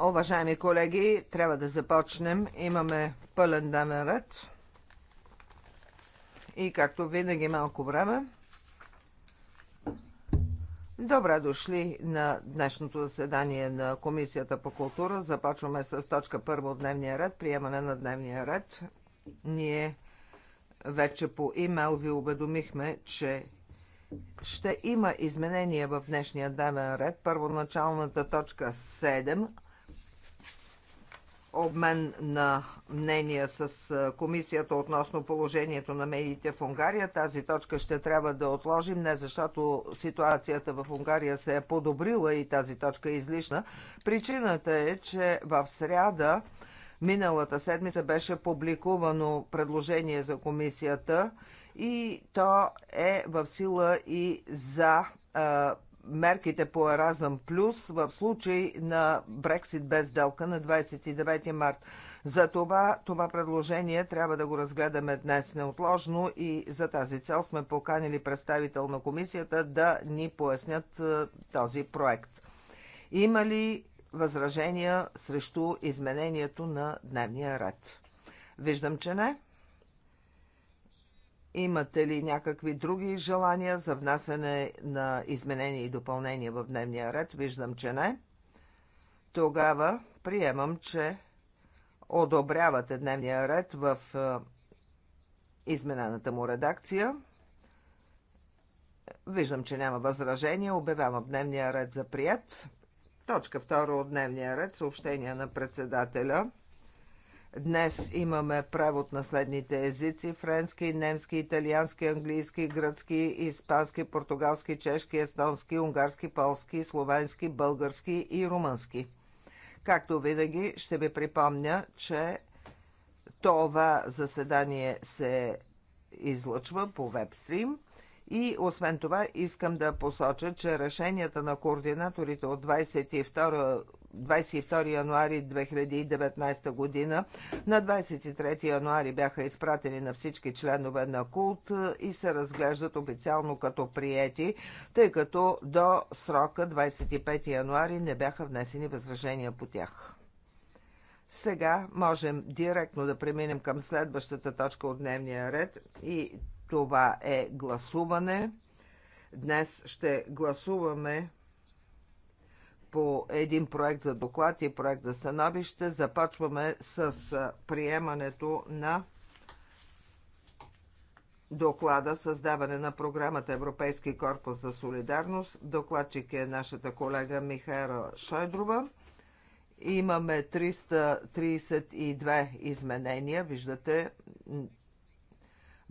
Уважаеми колеги, трябва да започнем. Имаме пълен дамен ред. И както винаги малко време. Добре дошли на днешното заседание на Комисията по култура. Започваме с точка първо от дневния ред, приемане на дневния ред. Ние вече по имейл ви уведомихме, че ще има изменения в днешния дневен ред. Първоначалната точка 7 обмен на мнения с комисията относно положението на медиите в Унгария. Тази точка ще трябва да отложим, не защото ситуацията в Унгария се е подобрила и тази точка е излишна. Причината е, че в сряда миналата седмица беше публикувано предложение за комисията – и то е в сила и за а, мерките по Еразъм Плюс в случай на Брексит без делка на 29 март. За това, това предложение трябва да го разгледаме днес неотложно и за тази цел сме поканили представител на комисията да ни пояснят а, този проект. Има ли възражения срещу изменението на дневния ред? Виждам, че не. Имате ли някакви други желания за внасяне на изменения и допълнения в дневния ред? Виждам, че не. Тогава приемам, че одобрявате дневния ред в изменената му редакция. Виждам, че няма възражения. Обявявам дневния ред за прият. Точка 2 от дневния ред съобщение на председателя. Днес имаме превод на следните езици – френски, немски, италиански, английски, гръцки, испански, португалски, чешки, естонски, унгарски, полски, словенски, български и румънски. Както винаги, ще ви припомня, че това заседание се излъчва по вебстрим. И освен това искам да посоча, че решенията на координаторите от 22 22 януари 2019 година. На 23 януари бяха изпратени на всички членове на култ и се разглеждат официално като приети, тъй като до срока 25 януари не бяха внесени възражения по тях. Сега можем директно да преминем към следващата точка от дневния ред и това е гласуване. Днес ще гласуваме по един проект за доклад и проект за становище. Започваме с приемането на доклада Създаване на програмата Европейски корпус за солидарност. Докладчик е нашата колега Михаела Шойдрова. Имаме 332 изменения. Виждате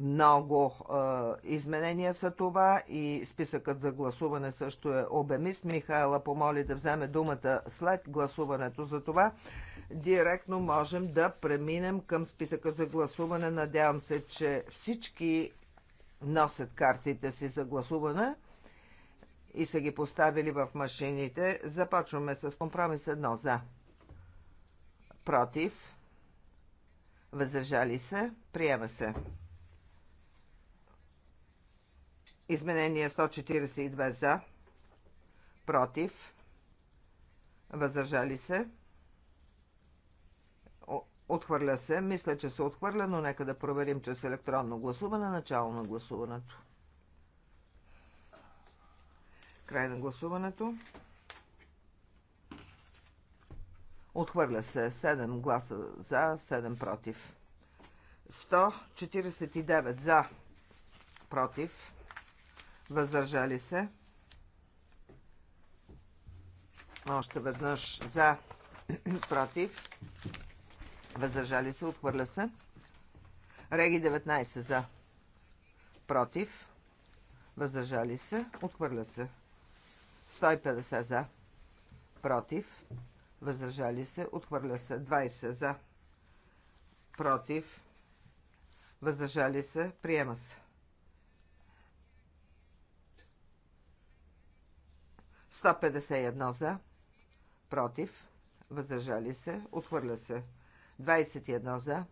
много е, изменения са това и списъкът за гласуване също е обемист. Михайла помоли да вземе думата след гласуването за това. Директно можем да преминем към списъка за гласуване. Надявам се, че всички носят картите си за гласуване и са ги поставили в машините. Започваме с компромис 1 за. Против. Въздържали се. Приема се. Изменение 142 за, против, въздържали се, отхвърля се. Мисля, че се отхвърля, но нека да проверим чрез електронно гласуване начало на гласуването. Край на гласуването. Отхвърля се 7 гласа за, 7 против. 149 за, против, въздържали се. Още веднъж за, против, въздържали се, отхвърля се. Реги 19 за, против, въздържали се, отхвърля се. 150 за, против, въздържали се, отхвърля се. 20 за, против, въздържали се, приема се. 151 за, против, въздържали се, отхвърля се. 21 за,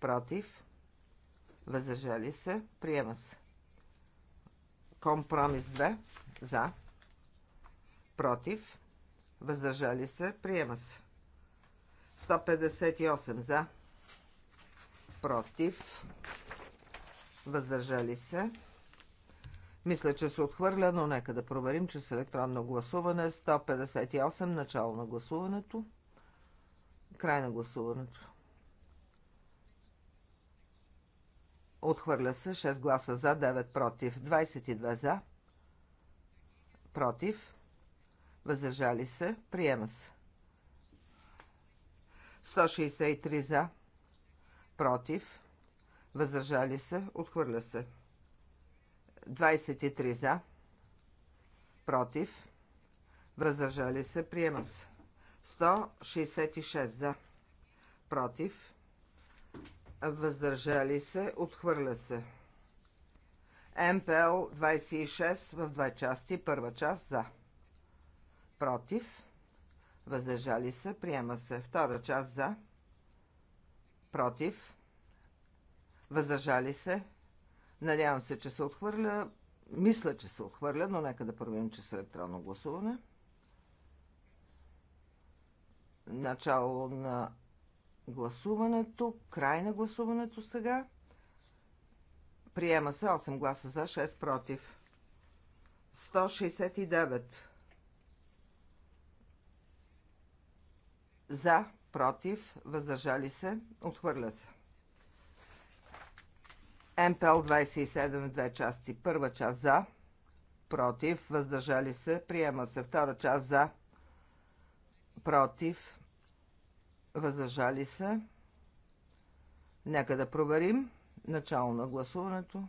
против, въздържали се, приема се. Компромис 2 за, против, въздържали се, приема се. 158 за, против, въздържали се, мисля, че се отхвърля, но нека да проверим, че с електронно гласуване 158 начало на гласуването, край на гласуването. Отхвърля се 6 гласа за, 9 против, 22 за, против, въздържали се, приема се. 163 за, против, въздържали се, отхвърля се. 23 за, против, въздържали се, приема се. 166 за, против, въздържали се, отхвърля се. МПЛ 26 в две части, първа част за, против, въздържали се, приема се. Втора част за, против, въздържали се, Надявам се, че се отхвърля. Мисля, че се отхвърля, но нека да проверим, че с електронно гласуване. Начало на гласуването, край на гласуването сега. Приема се 8 гласа за, 6 против. 169 за, против, въздържали се, отхвърля се. МПЛ 27 в две части. Първа част за, против, въздържали се, приема се. Втора част за, против, въздържали се. Нека да проверим начало на гласуването.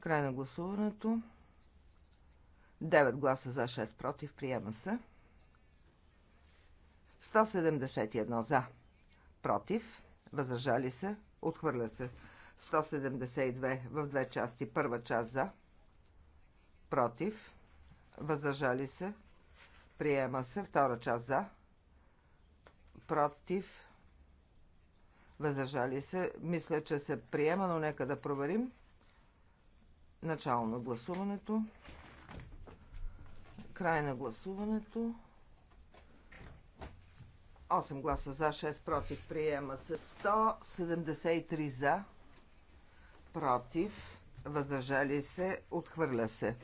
Край на гласуването. 9 гласа за, 6 против. Приема се. 171 за. Против. Възражали се. Отхвърля се. 172 в две части. Първа част за. Против. Възражали се. Приема се. Втора част за. Против. Възражали се. Мисля, че се приема, но нека да проверим. Начало на гласуването. Край на гласуването. 8 гласа за, 6 против. Приема се 173 за, против, въздържали се, отхвърля се.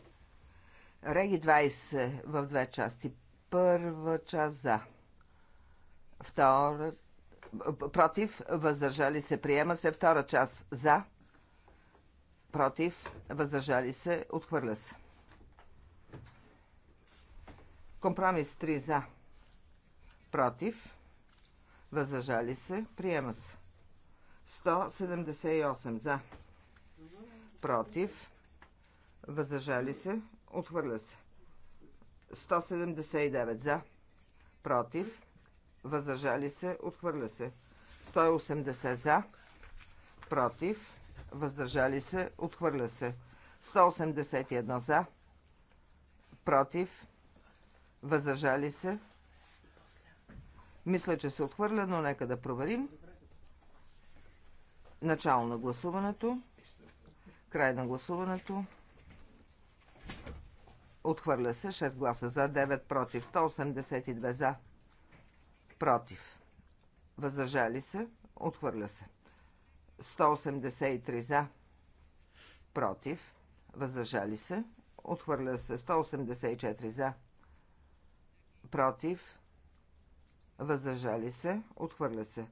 Реги 20 в две части. Първа част за. Втора против, въздържали се, приема се. Втора част за, против, въздържали се, отхвърля се. Компромис 3 за, против, въздържали се, приема се. 178 за, против, въздържали се, отхвърля се. 179 за, против, въздържали се, отхвърля се. 180 за, против, въздържали се, отхвърля се. 181 за, против, въздържали се, мисля, че се отхвърля, но нека да проверим. Начало на гласуването. Край на гласуването. Отхвърля се 6 гласа за, 9 против, 182 за, против. Въздържали се, отхвърля се. 183 за, против, въздържали се, отхвърля се. 184 за, против, въздържали се, отхвърля се.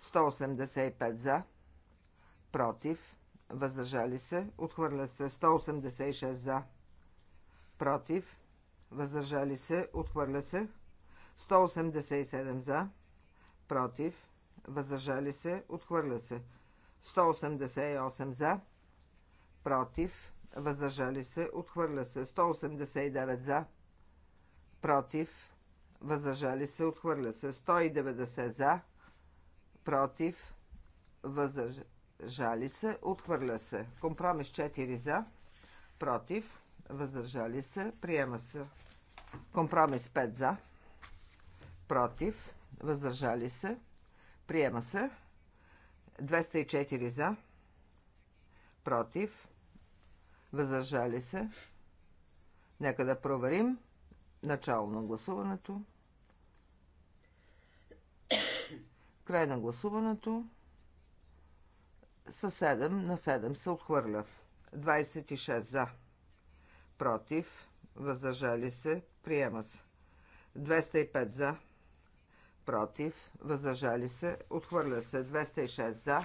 185 за, против, въздържали се, отхвърля се. 186 за, против, въздържали се, отхвърля се. 187 за, против, въздържали се, отхвърля се. 188 за, против, въздържали се, отхвърля се. 189 за, против, въздържали се, отхвърля се. 190 за, против, въздържали се, отхвърля се. Компромис 4 за, против, въздържали се, приема се. Компромис 5 за, против, въздържали се, приема се. 204 за, против, въздържали се. Нека да проверим. Начало на гласуването. Край на гласуването. С 7 на 7 се отхвърля. 26 за. Против. Въздържали се. Приема се. 205 за. Против. Въздържали се. Отхвърля се. 206 за.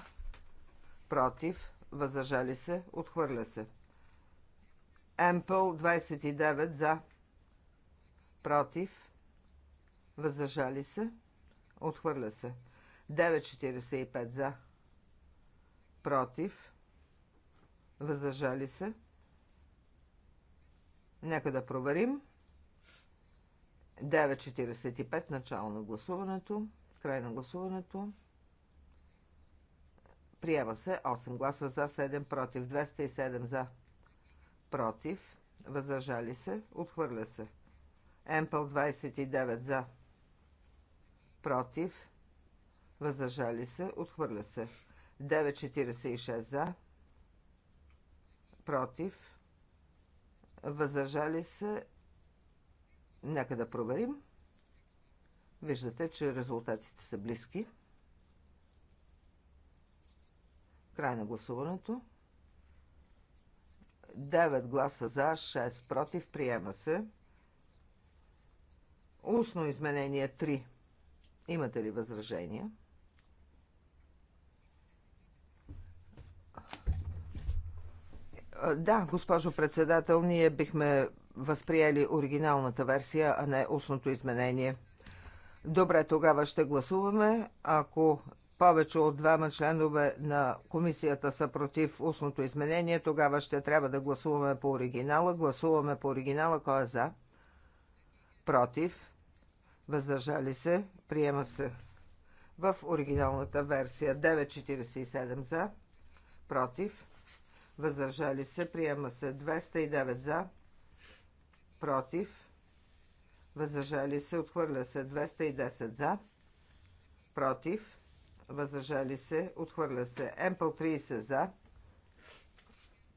Против. Въздържали се. Отхвърля се. Емпъл 29 за против, въздържали се, отхвърля се. 9,45 за, против, въздържали се. Нека да проверим. 9.45 начало на гласуването, край на гласуването. Приема се 8 гласа за, 7 против, 207 за, против, въздържали се, отхвърля се. Емпъл 29 за. Против. Въздържали се. Отхвърля се. 9.46 за. Против. Въздържали се. Нека да проверим. Виждате, че резултатите са близки. Край на гласуването. 9 гласа за, 6 против. Приема се. Устно изменение 3. Имате ли възражения? Да, госпожо председател, ние бихме възприели оригиналната версия, а не устното изменение. Добре, тогава ще гласуваме. Ако повече от двама членове на комисията са против устното изменение, тогава ще трябва да гласуваме по оригинала. Гласуваме по оригинала. Кой е за? Против? въздържали се, приема се. В оригиналната версия 947 за, против, въздържали се, приема се 209 за, против, въздържали се, отхвърля се 210 за, против, въздържали се, отхвърля се Емпл 30 за,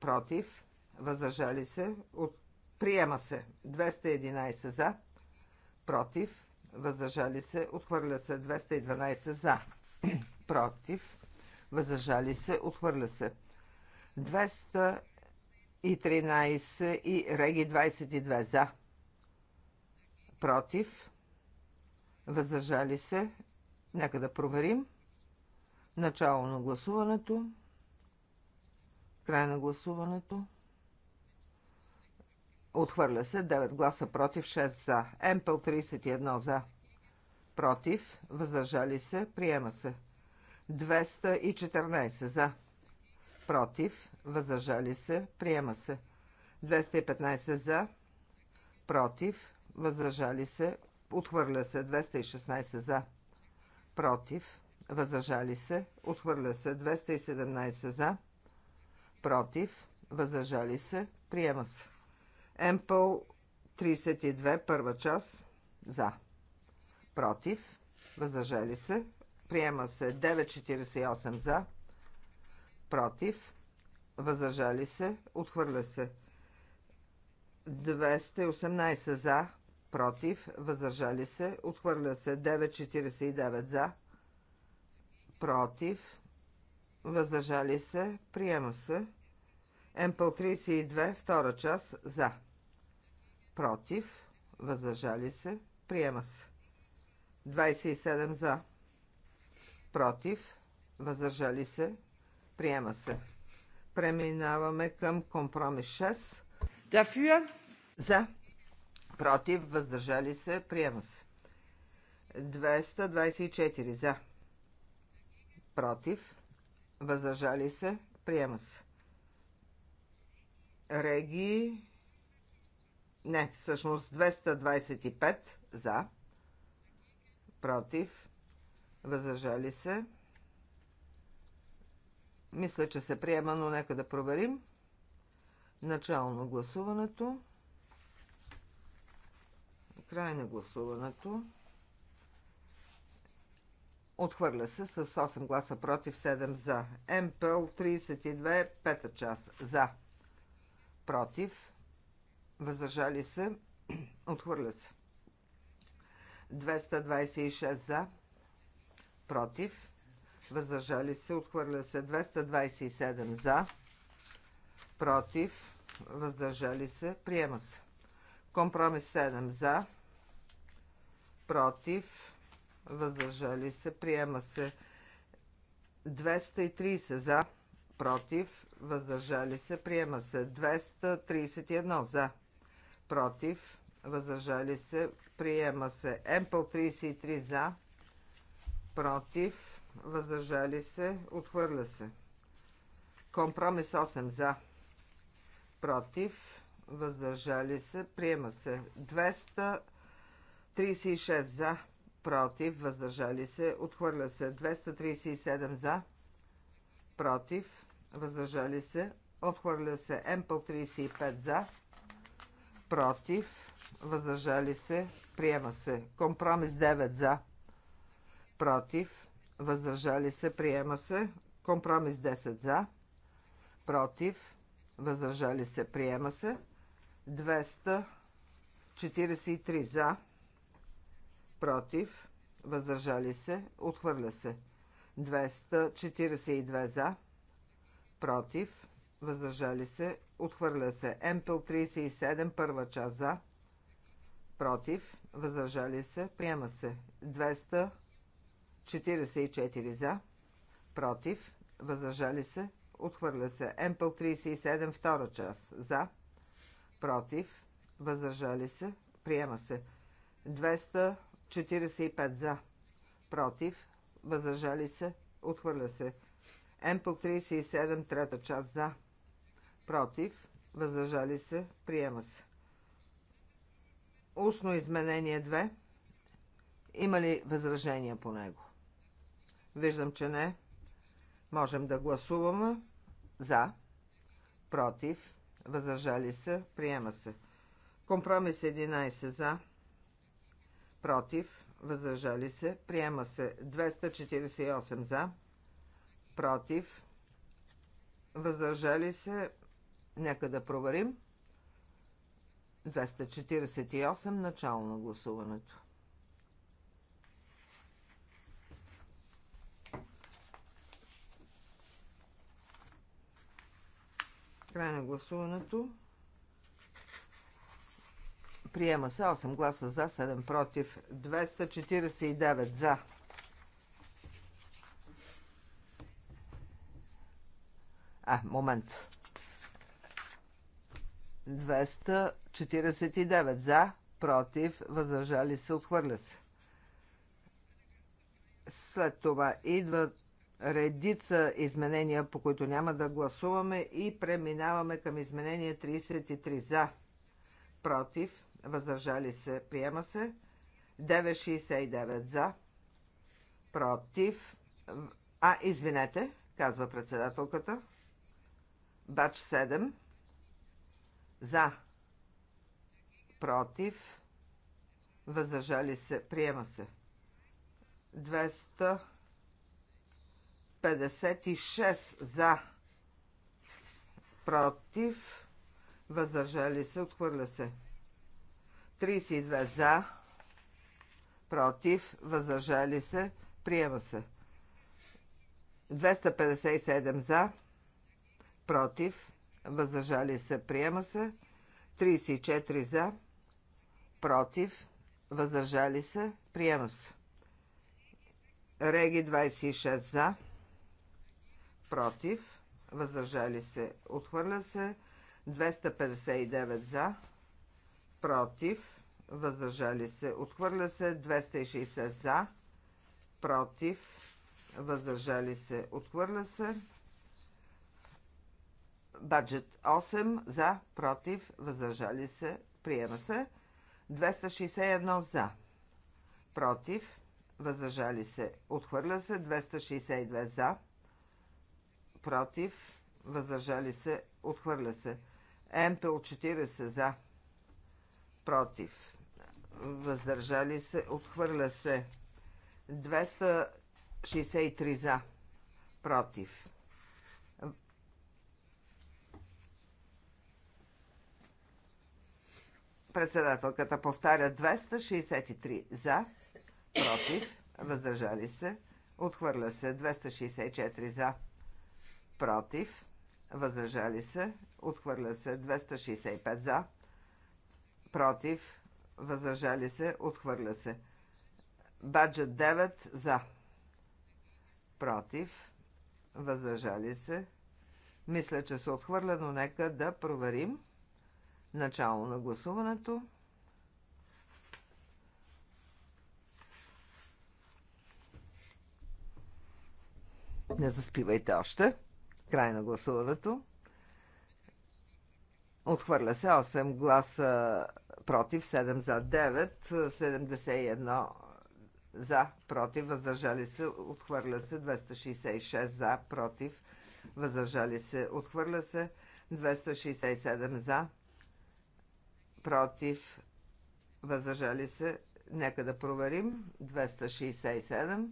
против, въздържали се, от... приема се 211 за, против, въздържали се, отхвърля се 212 за, против, въздържали се, отхвърля се 213 и Реги 22 за, против, въздържали се, нека да проверим, начало на гласуването, край на гласуването, Отхвърля се 9 гласа против, 6 за. Емпел 31 за. Против. Въздържали се. Приема се. 214 за. Против. Въздържали се. Приема се. 215 за. Против. Въздържали се. Отхвърля се. 216 за. Против. Въздържали се. Отхвърля се. 217 за. Против. Въздържали се. Приема се. Емпъл 32, първа част. За. Против. Въздържали се. Приема се 9,48 за. Против. Въздържали се. Отхвърля се. 218 за. Против. Въздържали се. Отхвърля се. 9,49 за. Против. Въздържали се. Приема се. МПЛ 32, втора част, за. Против, въздържали се, приема се. 27 за. Против, въздържали се, приема се. Преминаваме към компромис 6. Дафюр. За. Против, въздържали се, приема се. 224 за. Против, въздържали се, приема се. Реги. Не, всъщност 225 за. Против. възражали се. Мисля, че се приема, но нека да проверим. Начало на гласуването. Край на гласуването. Отхвърля се с 8 гласа против, 7 за. МПЛ 32, 5 част за против, въздържали се, отхвърля се. 226 за, против, въздържали се, отхвърля се. 227 за, против, въздържали се, приема се. Компромис 7 за, против, въздържали се, приема се. 230 за, против, въздържали се, приема се. 231 за, против, въздържали се, приема се. Емпл 33 за, против, въздържали се, отхвърля се. Компромис 8 за, против, въздържали се, приема се. 236 за, против, въздържали се, отхвърля се. 237 за, против, въздържали се, отхвърля се МПЛ 35 за, против, въздържали се, приема се. Компромис 9 за, против, въздържали се, приема се. Компромис 10 за, против, въздържали се, приема се. 243 за, против, въздържали се, отхвърля се. 242 за, против, въздържали се, отхвърля се. Мпл 37, първа част за, против, въздържали се, приема се. 244 за, против, въздържали се, отхвърля се. МПЛ 37, втора част за, против, въздържали се, приема се. 245 за, против, въздържали се, отхвърля се. МПЛ 37, трета част за. Против. Въздържали се. Приема се. Устно изменение 2. Има ли възражения по него? Виждам, че не. Можем да гласуваме. За. Против. Въздържали се. Приема се. Компромис 11 за. Против. Въздържали се. Приема се. 248 за против, въздържали се, нека да проверим. 248 начало на гласуването. Край на гласуването. Приема се 8 гласа за, 7 против, 249 за А, момент. 249 за, против, възражали се, отхвърля се. След това идват редица изменения, по които няма да гласуваме и преминаваме към изменение 33 за, против, възражали се, приема се, 969 за, против, а извинете, казва председателката. Бач 7. За. Против. Въздържали се. Приема се. 256 за. Против. Въздържали се. Отхвърля се. 32 за. Против. Въздържали се. Приема се. 257 за против, въздържали се, приема се. 34 за, против, въздържали се, приема се. Реги 26 за, против, въздържали се, отхвърля се. 259 за, против, въздържали се, отхвърля се. 260 за, против, въздържали се, отхвърля се. Баджет 8 за, против, въздържали се, приема се. 261 за, против, въздържали се, отхвърля се. 262 за, против, въздържали се, отхвърля се. МПЛ 40 за, против, въздържали се, отхвърля се. 263 за, против, Председателката повтаря 263 за, против, въздържали се, отхвърля се 264 за, против, въздържали се, отхвърля се 265 за, против, въздържали се, отхвърля се. Баджет 9 за, против, въздържали се. Мисля, че се отхвърля, но нека да проверим. Начало на гласуването. Не заспивайте още. Край на гласуването. Отхвърля се 8 гласа против, 7 за 9, 71 за, против, въздържали се, отхвърля се, 266 за, против, въздържали се, отхвърля се, 267 за, против, въздържали се. Нека да проверим. 267.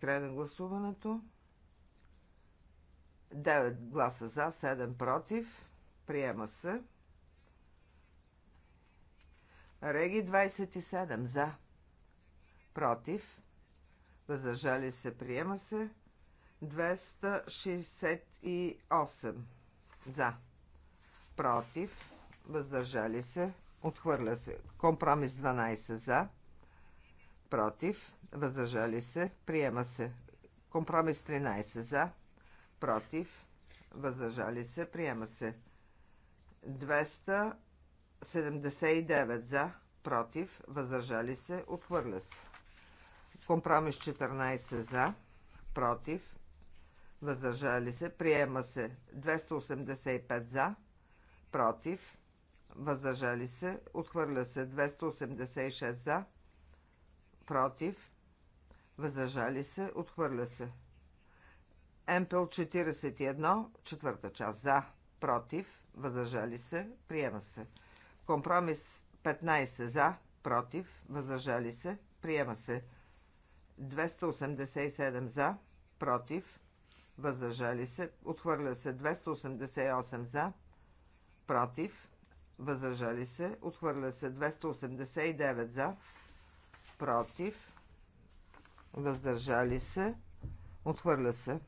Край на гласуването. 9 гласа за, 7 против. Приема се. Реги 27 за. Против. Въздържали се. Приема се. 268 за против, въздържали се, отхвърля се. Компромис 12 за, против, въздържали се, приема се. Компромис 13 за, против, въздържали се, приема се. 279 за, против, въздържали се, отхвърля се. Компромис 14 за, против, въздържали се, приема се 285 за, против, въздържали се, отхвърля се 286 за, против, въздържали се, отхвърля се. МПЛ 41, четвърта част за, против, въздържали се, приема се. Компромис 15 за, против, въздържали се, приема се. 287 за, против, въздържали се, отхвърля се 288 за, против, въздържали се, отхвърля се 289 за, против, въздържали се, отхвърля се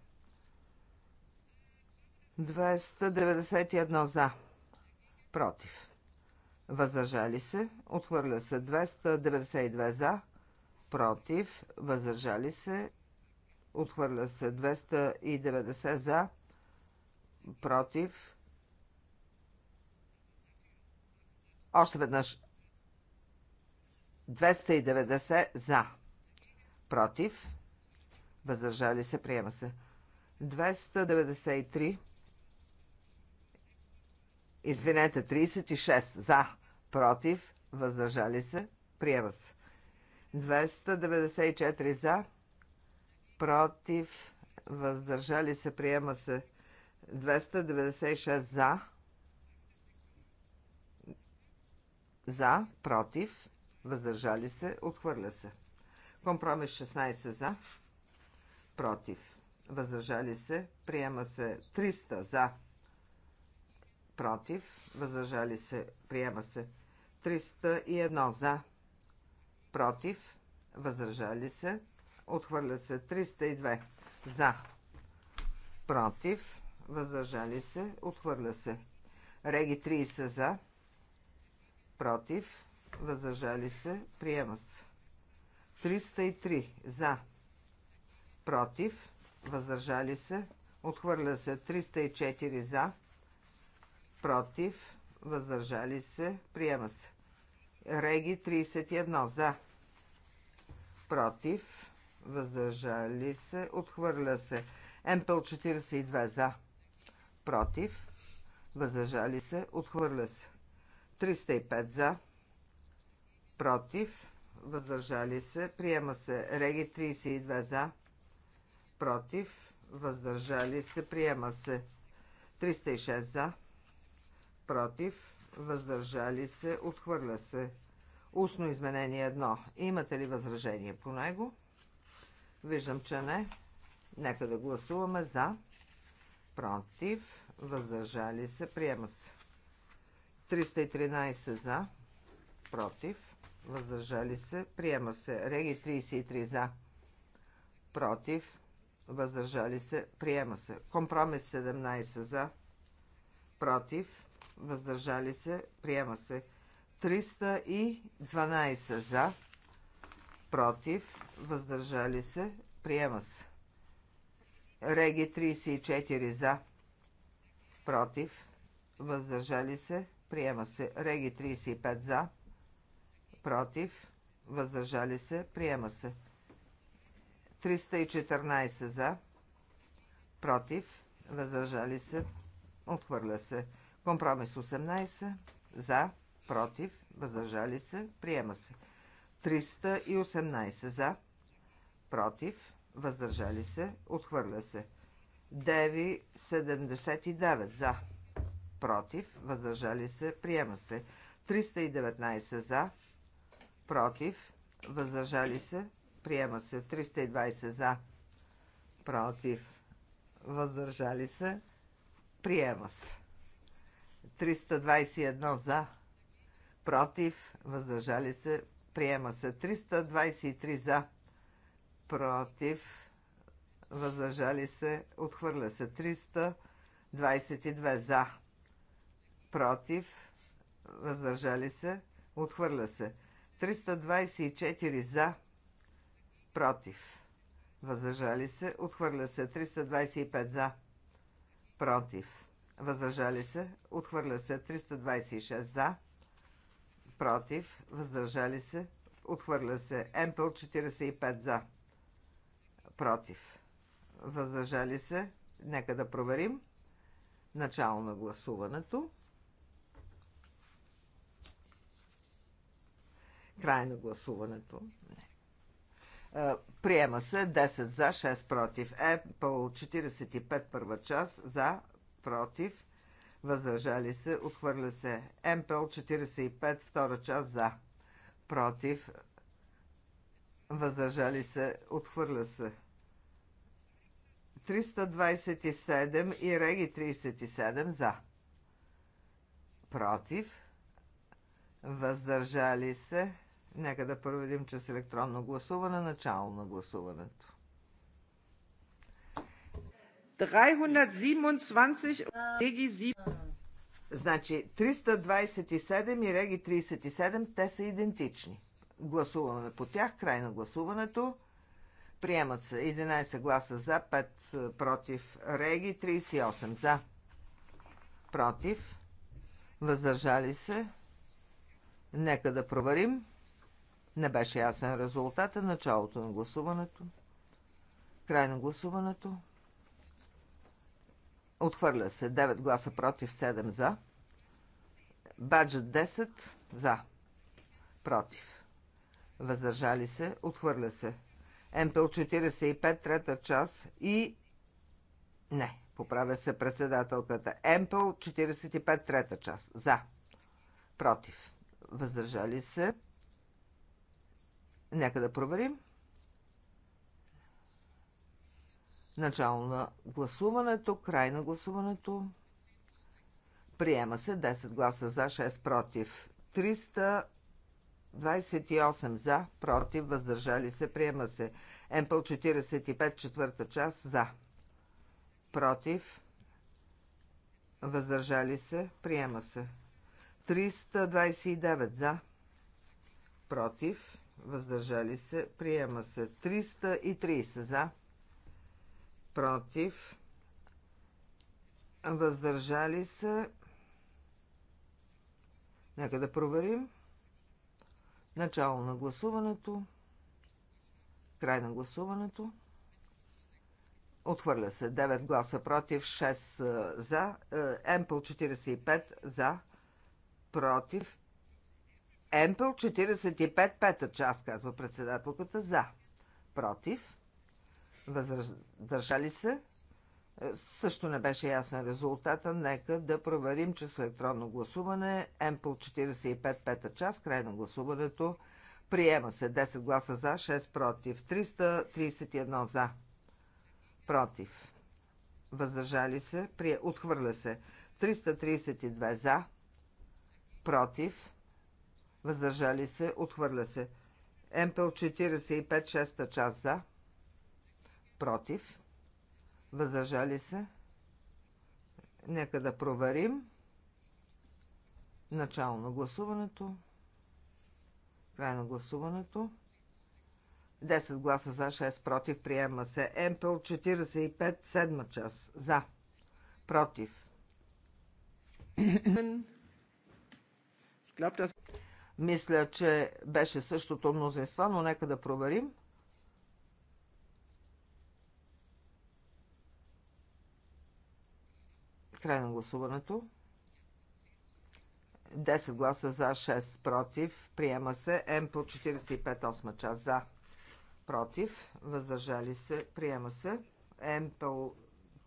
291 за, против, въздържали се, отхвърля се 292 за, против, въздържали се, отхвърля се 290 за, против, Още веднъж 290 за. Против. Въздържали се. Приема се. 293. Извинете, 36 за. Против. Въздържали се. Приема се. 294 за. Против. Въздържали се. Приема се. 296 за за, против, въздържали се, отхвърля се. Компромис 16 за, против, въздържали се, приема се 300 за, против, въздържали се, приема се 301 за, против, въздържали се, отхвърля се 302 за, против, въздържали се, отхвърля се. Реги 30 за, против, въздържали се, приема се. 303 за, против, въздържали се, отхвърля се 304 за, против, въздържали се, приема се. Реги 31 за, против, въздържали се, отхвърля се. МПЛ 42 за, против, въздържали се, отхвърля се. 305 за, против, въздържали се, приема се. Реги 32 за, против, въздържали се, приема се. 306 за, против, въздържали се, отхвърля се. Устно изменение 1. Имате ли възражение по него? Виждам, че не. Нека да гласуваме за, против, въздържали се, приема се. 313 за, против, въздържали се, приема се. Реги 33 за, против, въздържали се, приема се. Компромис 17 за, против, въздържали се, приема се. 312 за, против, въздържали се, приема се. Реги 34 за, против, въздържали се, Приема се. Реги 35 за. Против. Въздържали се. Приема се. 314 за. Против. Въздържали се. Отхвърля се. Компромис 18 за. Против. Въздържали се. Приема се. 318 за. Против. Въздържали се. Отхвърля се. 979 за против, въздържали се, приема се. 319 за, против, въздържали се, приема се. 320 за, против, въздържали се, приема се. 321 за, против, въздържали се, приема се. 323 за, против, въздържали се, отхвърля се. 322 за, против, въздържали се, отхвърля се. 324 за, против, въздържали се, отхвърля се. 325 за, против, въздържали се, отхвърля се. 326 за, против, въздържали се, отхвърля се. МПЛ 45 за, против, въздържали се. Нека да проверим. Начало на гласуването. Край на гласуването. Е, приема се 10 за, 6 против. Apple 45 първа част за, против, въздържали се, отхвърля се. МПЛ 45 втора част за, против, въздържали се, отхвърля се. 327 и Реги 37 за. Против, въздържали се, Нека да проверим чрез електронно гласуване начало на гласуването. 327 Значи 327 и Реги 37, значи, те са идентични. Гласуваме по тях, край на гласуването. Приемат се 11 гласа за, 5 е, против Реги, 38 за. Против. Въздържали се. Нека да проверим. Не беше ясен резултата. Началото на гласуването. Край на гласуването. Отхвърля се 9 гласа против, 7 за. Баджет 10 за. Против. Въздържали се. Отхвърля се. МПЛ 45, трета час и... Не, поправя се председателката. МПЛ 45, трета час. За. Против. Въздържали се. Нека да проверим. Начало на гласуването, край на гласуването. Приема се 10 гласа за, 6 против. 328 за, против, въздържали се. Приема се МПЛ 45, четвърта част за, против, въздържали се. Приема се 329 за, против, въздържали се, приема се 330 за, против, въздържали се, нека да проверим, начало на гласуването, край на гласуването, отхвърля се 9 гласа против, 6 е, за, е, Емпл 45 за, против, Емпел 45, пета част, казва председателката, за. Против. Въздържали се. Е, също не беше ясен резултата. Нека да проверим, че с електронно гласуване Емпл 45, пета част, край на гласуването. Приема се 10 гласа за, 6 против, 331 за, против, въздържали се, отхвърля се 332 за, против, въздържали се, отхвърля се. Емпел 45, 6 част за, против, въздържали се. Нека да проверим. Начало на гласуването. Край на гласуването. 10 гласа за, 6 против. Приема се. Емпел 45, 7 час. За. Против. Мисля, че беше същото мнозинство, но нека да проверим. Край на гласуването. 10 гласа за, 6 против. Приема се М по 45 8 част за, против. Въздържали се. Приема се М по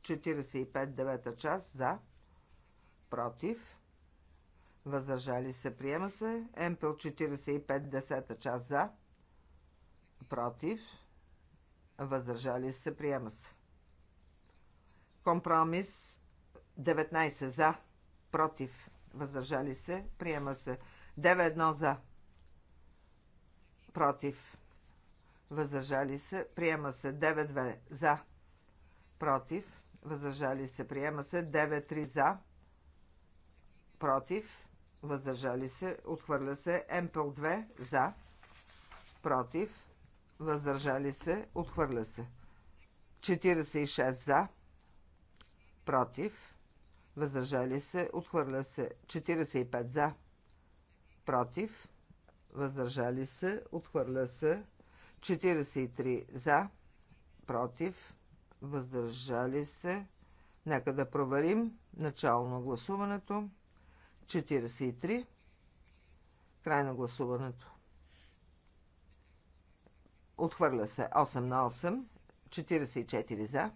45 9 част за, против въздържали се, приема се. МПЛ 45, десета част за, против, въздържали се, приема се. Компромис 19 за, против, въздържали се, приема се. 9-1 за, против, въздържали се, приема се. 9 за, против, въздържали се, приема се. 93 за, против, въздържали се, отхвърля се. МПЛ 2 за, против, въздържали се, отхвърля се. 46 за, против, въздържали се, отхвърля се. 45 за, против, въздържали се, отхвърля се. 43 за, против, въздържали се. Нека да проверим начално гласуването. 43. Край на гласуването. Отхвърля се 8 на 8. 44 за.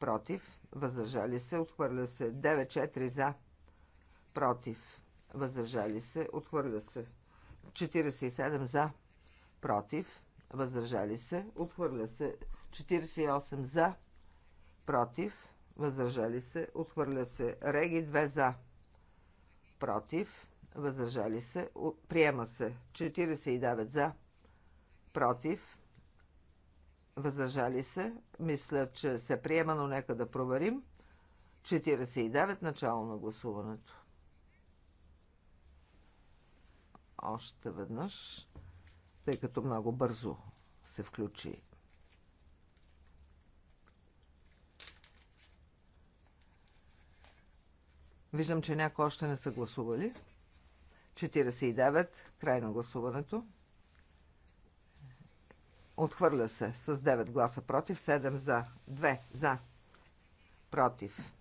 Против. Въздържали се. Отхвърля се 9-4 за. Против. Въздържали се. Отхвърля се 47 за. Против. Въздържали се. Отхвърля се 48 за. Против. Въздържали се. Отхвърля се. Реги 2 за против, въздържали се, приема се. 49 за, против, въздържали се. Мисля, че се приема, но нека да проверим. 49 начало на гласуването. Още веднъж, тъй като много бързо се включи Виждам, че някои още не са гласували. 49. Край на гласуването. Отхвърля се с 9 гласа против, 7 за, 2 за, против.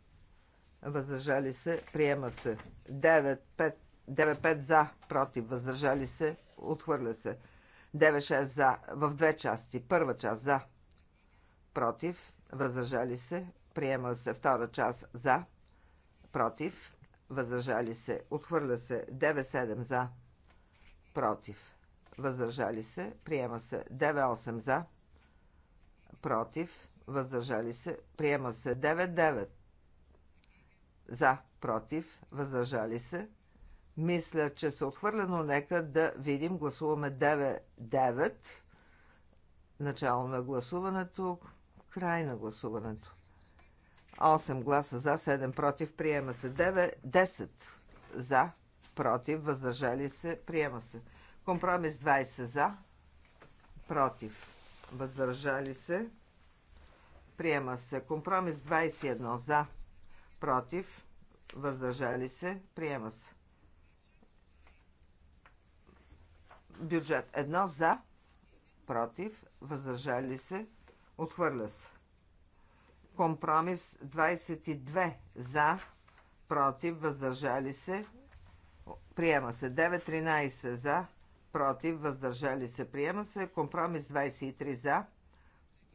Въздържали се, приема се. 9, 5, 9, 5 за, против, въздържали се, отхвърля се. 9-6 за, в две части. Първа част за, против, въздържали се, приема се. Втора част за, против, въздържали се, отхвърля се 9-7 за, против, въздържали се, приема се 9-8 за, против, въздържали се, приема се 9-9 за, против, въздържали се. Мисля, че се отхвърля, но нека да видим. Гласуваме 9-9. Начало на гласуването, край на гласуването. 8 гласа за, 7 против, приема се. 9, 10 за, против, въздържали се, приема се. Компромис 20 за, против, въздържали се, приема се. Компромис 21 за, против, въздържали се, приема се. Бюджет 1 за, против, въздържали се, отхвърля се. Компромис 22 за, против, въздържали се, приема се. 9.13 за, против, въздържали се, приема се. Компромис 23 за,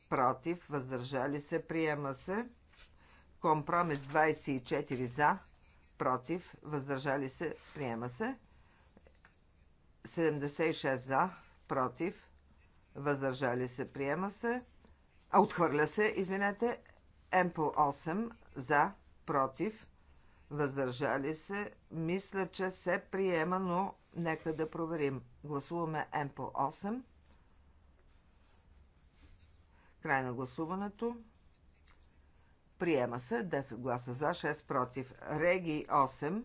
против, въздържали се, приема се. Компромис 24 за, против, въздържали се, приема се. 76 за, против, въздържали се, приема се. А, отхвърля се, извинете по 8 за, против, въздържали се. Мисля, че се приема, но нека да проверим. Гласуваме по 8. Край на гласуването. Приема се 10 гласа за, 6 против. Реги 8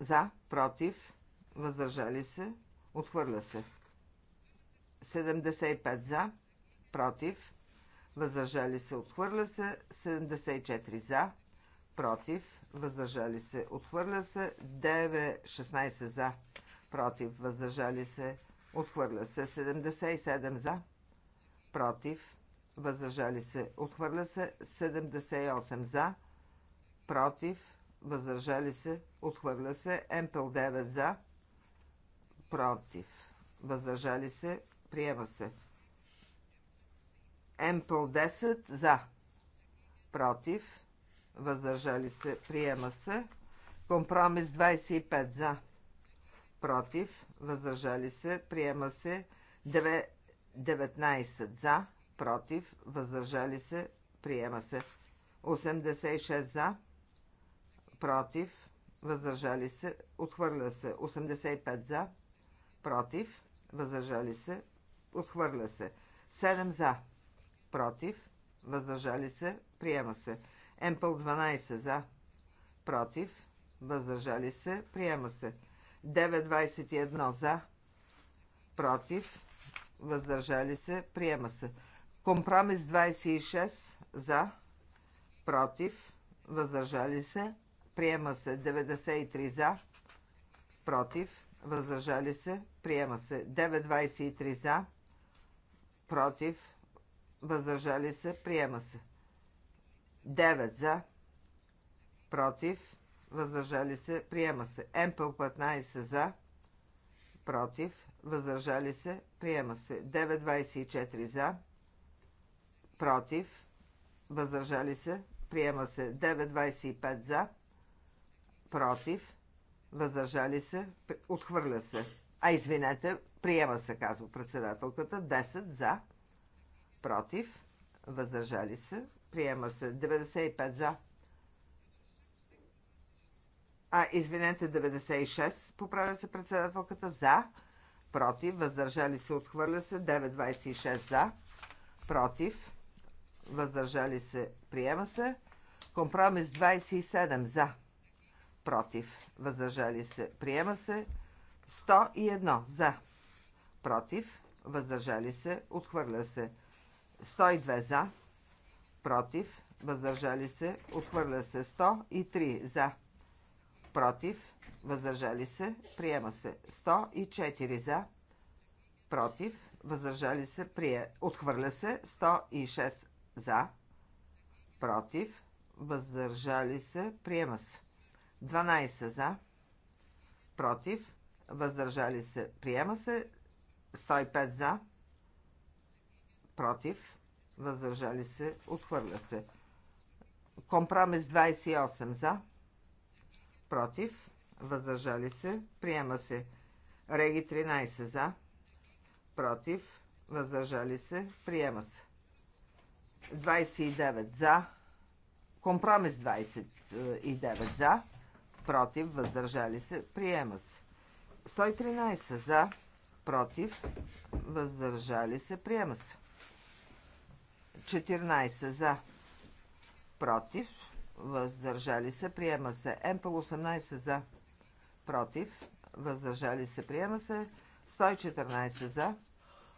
за, против, въздържали се, отхвърля се. 75 за, против, въздържали се, отхвърля се, 74 за, против, въздържали се, отхвърля се, 9, 16 за, против, въздържали се, отхвърля се, 77 за, против, въздържали се, отхвърля се, 78 за, против, въздържали се, отхвърля се, МПЛ 9 за, против, въздържали се, приема се. МПЛ 10 за. Против. Въздържали се. Приема се. Компромис 25 за. Против. Въздържали се. Приема се. 9, 19 за. Против. Въздържали се. Приема се. 86 за. Против. Въздържали се. Отхвърля се. 85 за. Против. Въздържали се. Отхвърля се. 7 за против, въздържали се, приема се. МПЛ 12 за, против, въздържали се, приема се. 921 за, против, въздържали се, приема се. Компромис 26 за, против, въздържали се, приема се. 93 за, против, въздържали се, приема се. 923 за, против, въздържали се, приема се. 9 за, против, въздържали се, приема се. МП 15 за, против, въздържали се, приема се. 9.24 за, против, въздържали се, приема се. 9.25 за, против, въздържали се, отхвърля се. А извинете, приема се, казва председателката. 10 за, против, въздържали се, приема се 95 за. А, извинете, 96, поправя се председателката, за, против, въздържали се, отхвърля се, 926 за, против, въздържали се, приема се, компромис 27 за, против, въздържали се, приема се, 101 за, против, въздържали се, отхвърля се, 926 102 за, против, въздържали се, отхвърля се 103 за, против, въздържали се, приема се 104 за, против, въздържали се, прие, отхвърля се 106 за, против, въздържали се, приема се 12 за, против, въздържали се, приема се 105 за, против, въздържали се, отхвърля се. Компромис 28 за, против, въздържали се, приема се. Реги 13 за, против, въздържали се, приема се. 29 за, компромис 29 за, против, въздържали се, приема се. 113 за, против, въздържали се, приема се. 14 за, против, въздържали се, приема се. МПЛ 18 за, против, въздържали се, приема се. 114 за,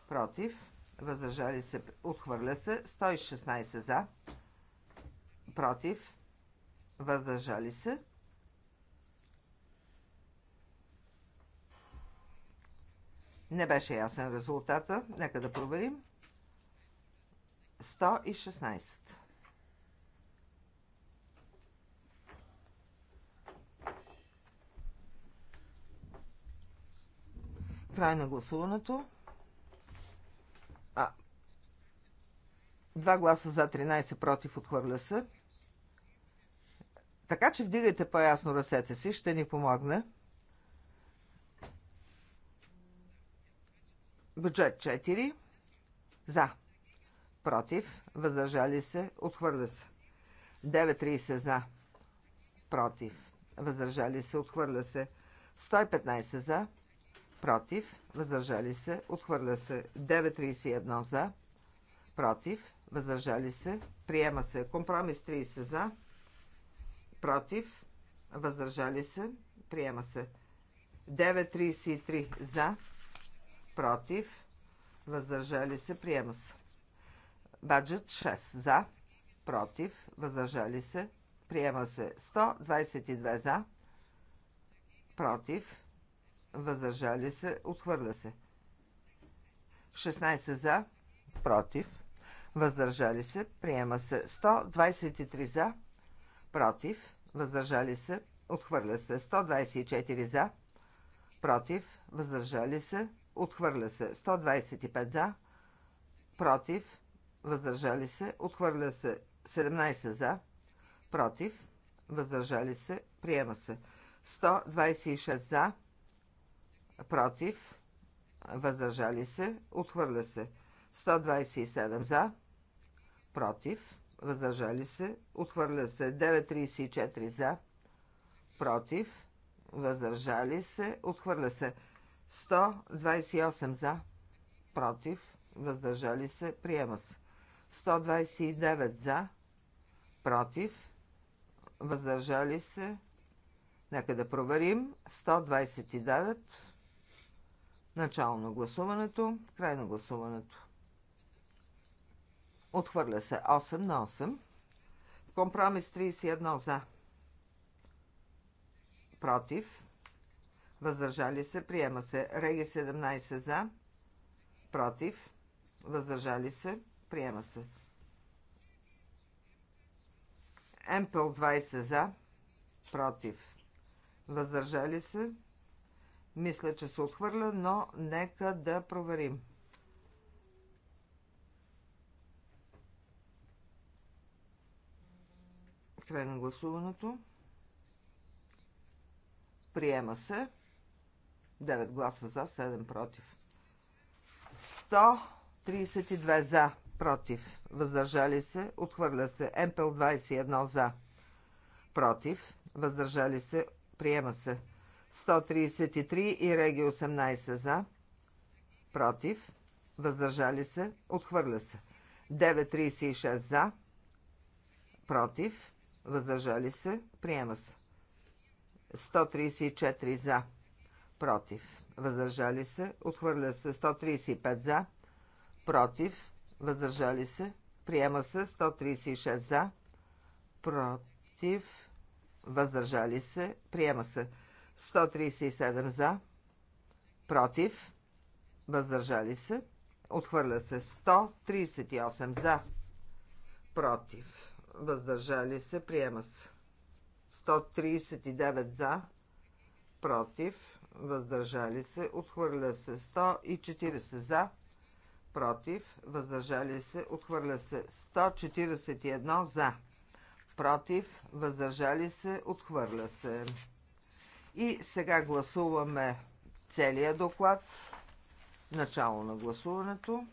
против, въздържали се, отхвърля се. 116 за, против, въздържали се. Не беше ясен резултата. Нека да проверим. 116. Край на гласуването. А, два гласа за, 13 против, отхвърля се. Така че вдигайте по-ясно ръцете си, ще ни помогне. Бюджет 4. За против, въздържали се, отхвърля се. 9.30 за, против, въздържали се, отхвърля се. 115 за, против, въздържали се, отхвърля се. 9.31 за, против, въздържали се, приема се. Компромис 30 за, против, въздържали се, приема се. 9.33 за, против, въздържали се, приема се. Баджет 6 за, против, въздържали се, приема се 122 за, против, въздържали се, отхвърля се. 16 за, против, въздържали се, приема се 123 за, против, въздържали се, отхвърля се 124 за, против, въздържали се, отхвърля се 125 за, против, въздържали се, отхвърля се 17 за, против, въздържали се, приема се 126 за, против, въздържали се, отхвърля се 127 за, против, въздържали се, отхвърля се 934 за, против, въздържали се, отхвърля се 128 за, против, въздържали се, приема се. 129 за, против, въздържали се. Нека да проверим. 129. Начало на гласуването, край на гласуването. Отхвърля се 8 на 8. Компромис 31 за. Против. Въздържали се. Приема се. Реги 17 за. Против. Въздържали се. Приема се. МПЛ 20 за. Против. Въздържали се. Мисля, че се отхвърля, но нека да проверим. Край на гласуването. Приема се. 9 гласа за, 7 против. 132 за против, въздържали се, отхвърля се. МПЛ 21 за, против, въздържали се, приема се. 133 и Реги 18 за, против, въздържали се, отхвърля се. 936 за, против, въздържали се, приема се. 134 за, против, въздържали се, отхвърля се. 135 за, против, въздържали се, приема се 136 за, против, въздържали се, приема се 137 за, против, въздържали се, отхвърля се 138 за, против, въздържали се, приема се 139 за, против, въздържали се, отхвърля се 140 за, против, въздържали се, отхвърля се 141 за, против, въздържали се, отхвърля се. И сега гласуваме целия доклад, начало на гласуването,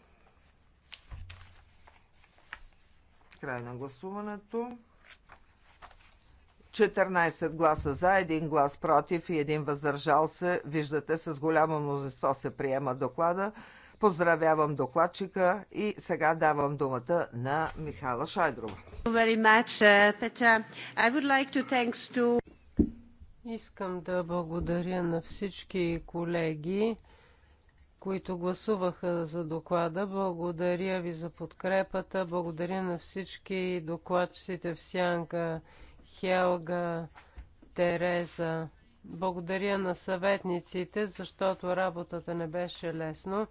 край на гласуването. 14 гласа за, 1 глас против и 1 въздържал се. Виждате, с голямо мнозинство се приема доклада. Поздравявам докладчика и сега давам думата на Михайла Шайдрова. Uh, Искам да благодаря на всички колеги, които гласуваха за доклада. Благодаря ви за подкрепата. Благодаря на всички докладчиците в Сянка, Хелга, Тереза. Благодаря на съветниците, защото работата не беше лесно.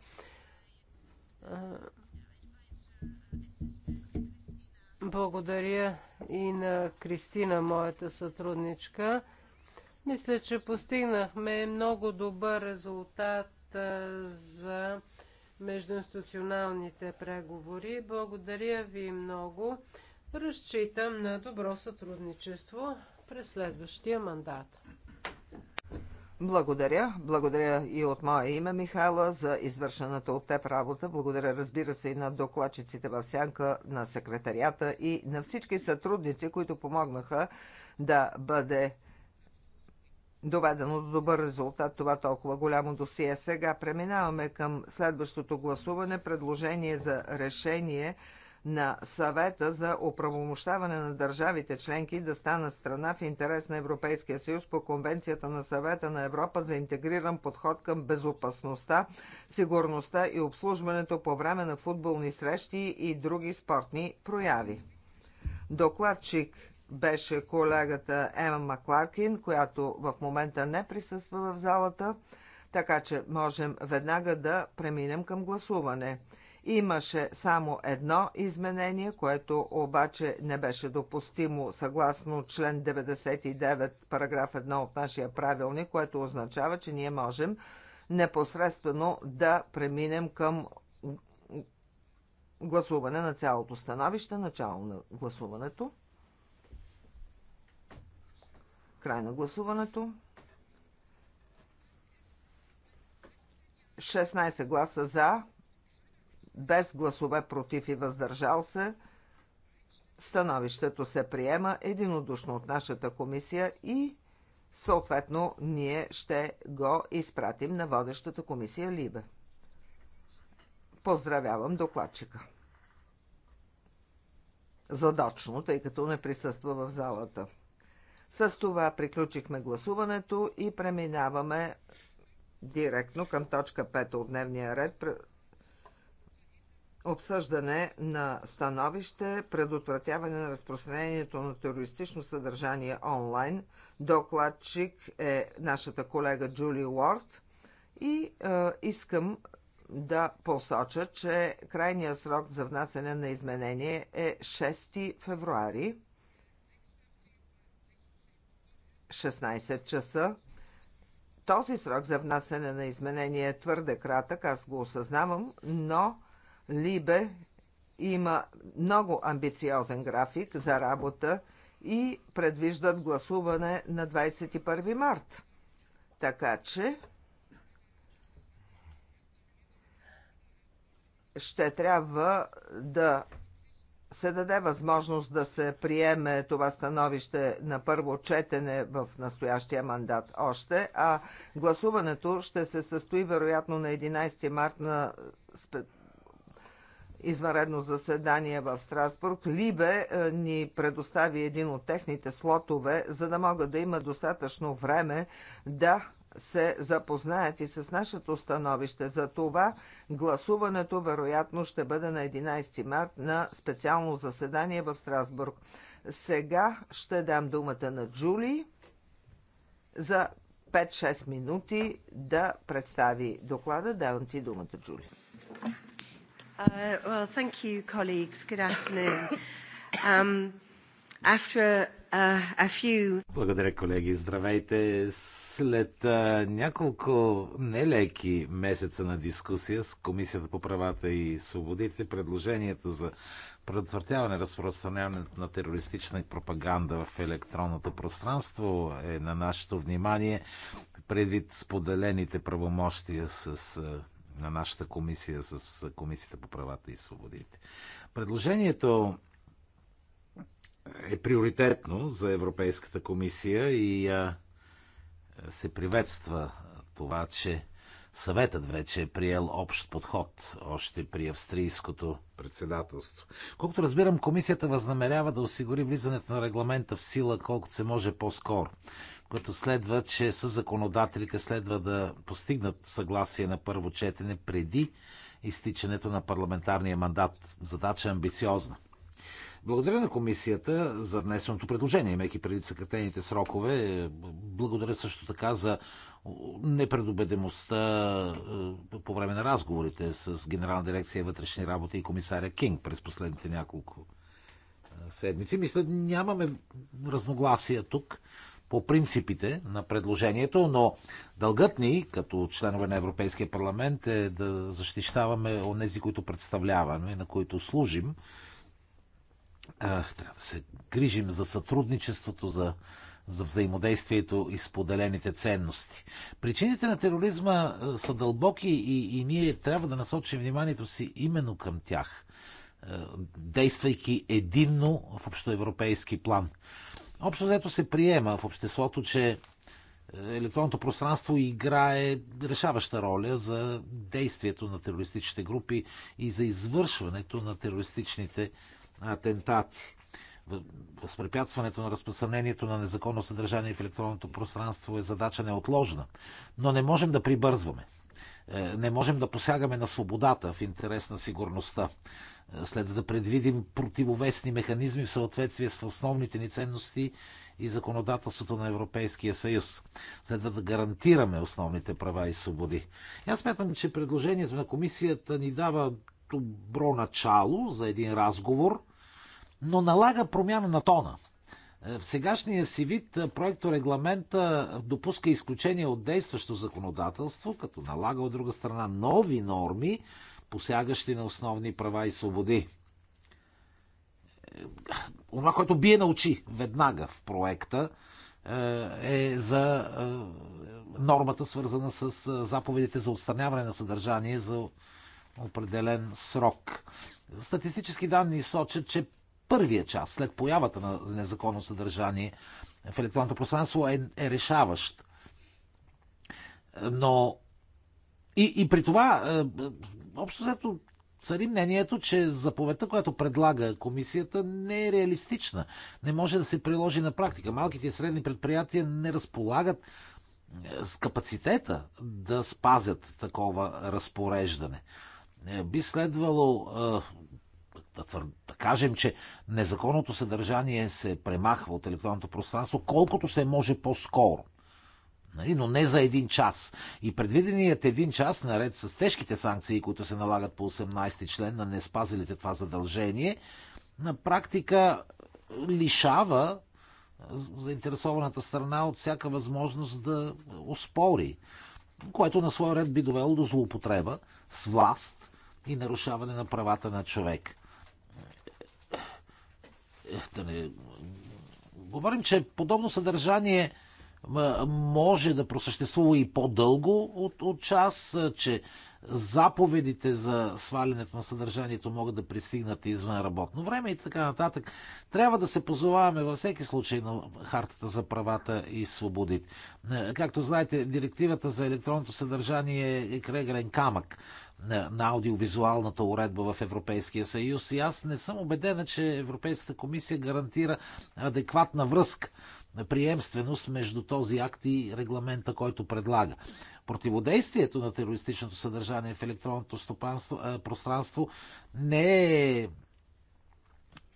Благодаря и на Кристина, моята сътрудничка. Мисля, че постигнахме много добър резултат за междуинституционалните преговори. Благодаря ви много. Разчитам на добро сътрудничество през следващия мандат. Благодаря. Благодаря и от мое име, Михайла, за извършената от теб работа. Благодаря, разбира се, и на докладчиците в сянка, на секретарията и на всички сътрудници, които помогнаха да бъде доведено до добър резултат това толкова голямо досие. Сега преминаваме към следващото гласуване. Предложение за решение – на съвета за оправомощаване на държавите членки да станат страна в интерес на Европейския съюз по Конвенцията на съвета на Европа за интегриран подход към безопасността, сигурността и обслужването по време на футболни срещи и други спортни прояви. Докладчик беше колегата Ема Макларкин, която в момента не присъства в залата, така че можем веднага да преминем към гласуване. Имаше само едно изменение, което обаче не беше допустимо съгласно член 99, параграф 1 от нашия правилник, което означава, че ние можем непосредствено да преминем към гласуване на цялото становище, начало на гласуването, край на гласуването. 16 гласа за, без гласове против и въздържал се, становището се приема единодушно от нашата комисия и съответно ние ще го изпратим на водещата комисия Либе. Поздравявам докладчика. Задочно, тъй като не присъства в залата. С това приключихме гласуването и преминаваме директно към точка 5 от дневния ред обсъждане на становище, предотвратяване на разпространението на терористично съдържание онлайн. Докладчик е нашата колега Джули Уорд и е, искам да посоча, че крайният срок за внасяне на изменение е 6 февруари 16 часа. Този срок за внасяне на изменение е твърде кратък, аз го осъзнавам, но Либе има много амбициозен график за работа и предвиждат гласуване на 21 март. Така че ще трябва да се даде възможност да се приеме това становище на първо четене в настоящия мандат още, а гласуването ще се състои вероятно на 11 март на извънредно заседание в Страсбург, Либе е, ни предостави един от техните слотове, за да могат да има достатъчно време да се запознаят и с нашето становище. За това гласуването вероятно ще бъде на 11 март на специално заседание в Страсбург. Сега ще дам думата на Джули за 5-6 минути да представи доклада. Давам ти думата, Джули. Uh, well, thank you, colleagues. Good afternoon. Um, after a, uh, a few... Благодаря, колеги. Здравейте. След а, няколко нелеки месеца на дискусия с Комисията по правата и свободите, предложението за предотвратяване разпространяването на терористична пропаганда в електронното пространство е на нашето внимание предвид споделените правомощия с на нашата комисия с Комисията по правата и свободите. Предложението е приоритетно за Европейската комисия и а, се приветства това, че съветът вече е приел общ подход, още при австрийското председателство. Колкото разбирам, комисията възнамерява да осигури влизането на регламента в сила колкото се може по-скоро което следва, че с законодателите следва да постигнат съгласие на първо четене преди изтичането на парламентарния мандат. Задача е амбициозна. Благодаря на комисията за внесеното предложение, имайки преди съкратените срокове. Благодаря също така за непредобедемостта е, по време на разговорите с Генерална дирекция вътрешни работи и комисаря Кинг през последните няколко е, седмици. Мисля, нямаме разногласия тук по принципите на предложението, но дългът ни, като членове на Европейския парламент, е да защищаваме онези, които представляваме, на които служим. Трябва да се грижим за сътрудничеството, за за взаимодействието и споделените ценности. Причините на тероризма са дълбоки и, и ние трябва да насочим вниманието си именно към тях, действайки единно в общоевропейски план. Общо взето се приема в обществото, че е, електронното пространство играе решаваща роля за действието на терористичните групи и за извършването на терористичните атентати. Възпрепятстването на разпространението на незаконно съдържание в електронното пространство е задача неотложна, но не можем да прибързваме. Е, не можем да посягаме на свободата в интерес на сигурността. Е, следва да предвидим противовесни механизми в съответствие с основните ни ценности и законодателството на Европейския съюз. Следва да гарантираме основните права и свободи. И аз смятам, че предложението на комисията ни дава добро начало за един разговор, но налага промяна на тона – в сегашния си вид регламента допуска изключение от действащо законодателство, като налага от друга страна нови норми, посягащи на основни права и свободи. Е, онова, което бие на очи веднага в проекта, е, е за е, нормата, свързана с заповедите за отстраняване на съдържание за определен срок. Статистически данни сочат, че първия час, след появата на незаконно съдържание в електронното пространство, е, е решаващ. Но и, и при това, е, общо взето, цари мнението, че заповедта, която предлага комисията, не е реалистична. Не може да се приложи на практика. Малките и средни предприятия не разполагат е, с капацитета да спазят такова разпореждане. Е, би следвало е, да, твър... да кажем, че незаконното съдържание се премахва от електронното пространство колкото се може по-скоро. Нали? Но не за един час. И предвиденият един час, наред с тежките санкции, които се налагат по 18 член на неспазилите това задължение, на практика е, лишава е, заинтересованата страна от всяка възможност да успори, което на своя ред би довело до злоупотреба с власт и нарушаване на правата на човек да не говорим, че подобно съдържание може да просъществува и по-дълго от, от час, че заповедите за свалянето на съдържанието могат да пристигнат извън работно време и така нататък. Трябва да се позоваваме във всеки случай на Хартата за правата и свободите. Е, както знаете, директивата за електронното съдържание е крегрен камък на аудиовизуалната уредба в Европейския съюз. И аз не съм убедена, че Европейската комисия гарантира адекватна връзка, приемственост между този акт и регламента, който предлага. Противодействието на терористичното съдържание в електронното стопанство, пространство не е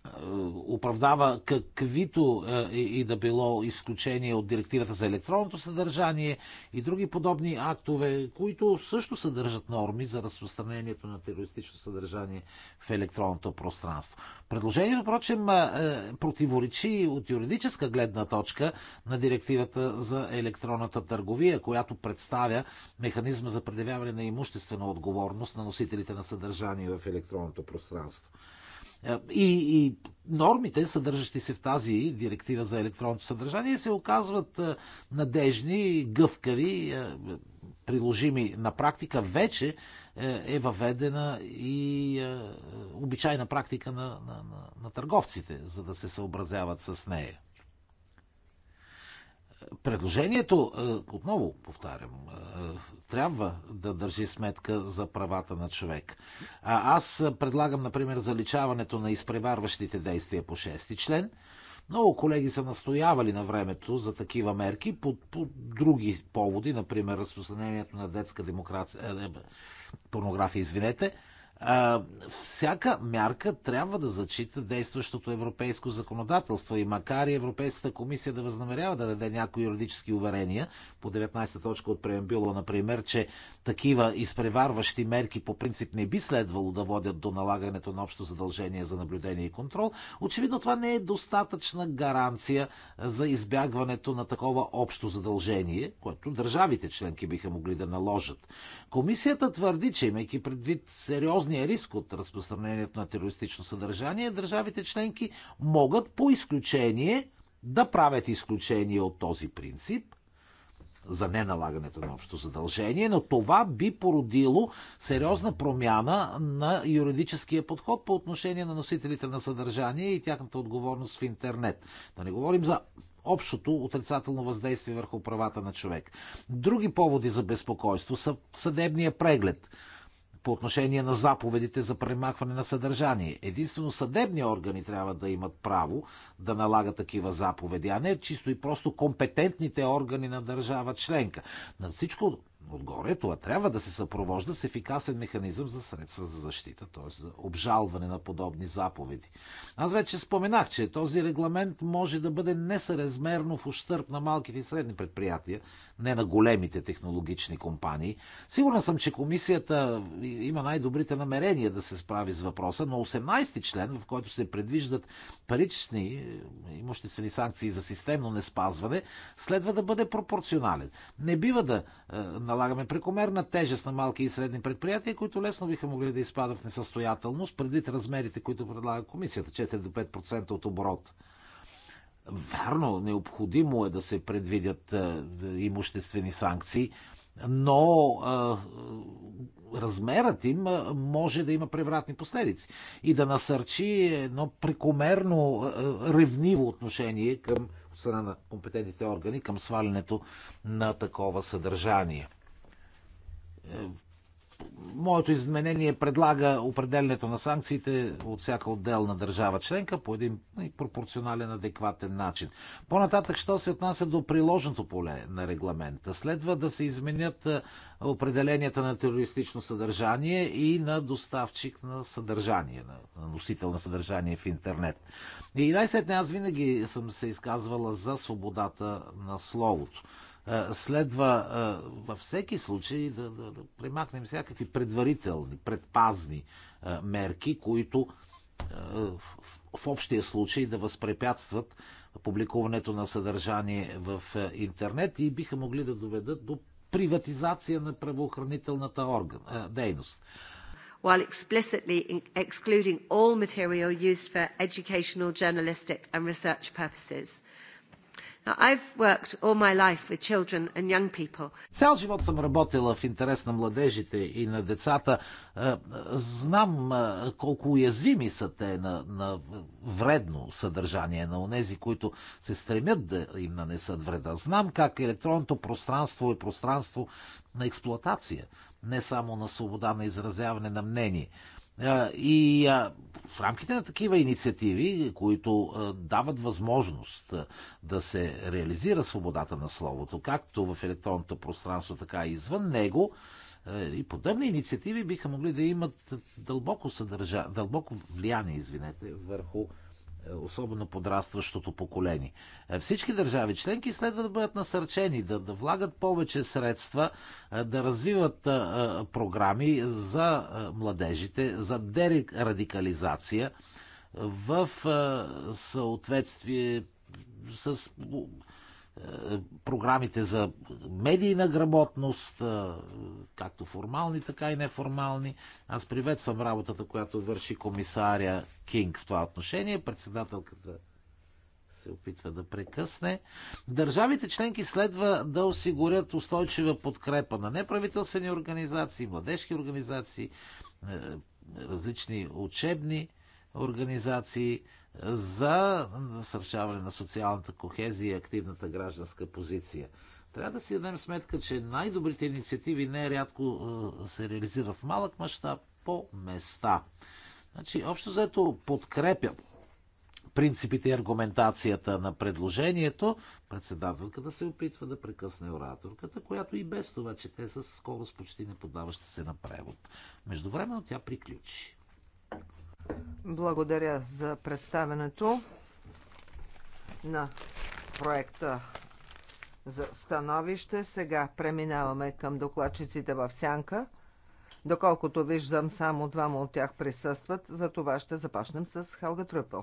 е, оправдава каквито е, и да било изключение от директивата за електронното съдържание и други подобни актове, които също съдържат норми за разпространението на терористично съдържание в електронното пространство. Предложението, впрочем, е, противоречи от юридическа гледна точка на директивата за електронната търговия, която представя механизма за предявяване на имуществена отговорност на носителите на съдържание в електронното пространство. Е, и, и нормите, съдържащи се в тази директива за електронното съдържание, се оказват е, надежни, гъвкави, е, приложими на практика. Вече е въведена и обичайна практика на, на, на, на търговците, за да се съобразяват с нея. Предложението, е, отново повтарям, е, трябва да държи сметка за правата на човек. А аз е, предлагам, например, заличаването на изпреварващите действия по 6 член. Много колеги са настоявали на времето за такива мерки по, по други поводи, например разпространението на детска демокрация, порнография, извинете всяка мярка трябва да зачита действащото европейско законодателство и макар и Европейската комисия да възнамерява да даде някои юридически уверения, по 19-та точка от преембюла, например, че такива изпреварващи мерки по принцип не би следвало да водят до налагането на общо задължение за наблюдение и контрол, очевидно това не е достатъчна гаранция за избягването на такова общо задължение, което държавите членки биха могли да наложат. Комисията твърди, че имайки предвид сериозно сериозния риск от разпространението на терористично съдържание, държавите членки могат по изключение да правят изключение от този принцип за неналагането на общо задължение, но това би породило сериозна промяна на юридическия подход по отношение на носителите на съдържание и тяхната отговорност в интернет. Да не говорим за общото отрицателно въздействие върху правата на човек. Други поводи за безпокойство са съдебния преглед по отношение на заповедите за премахване на съдържание. Единствено съдебни органи трябва да имат право да налагат такива заповеди, а не чисто и просто компетентните органи на държава членка. На всичко отгоре, това трябва да се съпровожда с ефикасен механизъм за средства за защита, т.е. за обжалване на подобни заповеди. Аз вече споменах, че този регламент може да бъде несъразмерно в ущърп на малките и средни предприятия, не на големите технологични компании. Сигурен съм, че комисията има най-добрите намерения да се справи с въпроса, но 18-ти член, в който се предвиждат парични е, имуществени санкции за системно неспазване, следва да бъде пропорционален. Не бива да е, налагаме прекомерна тежест на малки и средни предприятия, които лесно биха могли да изпадат в несъстоятелност, предвид размерите, които предлага комисията 4 до 5% от оборот. Вярно, необходимо е да се предвидят е, имуществени санкции, но е, размерът им е, може да има превратни последици и да насърчи едно прекомерно ревниво отношение към страна на компетентните органи към свалянето на такова съдържание. Моето изменение предлага определенето на санкциите от всяка отделна държава членка по един пропорционален, адекватен начин. По-нататък, що се отнася до приложното поле на регламента, следва да се изменят определенията на терористично съдържание и на доставчик на съдържание, на носител на съдържание в интернет. И най-сетне аз винаги съм се изказвала за свободата на словото следва във всеки случай да, да, да примахнем всякакви предварителни, предпазни мерки, които в общия случай да възпрепятстват публикуването на съдържание в интернет и биха могли да доведат до приватизация на правоохранителната орган, дейност. While explicitly excluding all material used for educational, journalistic and research purposes – Цял живот съм работила в интерес на младежите и на децата. Е, знам е, колко уязвими са те на, на вредно съдържание, на онези, които се стремят да им нанесат вреда. Знам как електронното пространство е пространство на експлоатация, не само на свобода на изразяване на мнение. И в рамките на такива инициативи, които дават възможност да се реализира свободата на словото, както в електронното пространство, така и извън него, и подобни инициативи биха могли да имат дълбоко, съдържа... дълбоко влияние извинете, върху особено подрастващото поколение. Е, всички държави членки следва да бъдат насърчени, да, да влагат повече средства, е, да развиват е, програми за младежите, за дерадикализация в съответствие с програмите за медийна грамотност, както формални, така и неформални. Аз приветствам работата, която върши комисаря Кинг в това отношение. Председателката се опитва да прекъсне. Държавите членки следва да осигурят устойчива подкрепа на неправителствени организации, младежки организации, е, различни учебни организации, за насърчаване на социалната кохезия и активната гражданска позиция. Трябва да си дадем сметка, че най-добрите инициативи не рядко е, се реализират в малък мащаб по места. Значи, общо заето подкрепя принципите и аргументацията на предложението, председателката се опитва да прекъсне ораторката, която и без това че скоро с скорост почти не подаваща се на превод. Междувременно тя приключи. Благодаря за представенето на проекта за становище. Сега преминаваме към докладчиците в сянка. Доколкото виждам, само двама от тях присъстват. За това ще започнем с Хелга Трюпел.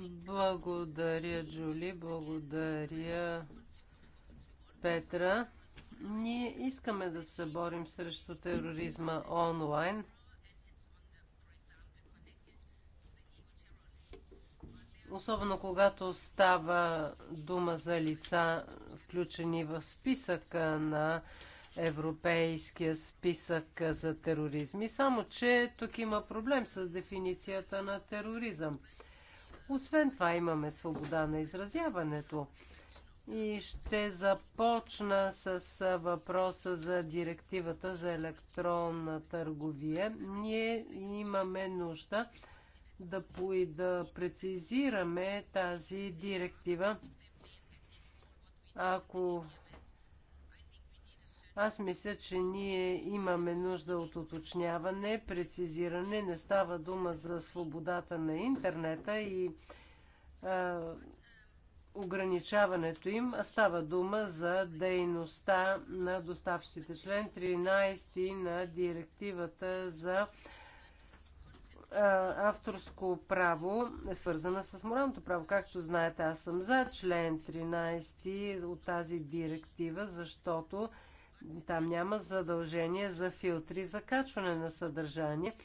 Благодаря, Джули. Благодаря, Петра. Ние искаме да се борим срещу тероризма онлайн – особено когато става дума за лица, включени в списъка на Европейския списък за тероризми. Само, че тук има проблем с дефиницията на тероризъм. Освен това имаме свобода на изразяването. И ще започна с въпроса за директивата за електронна търговия. Ние имаме нужда да, пои, да прецизираме тази директива. Ако аз мисля, че ние имаме нужда от уточняване, прецизиране. Не става дума за свободата на интернета и а, ограничаването им, а става дума за дейността на доставчиците. Член 13 на директивата за авторско право е свързана с моралното право. Както знаете, аз съм за член 13 от тази директива, защото там няма задължение за филтри за качване на съдържание.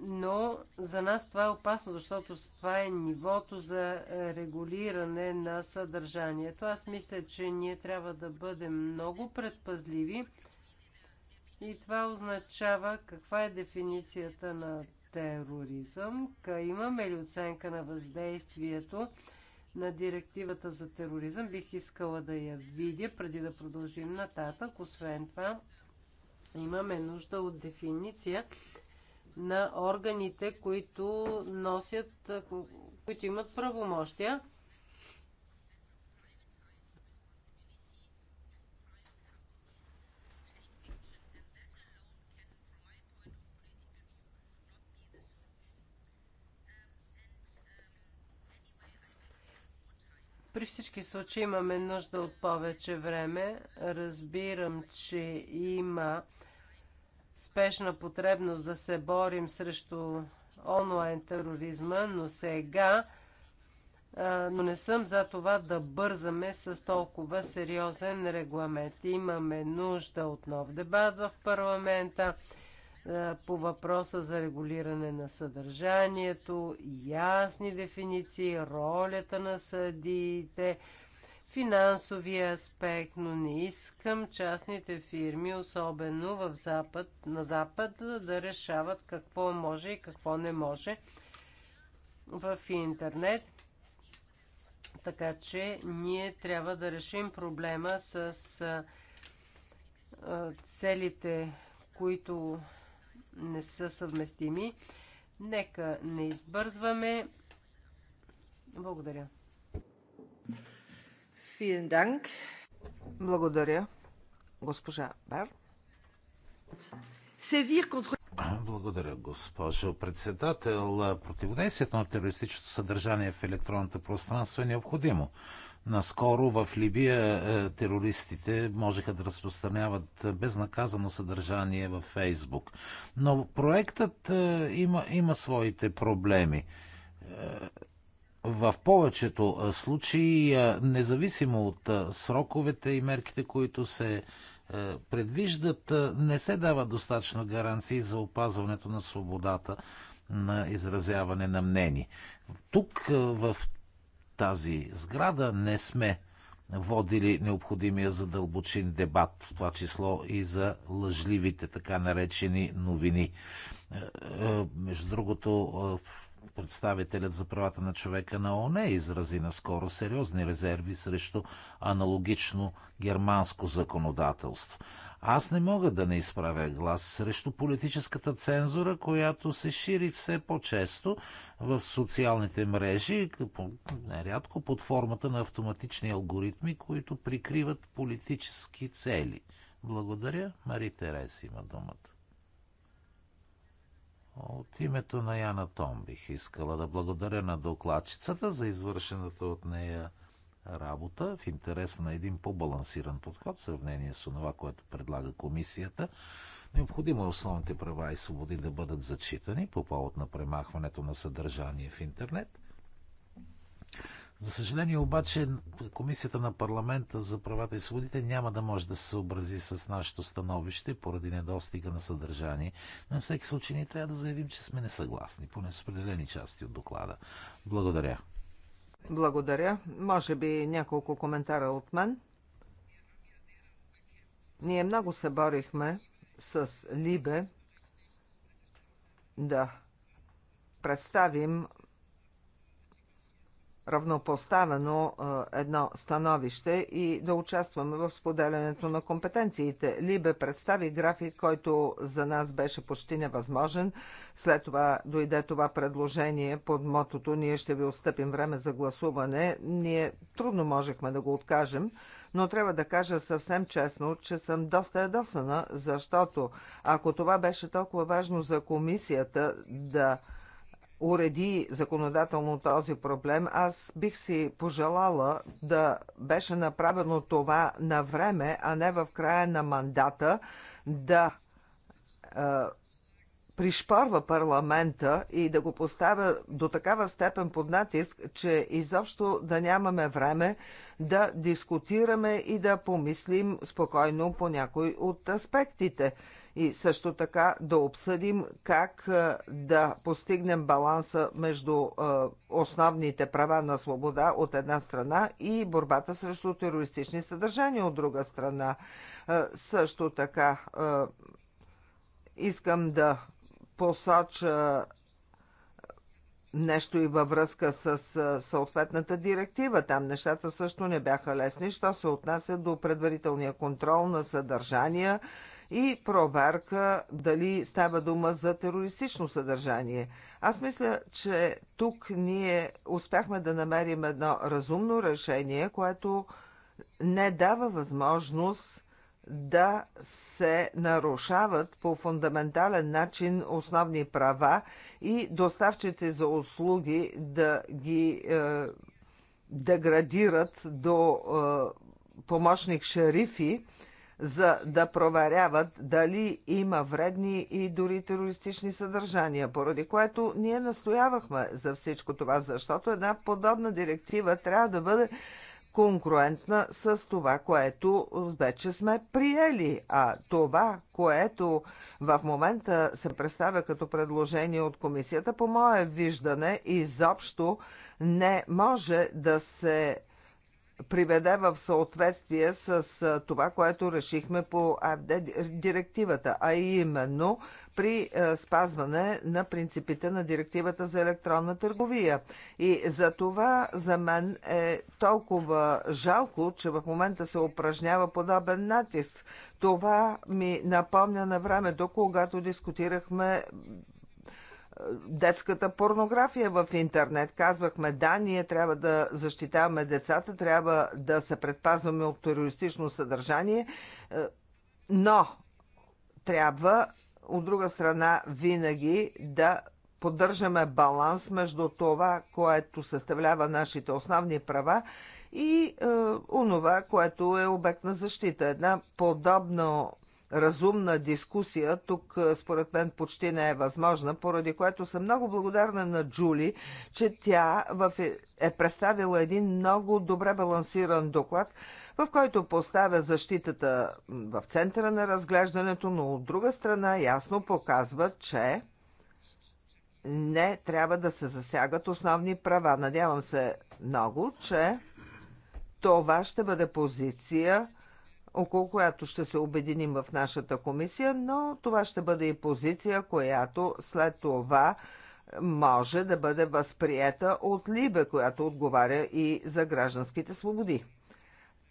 Но за нас това е опасно, защото това е нивото за регулиране на съдържанието. Аз мисля, че ние трябва да бъдем много предпазливи. И това означава каква е дефиницията на тероризъм. Ка имаме ли оценка на въздействието на директивата за тероризъм? Бих искала да я видя преди да продължим нататък. Освен това, имаме нужда от дефиниция на органите, които носят, които имат правомощия. При всички случаи имаме нужда от повече време. Разбирам, че има спешна потребност да се борим срещу онлайн тероризма, но сега но не съм за това да бързаме с толкова сериозен регламент. Имаме нужда от нов дебат в парламента по въпроса за регулиране на съдържанието, ясни дефиниции, ролята на съдиите, финансовия аспект, но не искам частните фирми, особено в запад, на Запад, да решават какво може и какво не може в интернет. Така че ние трябва да решим проблема с целите, които не са съвместими. Нека не избързваме. Благодаря. Благодаря, госпожа Бар. Благодаря, госпожо председател. Противодействието на терористичното съдържание в електронното пространство е необходимо. Наскоро в Либия е, терористите можеха да разпространяват безнаказано съдържание във Фейсбук. Но проектът е, има, има своите проблеми. Е, в повечето случаи, независимо от сроковете и мерките, които се предвиждат, не се дава достатъчно гаранции за опазването на свободата на изразяване на мнение. Тук в тази сграда не сме водили необходимия задълбочин дебат, в това число и за лъжливите така наречени новини. Е, е, между другото, е, представителят за правата на човека на ОНЕ изрази наскоро сериозни резерви срещу аналогично германско законодателство. Аз не мога да не изправя глас срещу политическата цензура, която се шири все по-често в социалните мрежи, рядко под формата на автоматични алгоритми, които прикриват политически цели. Благодаря. Мари Терес има думата. От името на Яна Том бих искала да благодаря на докладчицата за извършената от нея работа в интерес на един по-балансиран подход в сравнение с това, което предлага комисията. Необходимо е основните права и свободи да бъдат зачитани по повод на премахването на съдържание в интернет. За съжаление обаче, Комисията на парламента за правата и свободите няма да може да се съобрази с нашето становище поради недостига на съдържание. Но на всеки случай ние трябва да заявим, че сме несъгласни, поне с определени части от доклада. Благодаря. Благодаря. Може би няколко коментара от мен. Ние много се борихме с Либе да представим равнопоставено едно становище и да участваме в споделянето на компетенциите. Либе представи график, който за нас беше почти невъзможен. След това дойде това предложение под мотото «Ние ще ви отстъпим време за гласуване». Ние трудно можехме да го откажем, но трябва да кажа съвсем честно, че съм доста ядосана, защото ако това беше толкова важно за комисията да уреди законодателно този проблем, аз бих си пожелала да беше направено това на време, а не в края на мандата да е, пришпорва парламента и да го поставя до такава степен под натиск, че изобщо да нямаме време да дискутираме и да помислим спокойно по някой от аспектите и също така да обсъдим как е, да постигнем баланса между е, основните права на свобода от една страна и борбата срещу терористични съдържания от друга страна. Е, също така искам да посоча нещо и във връзка с съответната директива. Там нещата също не бяха лесни, що се отнася до предварителния контрол на съдържания и проверка дали става дума за терористично съдържание. Аз мисля, че тук ние успяхме да намерим едно разумно решение, което не дава възможност да се нарушават по фундаментален начин основни права и доставчици за услуги да ги е, деградират до е, помощник шерифи, за да проверяват дали има вредни и дори терористични съдържания, поради което ние настоявахме за всичко това, защото една подобна директива трябва да бъде конкурентна с това, което вече сме приели. А това, което в момента се представя като предложение от комисията, по мое виждане, изобщо не може да се приведе в съответствие с това, което решихме по АФД директивата, а именно при спазване на принципите на директивата за електронна търговия. И за това за мен е толкова жалко, че в момента се упражнява подобен натиск. Това ми напомня на времето, когато дискутирахме детската порнография в интернет. Казвахме, да, ние трябва да защитаваме децата, трябва да се предпазваме от терористично съдържание, е, но трябва, от друга страна, винаги да поддържаме баланс между това, което съставлява нашите основни права и е, онова, което е обект на защита. Една подобно разумна дискусия тук, според мен, почти не е възможна, поради което съм много благодарна на Джули, че тя е, е представила един много добре балансиран доклад, в който поставя защитата в центъра на разглеждането, но от друга страна ясно показва, че не трябва да се засягат основни права. Надявам се много, че това ще бъде позиция около която ще се обединим в нашата комисия, но това ще бъде и позиция, която след това може да бъде възприета от Либе, която отговаря и за гражданските свободи.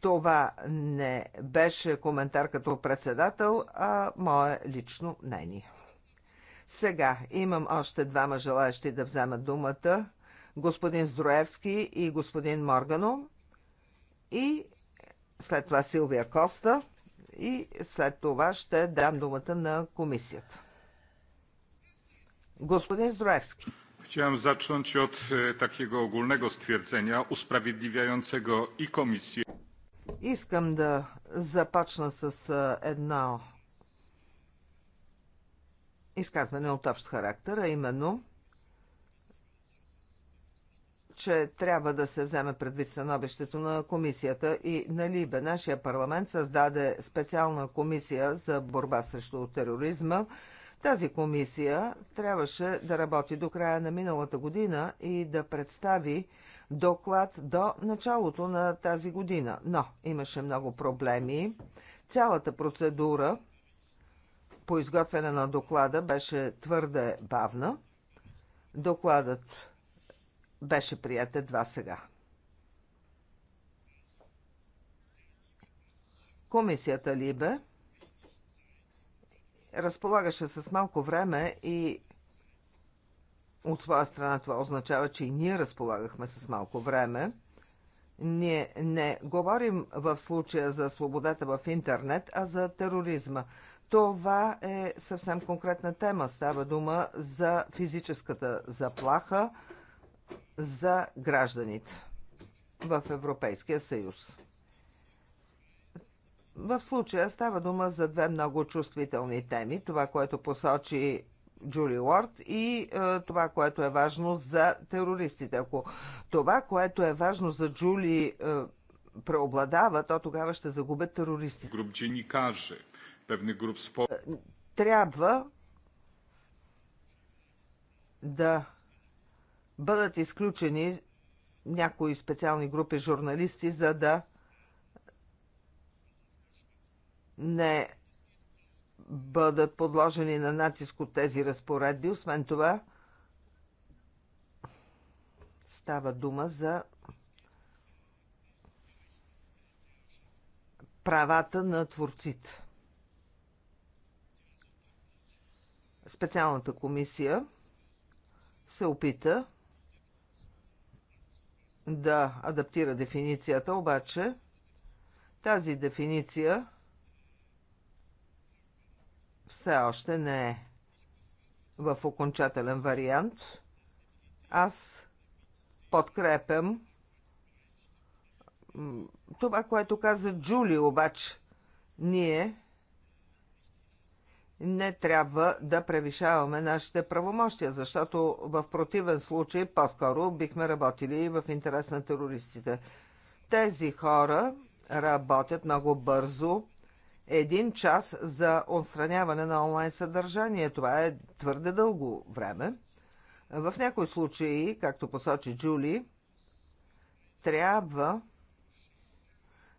Това не беше коментар като председател, а мое лично мнение. Сега имам още двама желаящи да вземат думата господин Здроевски и господин Моргано. И след това Силвия Коста и след това ще дам думата на комисията. Господин Здроевски. Chciałem zacząć od e, takiego ogólnego stwierdzenia usprawiedliwiającego i komisję. Искам да започна с е, едно изказване от общ характер, а именно – че трябва да се вземе предвид становището на комисията и на Либе. Нашия парламент създаде специална комисия за борба срещу тероризма. Тази комисия трябваше да работи до края на миналата година и да представи доклад до началото на тази година. Но имаше много проблеми. Цялата процедура по изготвяне на доклада беше твърде бавна. Докладът беше прията два сега. Комисията Либе разполагаше с малко време и от своя страна това означава, че и ние разполагахме с малко време. Ние не говорим в случая за свободата в интернет, а за тероризма. Това е съвсем конкретна тема. Става дума за физическата заплаха, за гражданите в Европейския съюз. В случая става дума за две много чувствителни теми. Това, което посочи Джули Уорд и е, това, което е важно за терористите. Ако това, което е важно за Джули е, преобладава, то тогава ще загубят терористите. Груп каже. певни груп спор... Е, трябва да бъдат изключени някои специални групи журналисти, за да не бъдат подложени на натиск от тези разпоредби. Освен това, става дума за правата на творците. Специалната комисия се опита да адаптира дефиницията, обаче тази дефиниция все още не е в окончателен вариант. Аз подкрепям това, което каза Джули, обаче ние не трябва да превишаваме нашите правомощия, защото в противен случай по-скоро бихме работили в интерес на терористите. Тези хора работят много бързо. Един час за отстраняване на онлайн съдържание. Това е твърде дълго време. В някои случаи, както посочи Джули, трябва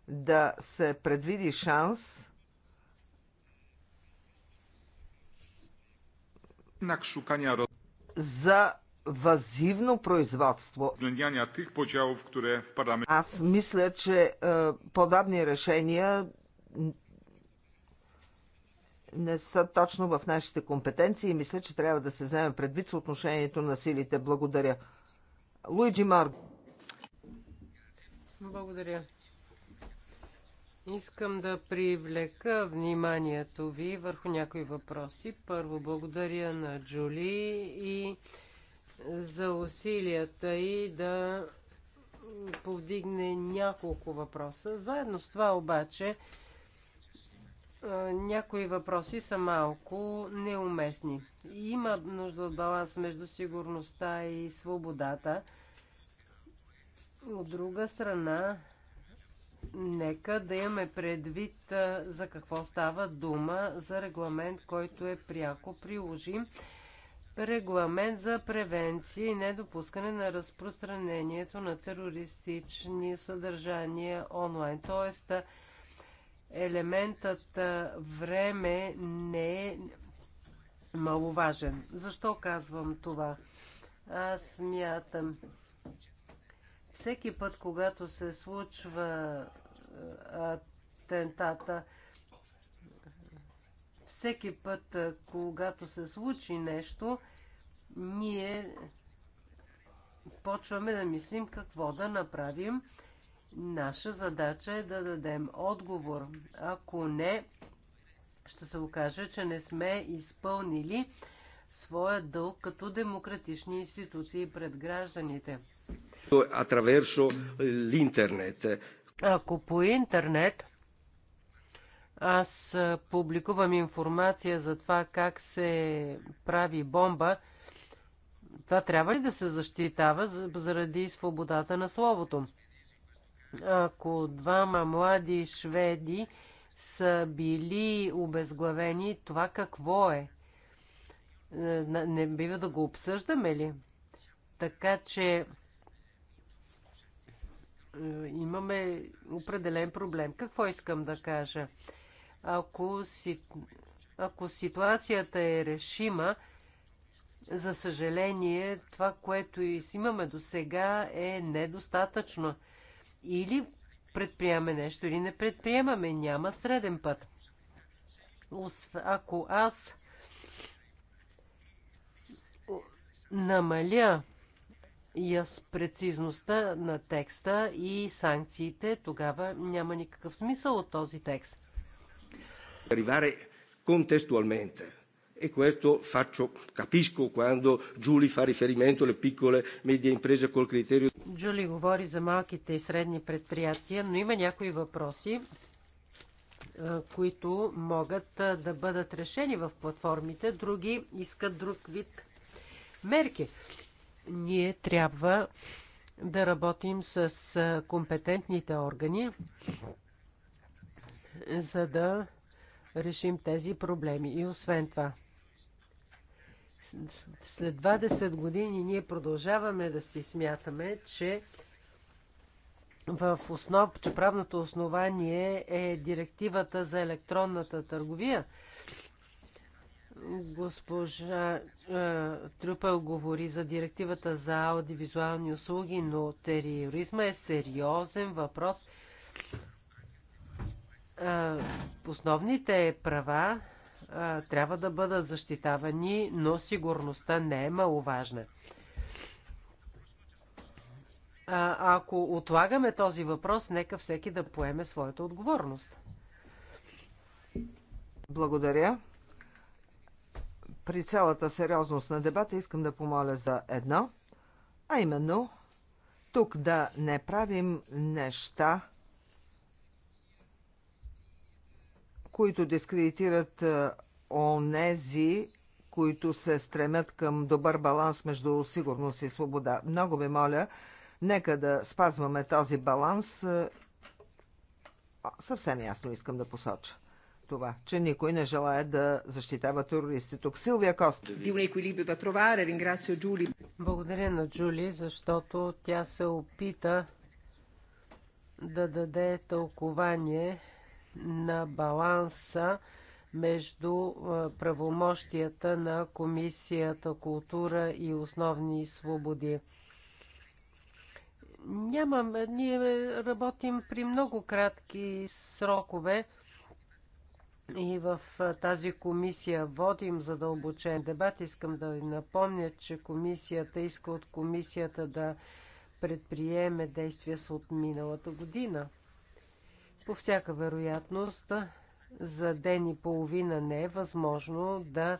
да се предвиди шанс за вазивно производство. Аз мисля, че е, подобни решения не са точно в нашите компетенции и мисля, че трябва да се вземе предвид съотношението на силите. Благодаря. Луиджи Марго. Благодаря. Искам да привлека вниманието ви върху някои въпроси. Първо, благодаря на Джули и за усилията и да повдигне няколко въпроса. Заедно с това обаче някои въпроси са малко неуместни. Има нужда от баланс между сигурността и свободата. От друга страна, Нека да имаме предвид за какво става дума за регламент, който е пряко приложим. Регламент за превенция и недопускане на разпространението на терористични съдържания онлайн. Тоест, елементът време не е маловажен. Защо казвам това? Аз мятам, всеки път, когато се случва атентата, всеки път, когато се случи нещо, ние почваме да мислим какво да направим. Наша задача е да дадем отговор. Ако не, ще се окаже, че не сме изпълнили своя дълг като демократични институции пред гражданите attraverso eh, l'internet. Ако по интернет аз публикувам информация за това как се прави бомба, това трябва ли да се защитава заради свободата на словото? Ако двама млади шведи са били обезглавени, това какво е? е не бива да го обсъждаме ли? Така че е, имаме определен проблем. Какво искам да кажа? Ако, си, ако ситуацията е решима, за съжаление, това, което имаме до сега е недостатъчно. Или предприемаме нещо, или не предприемаме. Няма среден път. Ако аз намаля яс прецизността на текста и санкциите, тогава няма никакъв смисъл от този текст. Arrivare contestualmente. E questo faccio, capisco quando Giulie fa riferimento alle piccole e medie imprese col criterio. Джули говори за малките и средни предприятия, но има някои въпроси, които могат да бъдат решени в платформите. Други искат друг вид мерки ние трябва да работим с компетентните органи, за да решим тези проблеми. И освен това, след 20 години ние продължаваме да си смятаме, че в основ, че правното основание е директивата за електронната търговия – Госпожа е, Трупел говори за директивата за аудиовизуални услуги, но тероризма е сериозен въпрос. Е, основните права е, трябва да бъдат защитавани, но сигурността не е маловажна. А, ако отлагаме този въпрос, нека всеки да поеме своята отговорност. Благодаря при цялата сериозност на дебата искам да помоля за едно, а именно тук да не правим неща, които дискредитират онези, които се стремят към добър баланс между сигурност и свобода. Много ви моля, нека да спазваме този баланс. Съвсем ясно искам да посоча това, че никой не желая да защитава терористи. Тук Силвия Кост. Благодаря на Джули, защото тя се опита да даде тълкование на баланса между правомощията на Комисията култура и основни свободи. Нямам, ние работим при много кратки срокове и в тази комисия водим задълбочен дебат. Искам да ви напомня, че комисията иска от комисията да предприеме действия с от миналата година. По всяка вероятност, за ден и половина не е възможно да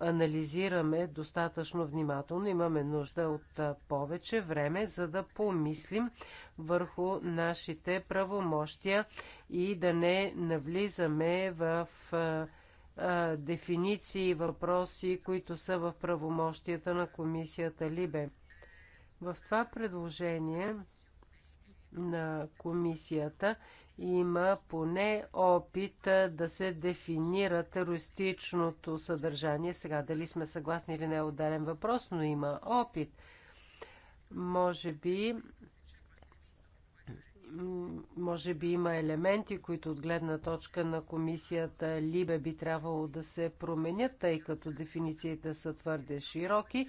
анализираме достатъчно внимателно. Имаме нужда от повече време, за да помислим върху нашите правомощия и да не навлизаме в дефиниции и въпроси, които са в правомощията на комисията Либе. В това предложение на комисията има поне опит да се дефинира терористичното съдържание. Сега дали сме съгласни или не е отделен въпрос, но има опит. Може би може би има елементи, които от гледна точка на комисията Либе би трябвало да се променят, тъй като дефинициите са твърде широки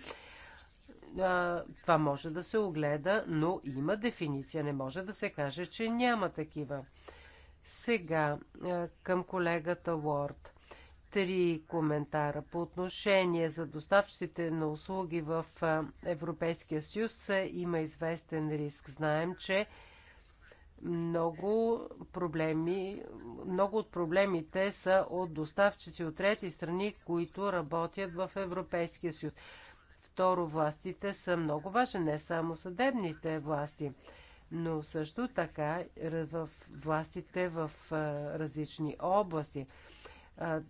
това може да се огледа, но има дефиниция. Не може да се каже, че няма такива. Сега към колегата Уорд. Три коментара по отношение за доставчиците на услуги в Европейския съюз. Има известен риск. Знаем, че много проблеми, много от проблемите са от доставчици от трети страни, които работят в Европейския съюз. Второ, властите са много важни, не само съдебните власти, но също така в властите в различни области.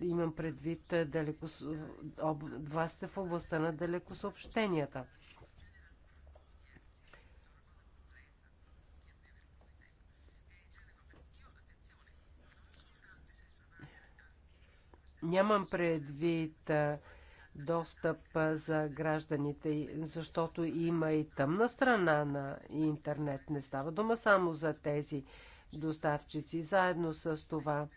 Имам предвид далеко, властите в областта на далекосъобщенията. Нямам предвид а, достъп за гражданите, защото има и тъмна страна на интернет. Не става дума само за тези доставчици. Заедно с това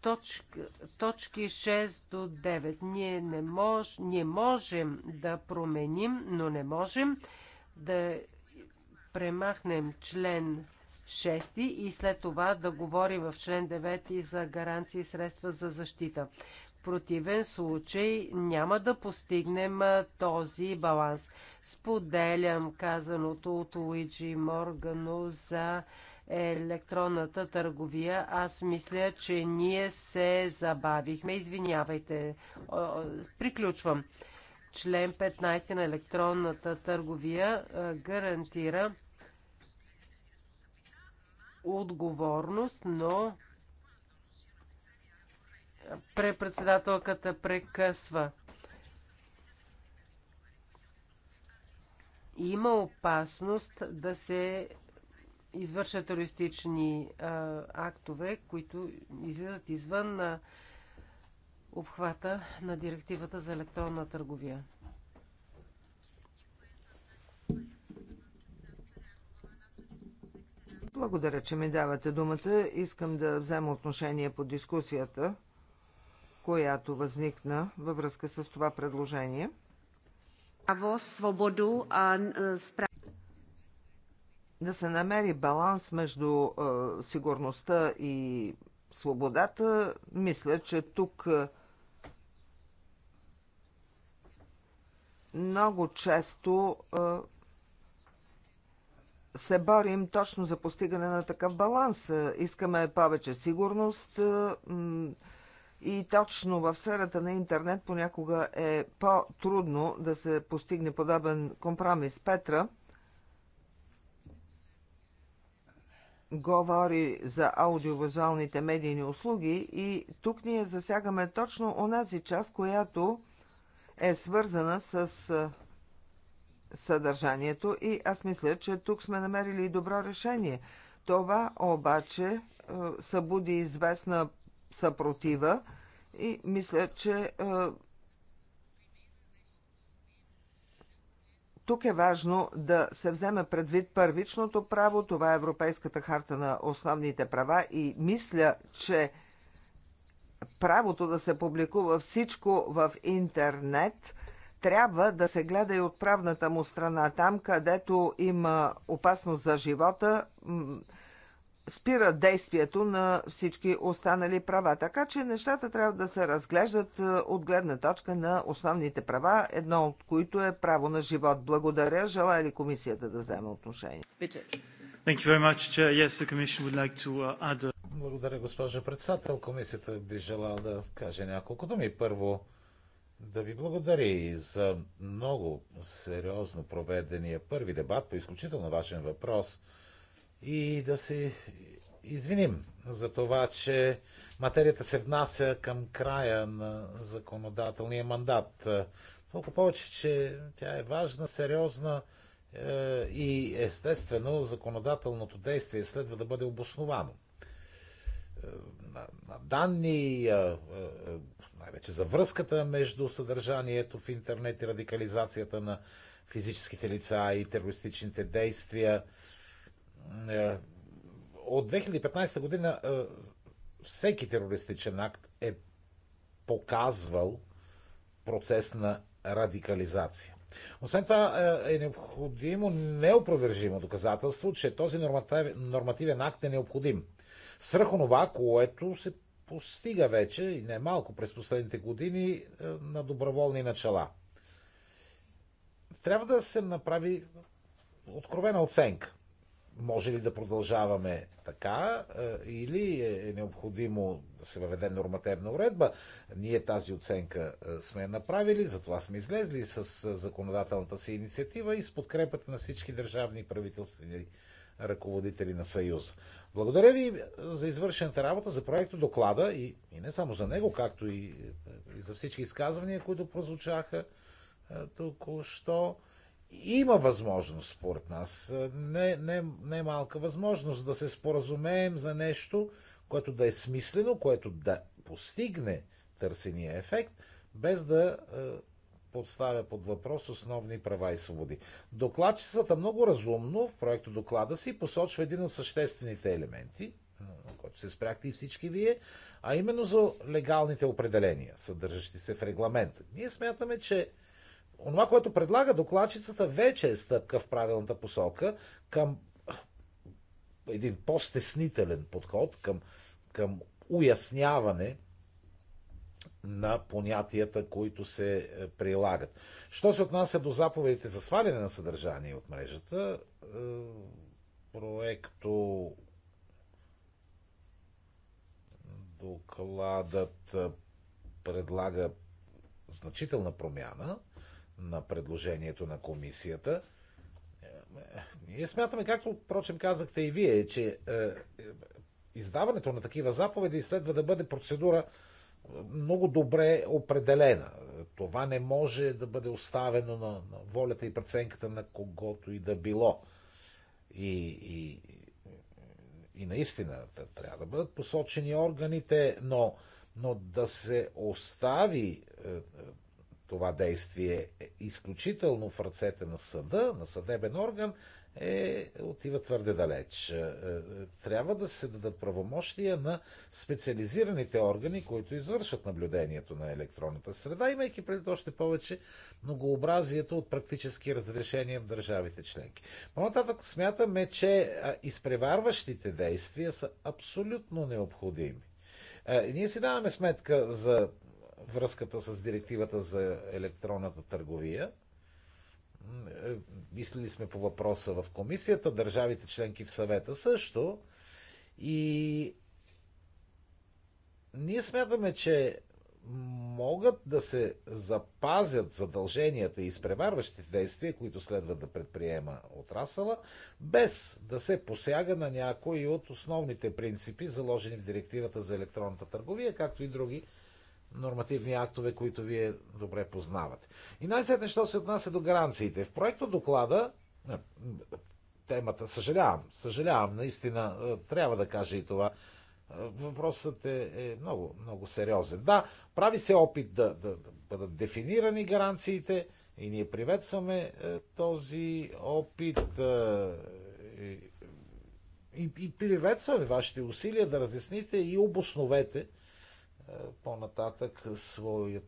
точки, точки 6 до 9. Ние не, мож, не можем да променим, но не можем да премахнем член 6 и след това да говори в член 9 за гаранции и средства за защита. В противен случай няма да постигнем този баланс. Споделям казаното от Луиджи Моргано за електронната търговия. Аз мисля, че ние се забавихме. Извинявайте. Приключвам. Член 15 на електронната търговия гарантира отговорност, но препредседателката прекъсва. Има опасност да се извършат терористични а, актове, които излизат извън на обхвата на директивата за електронна търговия. Благодаря, че ми давате думата. Искам да взема отношение по дискусията, която възникна във връзка с това предложение. Право, свободу, а, справ... Да се намери баланс между а, сигурността и свободата, мисля, че тук а, много често а, се борим точно за постигане на такъв баланс. Искаме повече сигурност е, и точно в сферата на интернет понякога е по-трудно да се постигне подобен компромис. Петра говори за аудиовизуалните медийни услуги и тук ние засягаме точно онази част, която е свързана с е, съдържанието и аз мисля, че тук сме намерили добро решение. Това обаче е, събуди известна съпротива и мисля, че е, Тук е важно да се вземе предвид първичното право, това е Европейската харта на основните права и мисля, че правото да се публикува всичко в интернет трябва да се гледа и от правната му страна. Там, където има опасност за живота, спира действието на всички останали права. Така че нещата трябва да се разглеждат е, от гледна точка на основните права, едно от които е право на живот. Благодаря. Желая ли комисията да вземе отношение? Благодаря, госпожо председател. Комисията би желала да каже няколко думи. Първо, да ви благодаря и за много сериозно проведения първи дебат по изключително важен въпрос и да се извиним за това, че материята се внася към края на законодателния мандат. Толкова повече, че тя е важна, сериозна е, и естествено законодателното действие следва да бъде обосновано. Е, на, на данни, най-вече за връзката между съдържанието в интернет и радикализацията на физическите лица и терористичните действия. Е, от 2015 година е, всеки терористичен акт е показвал процес на радикализация. Освен това е, е необходимо неопровержимо доказателство, че този нормативен акт е необходим свръх онова, което се постига вече и не малко през последните години е, на доброволни начала. Трябва да се направи откровена оценка. Може ли да продължаваме така е, или е, е необходимо да се въведе нормативна уредба? Ние тази оценка сме направили, затова сме излезли с законодателната си инициатива и с подкрепата на всички държавни правителствени ръководители на Съюза. Благодаря ви за извършената работа, за проекта доклада и, и не само за него, както и, и за всички изказвания, които прозвучаха току-що. Има възможност, според нас, не, не, не малка възможност да се споразумеем за нещо, което да е смислено, което да постигне търсения ефект, без да поставя под въпрос основни права и свободи. Докладчицата много разумно в проекта доклада си посочва един от съществените елементи, на който се спряхте и всички вие, а именно за легалните определения, съдържащи се в регламента. Ние смятаме, че онова, което предлага докладчицата, вече е стъпка в правилната посока към един по-стеснителен подход, към, към уясняване на понятията, които се е, прилагат. Що се отнася до заповедите за сваляне на съдържание от мрежата, е, проекто докладът е, предлага значителна промяна на предложението на комисията. Ние смятаме, както, впрочем, казахте и вие, че издаването на такива заповеди следва да бъде процедура много добре определена. Това не може да бъде оставено на, на волята и преценката на когото и да било. И, и, и наистина трябва да бъдат посочени органите, но, но да се остави е, е, това действие изключително в ръцете на съда, на съдебен орган, е, отива твърде далеч. Е, е, трябва да се дадат правомощия на специализираните органи, които извършат наблюдението на електронната среда, имайки преди още повече многообразието от практически разрешения в държавите членки. По-нататък смятаме, че е, изпреварващите действия са абсолютно необходими. Ние си даваме сметка за връзката с директивата за електронната търговия – е, мислили сме по въпроса в комисията, държавите членки в съвета също. И ние смятаме, че могат да се запазят задълженията и изпреварващите действия, които следва да предприема отрасъла, без да се посяга на някои от основните принципи, заложени в директивата за електронната търговия, както и други нормативни актове, които вие добре познавате. И най-сетне, що се отнася до гаранциите. В проекта доклада, е, темата, съжалявам, съжалявам, наистина е, трябва да кажа и това, е, въпросът е, е много, много сериозен. Да, прави се опит да, да, да бъдат дефинирани гаранциите и ние приветстваме този опит. и, и приветстваме вашите усилия да разясните и обосновете по-нататък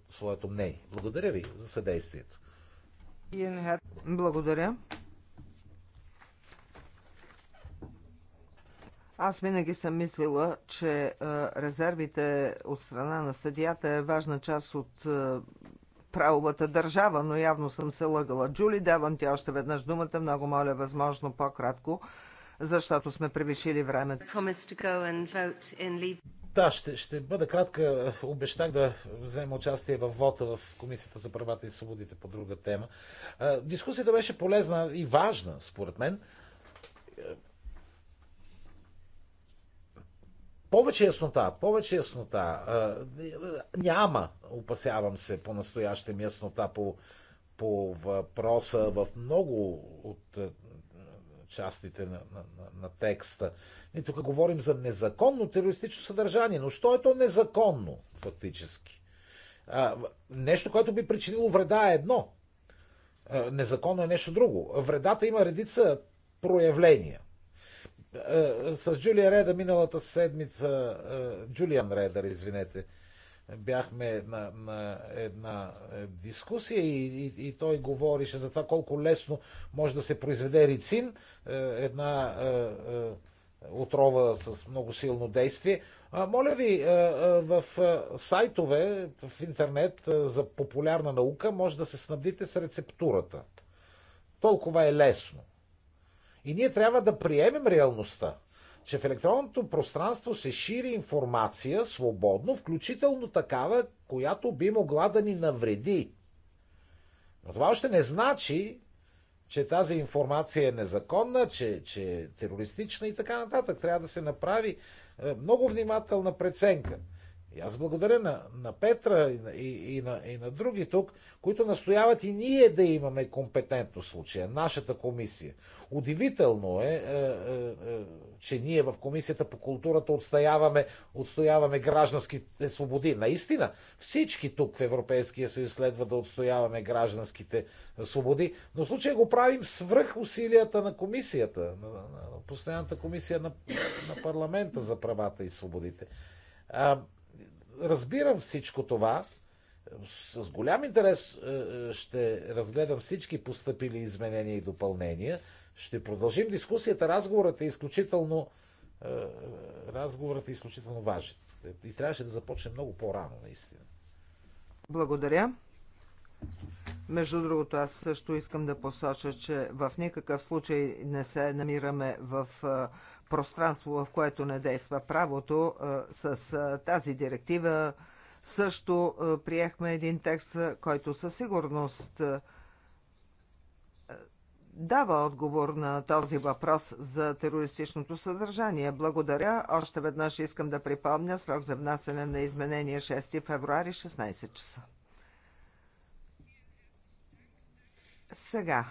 своето мнение. Благодаря ви за съдействието. Благодаря. Аз винаги съм мислила, че е, резервите от страна на съдията е важна част от е, правовата държава, но явно съм се лъгала. Джули, давам ти още веднъж думата. Много моля, възможно по-кратко, защото сме превишили времето. Да, ще, ще бъда кратка. Обещах да взема участие в вота в Комисията за правата и свободите по друга тема. Дискусията беше полезна и важна, според мен. Повече яснота, повече яснота. Няма, опасявам се, по-настоящем яснота по, по въпроса в много от частите на, на, на, на текста. Ние тук говорим за незаконно терористично съдържание, но що е то незаконно, фактически? А, нещо, което би причинило вреда е едно. А, незаконно е нещо друго. Вредата има редица проявления. с Джулия Реда миналата седмица, Джулиан Редър, извинете, бяхме на, на една е, дискусия и, и, и той говорише за това колко лесно може да се произведе рицин, е, една е, е, отрова с много силно действие. А, моля ви, е, в сайтове, в интернет за популярна наука може да се снабдите с рецептурата. Толкова е лесно. И ние трябва да приемем реалността че в електронното пространство се шири информация свободно, включително такава, която би могла да ни навреди. Но това още не значи, че тази информация е незаконна, че, че е терористична и така нататък. Трябва да се направи е, много внимателна преценка. И аз благодаря на, на Петра и на, и, и, на, и на други тук, които настояват и ние да имаме компетентно случая, нашата комисия. Удивително е, е, е, е, че ние в комисията по културата отстояваме, отстояваме гражданските свободи. Наистина, всички тук в Европейския съюз следва да отстояваме гражданските свободи, но в случая го правим свръх усилията на комисията, на, на, на постоянната комисия на, на парламента за правата и свободите разбирам всичко това. С голям интерес е, е, ще разгледам всички поступили изменения и допълнения. Ще продължим дискусията. Разговорът е изключително, е, разговорът е изключително важен. И трябваше да започне много по-рано, наистина. Благодаря. Между другото, аз също искам да посоча, че в никакъв случай не се намираме в пространство, в което не действа правото. Е, с е, тази директива също е, приехме един текст, който със сигурност дава отговор на този въпрос за терористичното съдържание. Благодаря. Още веднъж искам да припомня срок за внасене на изменение 6 февруари 16 часа. Сега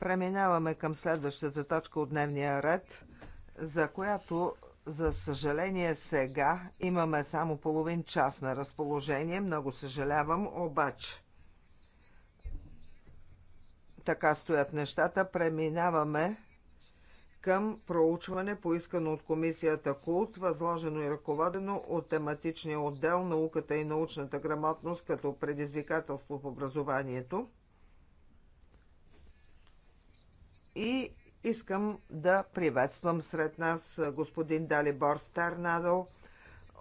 преминаваме към следващата точка от дневния ред – за която за съжаление сега имаме само половин час на разположение. Много съжалявам, обаче така стоят нещата. Преминаваме към проучване, поискано от комисията КУЛТ, възложено и ръководено от тематичния отдел науката и научната грамотност като предизвикателство в образованието. И Искам да приветствам сред нас господин Далибор Старнадъл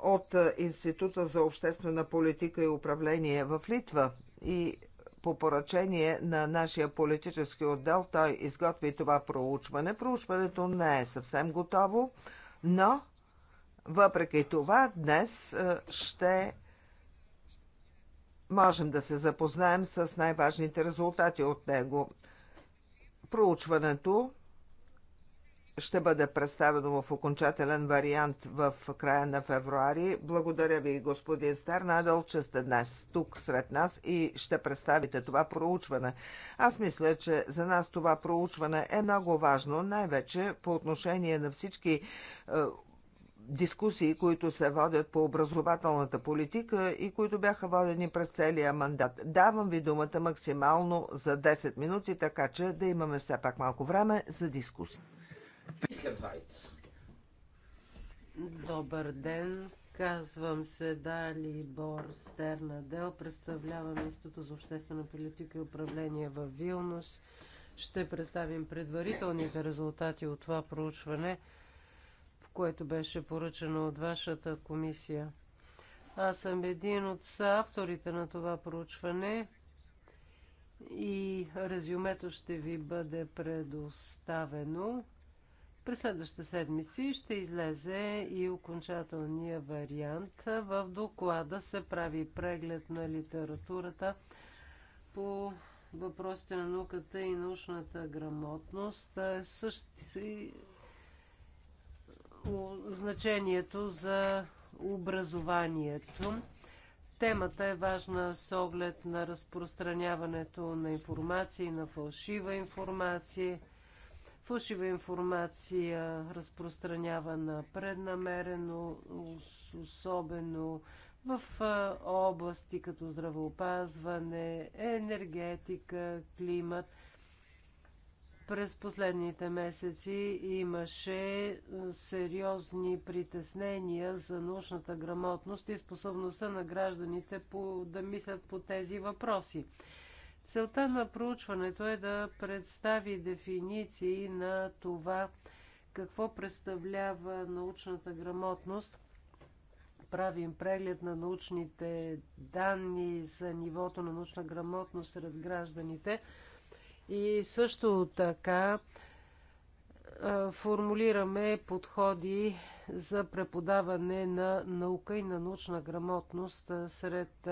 от Института за обществена политика и управление в Литва и по поръчение на нашия политически отдел той изготви това проучване. Проучването не е съвсем готово, но въпреки това днес ще можем да се запознаем с най-важните резултати от него. Проучването ще бъде представено в окончателен вариант в края на февруари. Благодаря ви, господин Стернадъл, че сте днес тук сред нас и ще представите това проучване. Аз мисля, че за нас това проучване е много важно, най-вече по отношение на всички е, дискусии, които се водят по образователната политика и които бяха водени през целия мандат. Давам ви думата максимално за 10 минути, така че да имаме все пак малко време за дискусии. Добър ден, казвам се Дали Бор Стернадел, представлявам Института за обществена политика и управление в Вилнус. Ще представим предварителните резултати от това проучване, което беше поръчано от вашата комисия. Аз съм един от авторите на това проучване и резюмето ще ви бъде предоставено. През следващата седмици ще излезе и окончателния вариант. В доклада се прави преглед на литературата по въпросите на науката и научната грамотност. Е, Същи си значението за образованието. Темата е важна с оглед на разпространяването на информация и на фалшива информация – фалшива информация разпространявана преднамерено, особено в области като здравеопазване, енергетика, климат. През последните месеци имаше сериозни притеснения за научната грамотност и способността на гражданите по, да мислят по тези въпроси. Целта на проучването е да представи дефиниции на това какво представлява научната грамотност. Правим преглед на научните данни за нивото на научна грамотност сред гражданите и също така формулираме подходи за преподаване на наука и на научна грамотност сред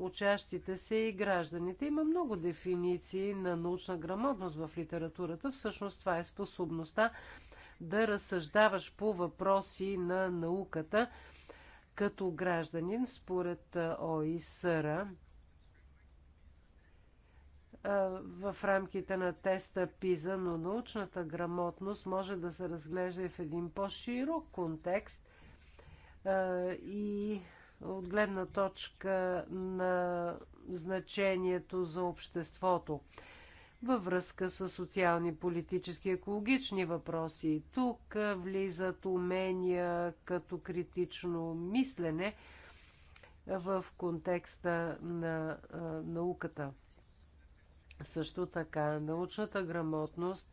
учащите се и гражданите. Има много дефиниции на научна грамотност в литературата. Всъщност това е способността да разсъждаваш по въпроси на науката като гражданин според ОИСР. В рамките на теста ПИЗА, но научната грамотност може да се разглежда и в един по-широк контекст и от гледна точка на значението за обществото във връзка с социални, политически и екологични въпроси. Тук влизат умения като критично мислене в контекста на науката. Също така научната грамотност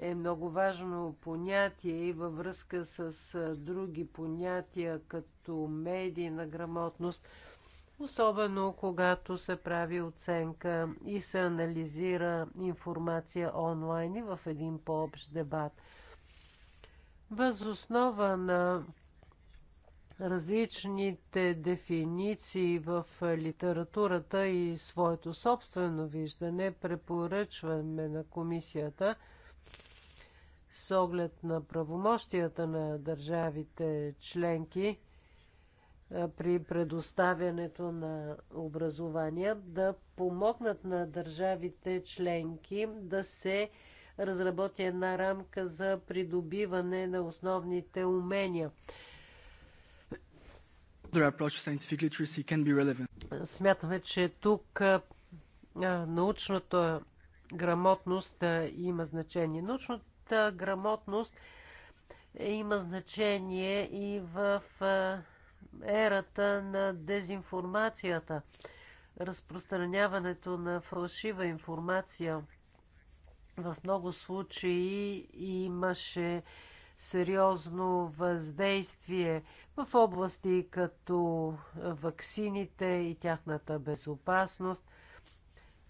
е много важно понятие и във връзка с други понятия, като медийна грамотност, особено когато се прави оценка и се анализира информация онлайн и в един по-общ дебат. Възоснова на различните дефиниции в литературата и своето собствено виждане препоръчваме на комисията – с оглед на правомощията на държавите членки при предоставянето на образование, да помогнат на държавите членки да се разработи една рамка за придобиване на основните умения. Смятаме, че тук научната грамотност има значение. Научното грамотност има значение и в ерата на дезинформацията. Разпространяването на фалшива информация в много случаи имаше сериозно въздействие в области като ваксините и тяхната безопасност.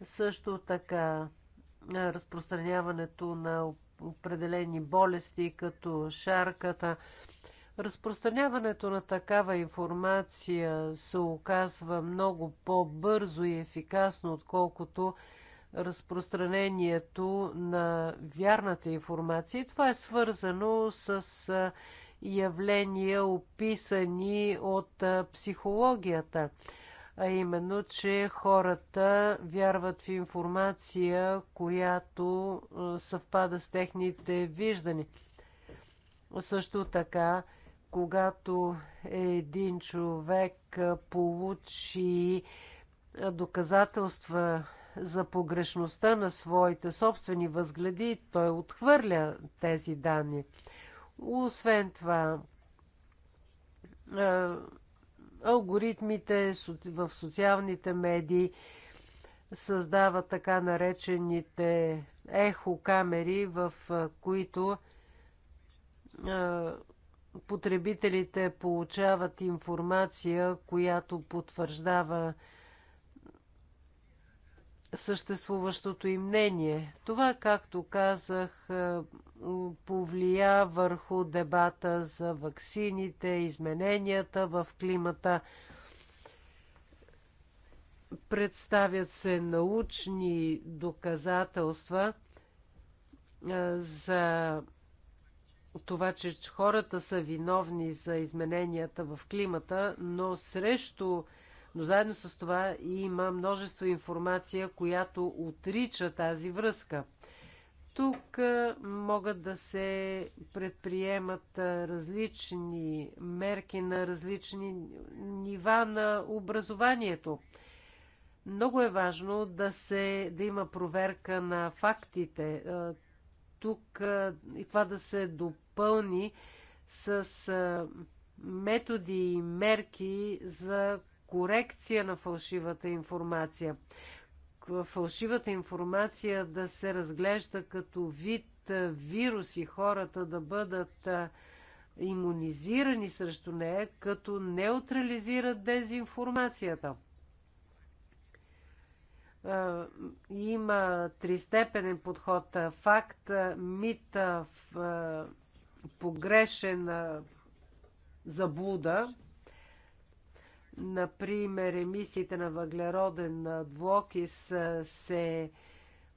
Също така разпространяването на определени болести, като шарката. Разпространяването на такава информация се оказва много по-бързо и ефикасно, отколкото разпространението на вярната информация. И това е свързано с явления, описани от психологията а именно, че хората вярват в информация, която съвпада с техните виждани. Също така, когато един човек получи доказателства за погрешността на своите собствени възгледи, той отхвърля тези данни. Освен това, алгоритмите в социалните медии създават така наречените ехокамери, в които потребителите получават информация, която потвърждава съществуващото и мнение. Това, както казах, е, повлия върху дебата за ваксините, измененията в климата. Представят се научни доказателства е, за това, че хората са виновни за измененията в климата, но срещу но заедно с това има множество информация, която отрича тази връзка. Тук могат да се предприемат различни мерки на различни нива на образованието. Много е важно да, се, да има проверка на фактите. Тук и това да се допълни с методи и мерки за корекция на фалшивата информация. Фалшивата информация да се разглежда като вид вирус и хората да бъдат иммунизирани срещу нея, като неутрализират дезинформацията. Има тристепенен подход. Факт, мит, погрешен заблуда. Например, емисиите на въглероден двуокис е, се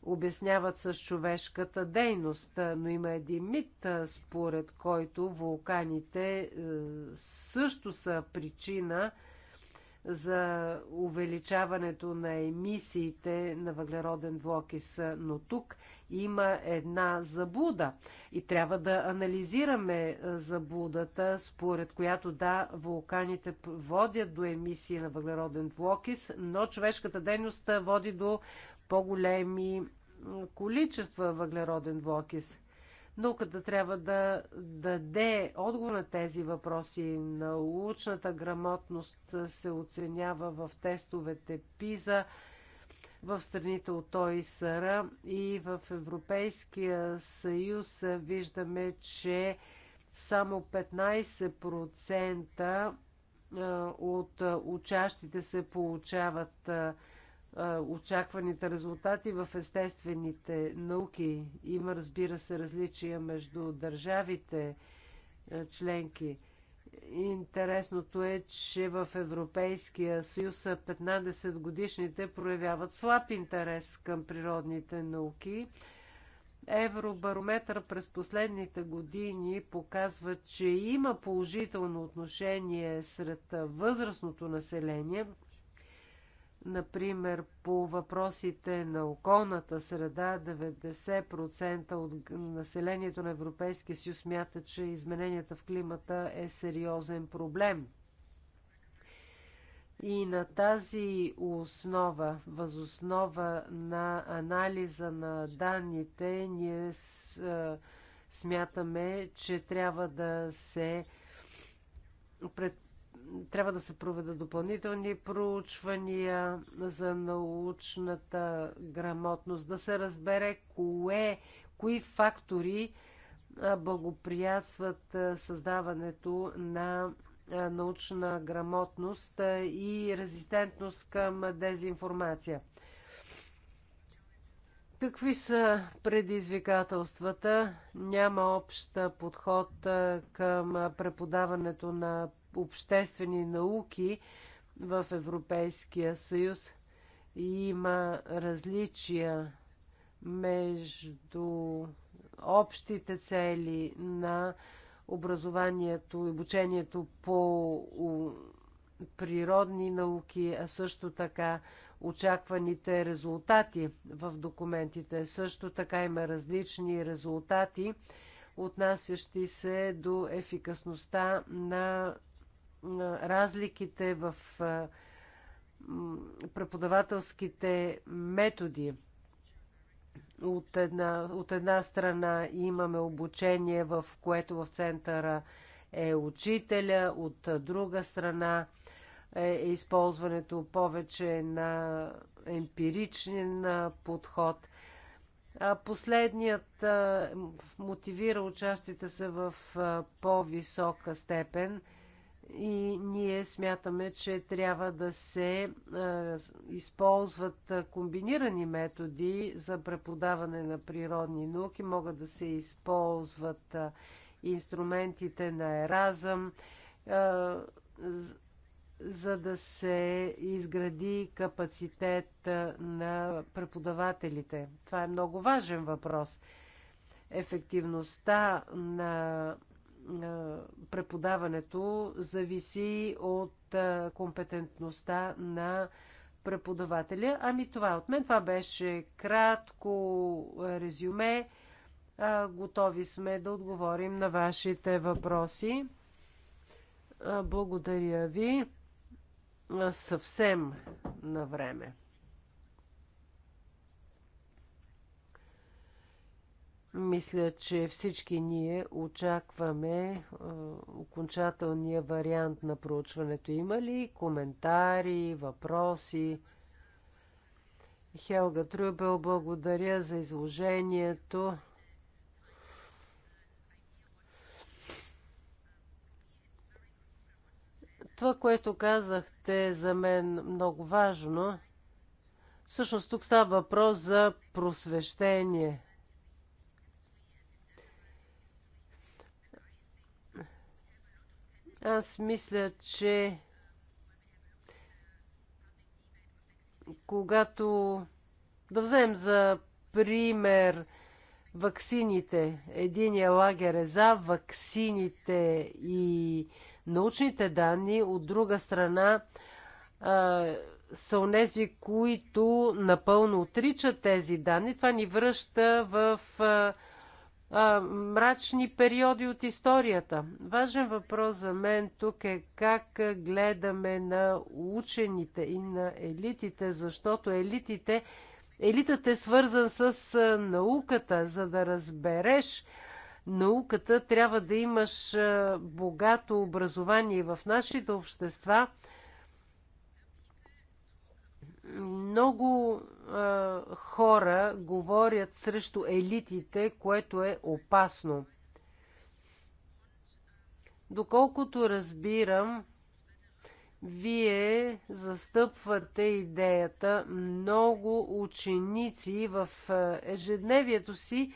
обясняват с човешката дейност, е, но има един мит, е, според който вулканите също са причина за увеличаването на емисиите на въглероден двуокис, но тук има една заблуда и трябва да анализираме е, заблудата, според която да, вулканите водят до емисии на въглероден двуокис, но човешката дейност е, води до по-големи количества въглероден двуокис. Науката трябва да даде отговор на тези въпроси. Научната грамотност се оценява в тестовете ПИЗА в страните от ОИСР и в Европейския съюз виждаме, че само 15% от учащите се получават очакваните резултати в естествените науки. Има, разбира се, различия между държавите членки. Интересното е, че в Европейския съюз 15 годишните проявяват слаб интерес към природните науки. Евробарометър през последните години показва, че има положително отношение сред възрастното население – Например, по въпросите на околната среда, 90% от населението на Европейския съюз смята, че измененията в климата е сериозен проблем. И на тази основа, възоснова на анализа на данните, ние смятаме, че трябва да се предприемат трябва да се проведат допълнителни проучвания за научната грамотност, да се разбере кое, кои фактори благоприятстват създаването на научна грамотност и резистентност към дезинформация. Какви са предизвикателствата? Няма общ подход към преподаването на обществени науки в Европейския съюз. Има различия между общите цели на образованието и обучението по природни науки, а също така очакваните резултати в документите. Също така има различни резултати, отнасящи се до ефикасността на разликите в преподавателските методи. От една, от една страна имаме обучение, в което в центъра е учителя, от друга страна е използването повече на емпиричен подход. Последният мотивира участите се в по-висока степен – и ние смятаме, че трябва да се а, е, използват е, комбинирани методи за преподаване на природни науки. Могат да се използват а, е, инструментите на еразъм, за да се изгради капацитет на преподавателите. Това е много важен въпрос. Ефективността на е, преподаването зависи от е, компетентността на преподавателя. Ами това е от мен. Това беше кратко резюме. Готови сме да отговорим на вашите въпроси. Благодаря ви съвсем на време. Мисля, че всички ние очакваме е, окончателния вариант на проучването. Има ли коментари, въпроси? Хелга Трюбел, благодаря за изложението. Това, което казахте, е за мен много важно. Всъщност тук става въпрос за просвещение. Аз мисля, че когато да вземем за пример ваксините. Единия е лагер е за ваксините и научните данни, от друга страна а, са онези, които напълно отричат тези данни. Това ни връща в а, а, мрачни периоди от историята. Важен въпрос за мен тук е как гледаме на учените и на елитите, защото елитите, елитът е свързан с науката, за да разбереш науката, трябва да имаш богато образование в нашите общества. Много е, хора говорят срещу елитите, което е опасно. Доколкото разбирам, вие застъпвате идеята много ученици в е, ежедневието си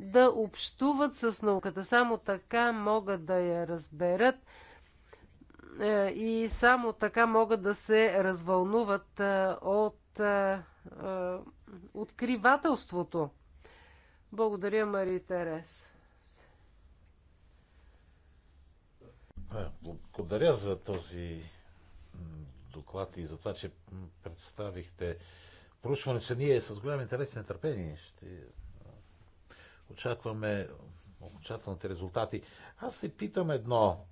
да общуват с науката. Само така могат да я разберат е, и само така могат да се развълнуват от е, откривателството. Благодаря, Мари Терес. Е, благодаря за този доклад и за това, че представихте проучване, че ние с голям интерес и нетърпение ще е, очакваме окончателните резултати. Аз се питам едно.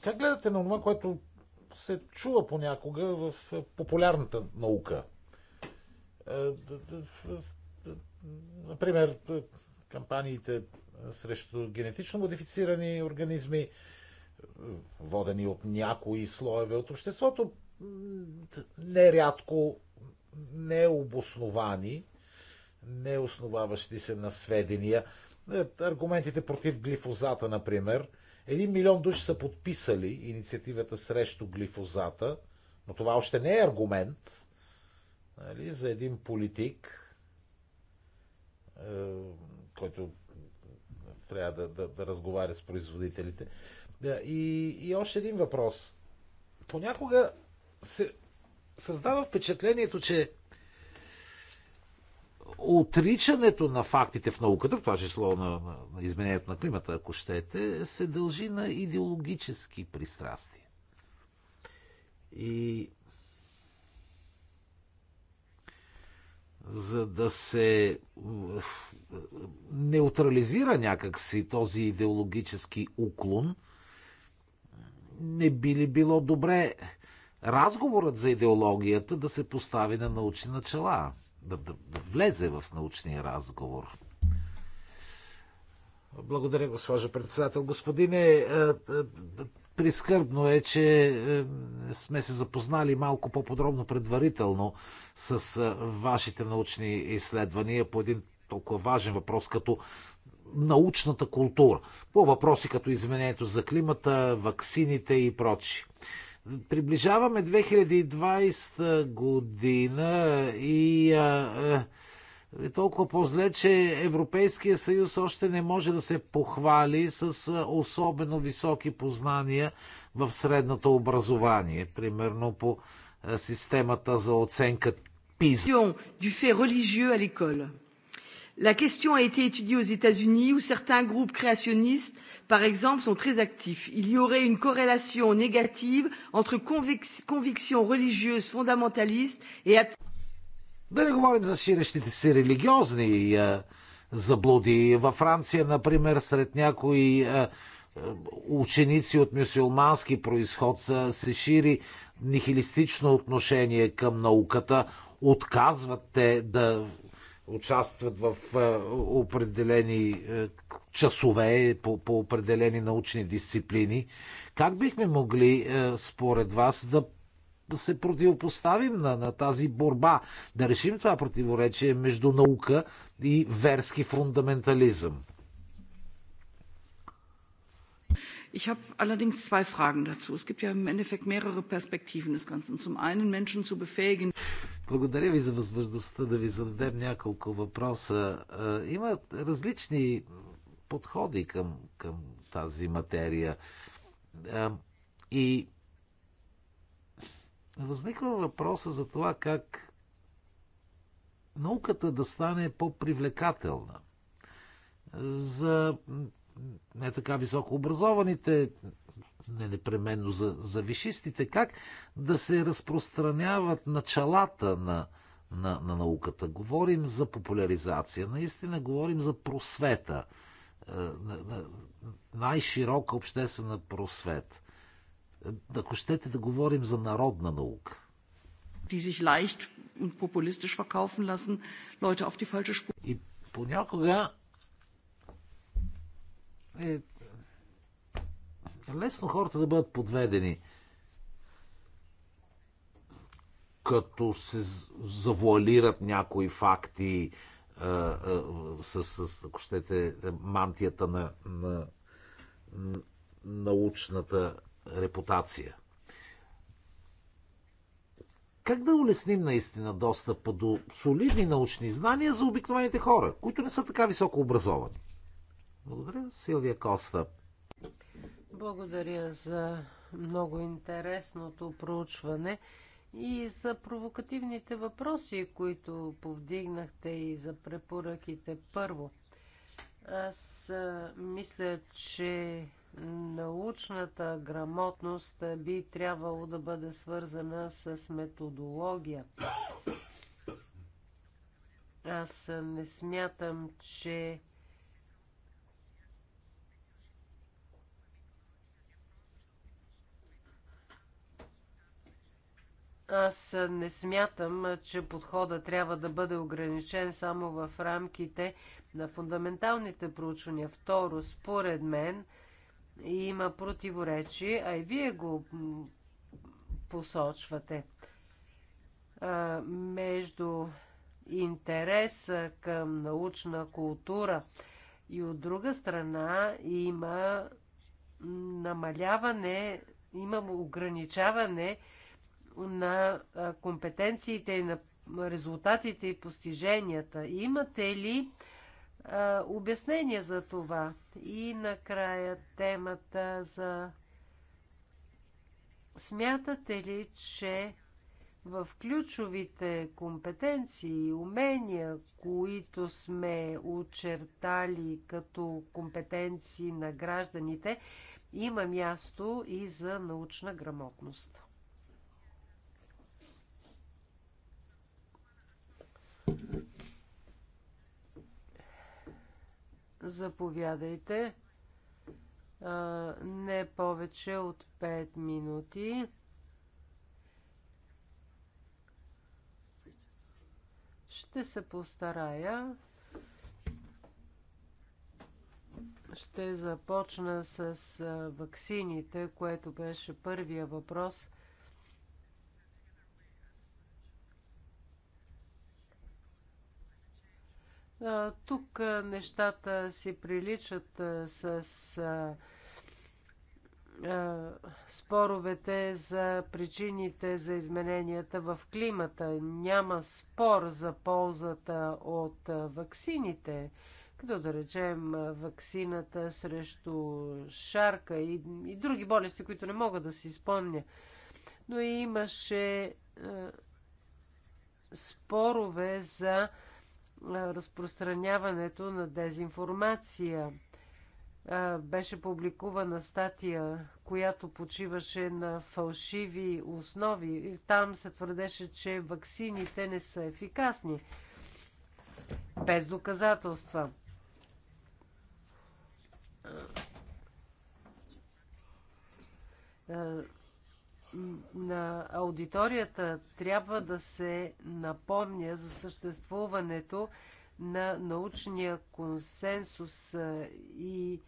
Как гледате на това, което се чува понякога в е, популярната наука? Е, например, е, кампаниите срещу генетично модифицирани организми, водени от някои слоеве от обществото, нерядко необосновани, не основаващи се на сведения. Аргументите против глифозата, например – един милион души са подписали инициативата срещу глифозата, но това още не е аргумент нали, за един политик, е, който трябва да, да, да разговаря с производителите. Да, и, и още един въпрос. Понякога се създава впечатлението, че отричането на фактите в науката, в това число на, на изменението на климата, ако щете, се дължи на идеологически пристрастия. И за да се неутрализира някакси този идеологически уклон, не би ли било добре разговорът за идеологията да се постави на научни начала? да, да, да влезе в научния разговор. Благодаря, госпожо председател. Господине, е, е, прискърбно е, че е, сме се запознали малко по-подробно предварително с вашите научни изследвания по един толкова важен въпрос, като научната култура. По въпроси като изменението за климата, ваксините и прочи. Приближаваме 2020 година и а, а, е толкова по-зле, че Европейския съюз още не може да се похвали с особено високи познания в средното образование, примерно по системата за оценка ПИЗ. La question a été étudiée aux États-Unis où certains groupes créationnistes, par exemple, sont très actifs. Il y aurait une corrélation négative entre convictions religieuses fondamentalistes et... Да не говорим за ширещите си религиозни а, заблуди. Във Франция, например, сред някои а, ученици от мюсюлмански происход са, се шири нихилистично отношение към науката, отказват те да участват в е, определени е, часове по, по определени научни дисциплини. Как бихме могли, е, според вас, да се противопоставим на, на тази борба, да решим това противоречие между наука и верски фундаментализъм? Ich habe allerdings zwei Fragen dazu. Es gibt ja im Endeffekt mehrere Perspektiven des Ganzen. Zum einen Menschen zu befähigen. Благодаря ви за възможността да ви зададем няколко въпроса. Е, има различни подходи към, към тази материя. Е, и възниква въпроса за това как науката да стане по-привлекателна за не така високо образованите, не непременно за, за вишистите, как да се разпространяват началата на, на, на науката. Говорим за популяризация, наистина говорим за просвета, е, най-широка обществена просвет. Ако щете да говорим за народна наука. И понякога е лесно хората да бъдат подведени. Като се завуалират някои факти а, е, а, е, с, с, ако щете, мантията на, на научната репутация. Как да улесним наистина достъпа до солидни научни знания за обикновените хора, които не са така високо образовани? Благодаря. Силвия Коста. Благодаря за много интересното проучване и за провокативните въпроси, които повдигнахте и за препоръките. Първо, аз мисля, че научната грамотност би трябвало да бъде свързана с методология. Аз не смятам, че Аз не смятам, че подхода трябва да бъде ограничен само в рамките на фундаменталните проучвания. Второ, според мен има противоречие, а и вие го посочвате а, между интереса към научна култура и от друга страна има намаляване, има ограничаване на компетенциите и на резултатите и постиженията. Имате ли а, обяснение за това? И накрая темата за. Смятате ли, че в ключовите компетенции и умения, които сме очертали като компетенции на гражданите, има място и за научна грамотност? Заповядайте. Не повече от 5 минути. Ще се постарая. Ще започна с ваксините, което беше първия въпрос – Тук нещата си приличат с споровете за причините за измененията в климата. Няма спор за ползата от ваксините, като да речем ваксината срещу шарка и, и други болести, които не мога да си спомня. Но имаше е, спорове за е, разпространяването на дезинформация. Беше публикувана статия, която почиваше на фалшиви основи. Там се твърдеше, че ваксините не са ефикасни. Без доказателства на аудиторията трябва да се напомня за съществуването на научния консенсус и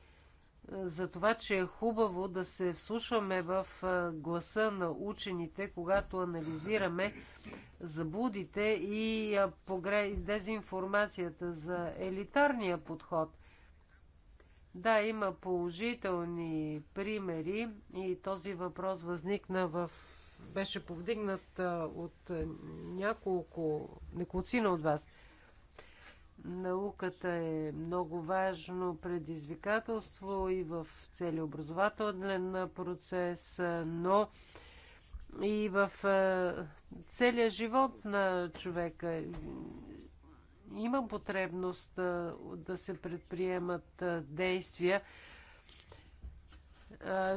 за това, че е хубаво да се вслушваме в гласа на учените, когато анализираме заблудите и дезинформацията за елитарния подход. Да, има положителни примери и този въпрос възникна в беше повдигнат от няколко, неколцина от вас. Науката е много важно предизвикателство и в цели образователен процес, но и в целия живот на човека има потребност да се предприемат действия.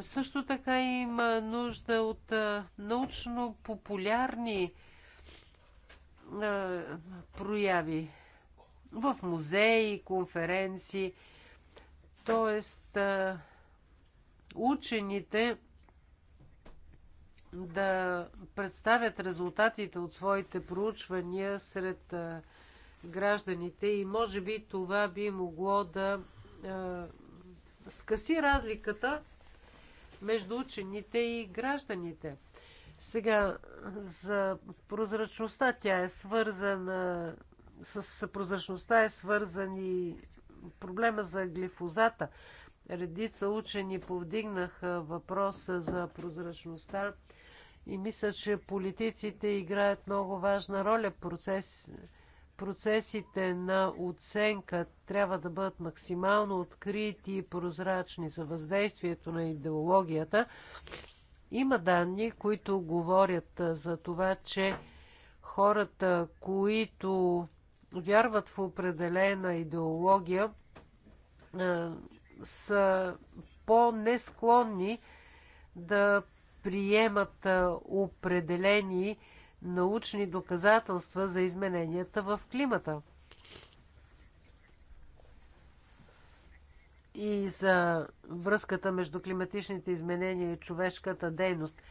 Също така има нужда от научно-популярни прояви в музеи, конференции. Тоест, учените да представят резултатите от своите проучвания сред гражданите и може би това би могло да е, скъси разликата между учените и гражданите. Сега, за прозрачността тя е свързана с прозрачността е свързан и проблема за глифозата. Редица учени повдигнаха въпроса за прозрачността и мисля, че политиците играят много важна роля в процес Процесите на оценка трябва да бъдат максимално открити и прозрачни за въздействието на идеологията. Има данни, които говорят за това, че хората, които вярват в определена идеология, са по-несклонни да приемат определени научни доказателства за измененията в климата и за връзката между климатичните изменения и човешката дейност.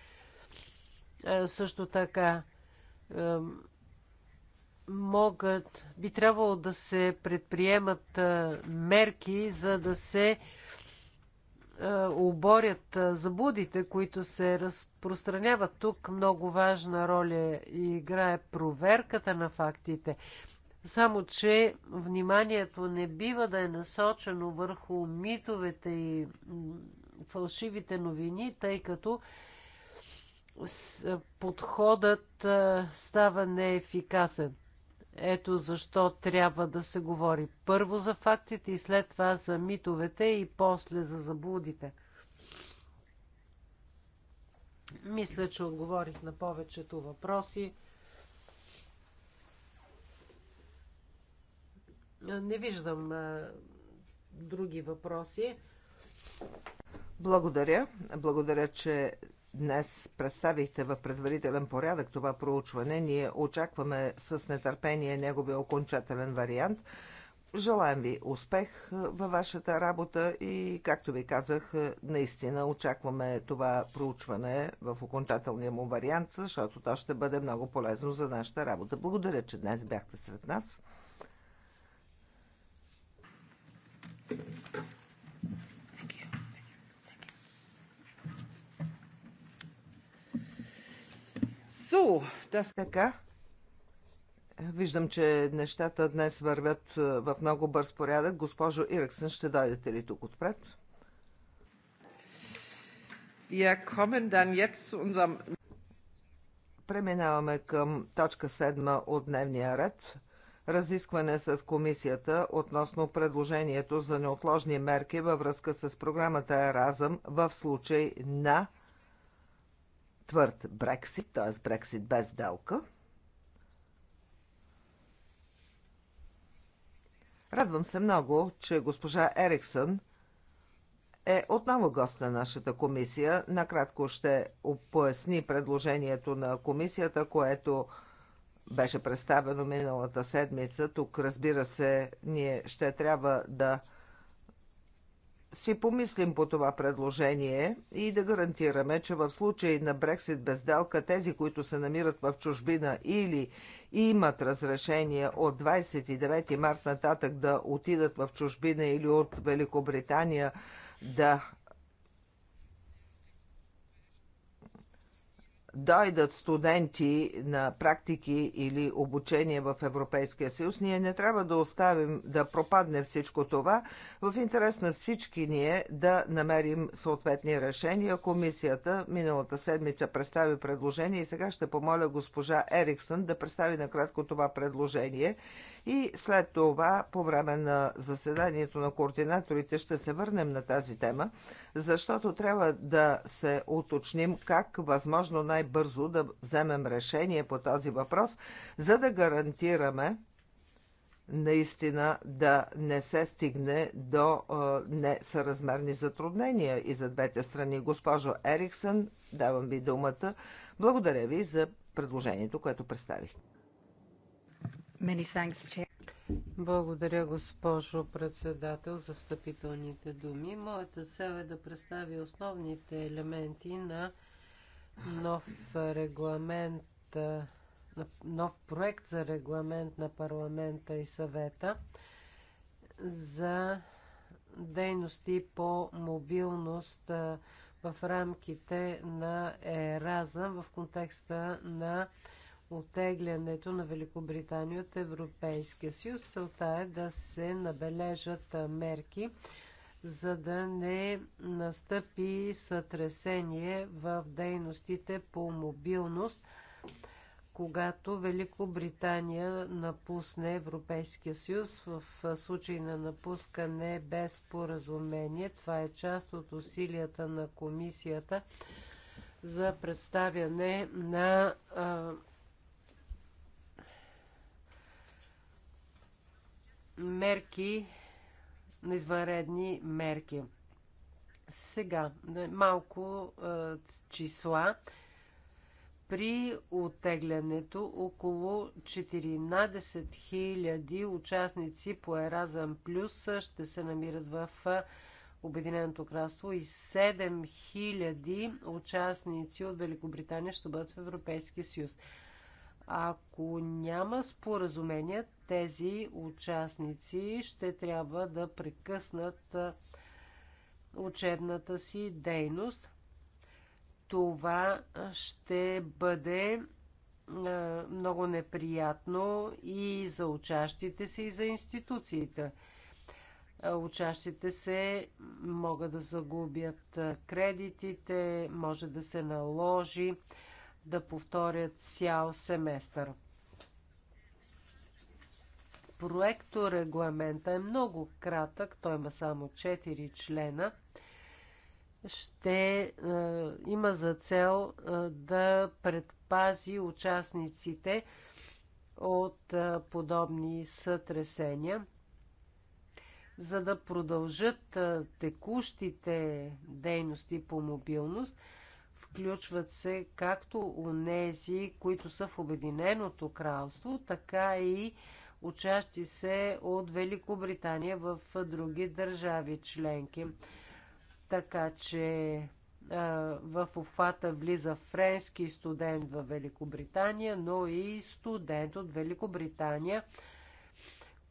Е, също така могат, би трябвало да се предприемат е, мерки, за да се е, оборят е, заблудите, които се разпространяват тук, много важна роля играе проверката на фактите. Само, че вниманието не бива да е насочено върху митовете и фалшивите новини, тъй като е, подходът става неефикасен. Ето защо трябва да се говори първо за фактите и след това за митовете и после за заблудите. Мисля, че отговорих на повечето въпроси. Не виждам а, други въпроси. Благодаря. Благодаря, че днес представихте в предварителен порядък това проучване. Ние очакваме с нетърпение неговия окончателен вариант. Желаем ви успех е, във вашата работа и, както ви казах, е, наистина очакваме това проучване в окончателния му вариант, защото то ще бъде много полезно за нашата работа. Благодаря, че днес бяхте сред нас. So, das... Така. Виждам, че нещата днес вървят е, в много бърз порядък. Госпожо Ирексън, ще дойдете ли тук отпред? kommen dann jetzt zu unserem... Преминаваме към точка 7 от дневния ред. Разискване с комисията относно предложението за неотложни мерки във връзка с програмата Еразъм в случай на твърд Брексит, т.е. Брексит без делка. Радвам се много, че госпожа Ериксън е отново гост на нашата комисия. Накратко ще поясни предложението на комисията, което беше представено миналата седмица. Тук, разбира се, ние ще трябва да си помислим по това предложение и да гарантираме, че в случай на Брексит делка, тези, които се намират в чужбина или имат разрешение от 29 март нататък да отидат в чужбина или от Великобритания да дойдат студенти на практики или обучение в Европейския съюз, ние не трябва да оставим да пропадне всичко това. В интерес на всички ние да намерим съответни решения. Комисията миналата седмица представи предложение и сега ще помоля госпожа Ериксън да представи накратко това предложение. И след това, по време на заседанието на координаторите, ще се върнем на тази тема защото трябва да се уточним как възможно най-бързо да вземем решение по този въпрос, за да гарантираме наистина да не се стигне до несъразмерни затруднения и за двете страни. Госпожо Ериксън, давам ви думата. Благодаря ви за предложението, което представих. Many thanks, Chair. Благодаря, госпожо председател, за встъпителните думи. Моята цел е да представя основните елементи на нов регламент, нов проект за регламент на парламента и съвета за дейности по мобилност в рамките на ЕРАЗа в контекста на оттеглянето на Великобритания от Европейския съюз. Целта е да се набележат мерки, за да не настъпи сътресение в дейностите по мобилност, когато Великобритания напусне Европейския съюз. В случай на напускане без споразумение, това е част от усилията на комисията за представяне на а, мерки, на извънредни мерки. Сега, малко е, числа. При оттеглянето около 14 000 участници по Еразъм Плюс ще се намират в Обединеното кралство и 7 000 участници от Великобритания ще бъдат в Европейския съюз. Ако няма споразумение, тези участници ще трябва да прекъснат учебната си дейност. Това ще бъде много неприятно и за учащите се, и за институциите. Учащите се могат да загубят кредитите, може да се наложи да повторят цял семестър. Проекто регламента е много кратък, той има само 4 члена. Ще е, има за цел е, да предпази участниците от е, подобни сътресения за да продължат е, текущите дейности по мобилност, включват се както у нези, които са в Обединеното кралство, така и учащи се от Великобритания в други държави членки. Така че в обхвата влиза френски студент в Великобритания, но и студент от Великобритания,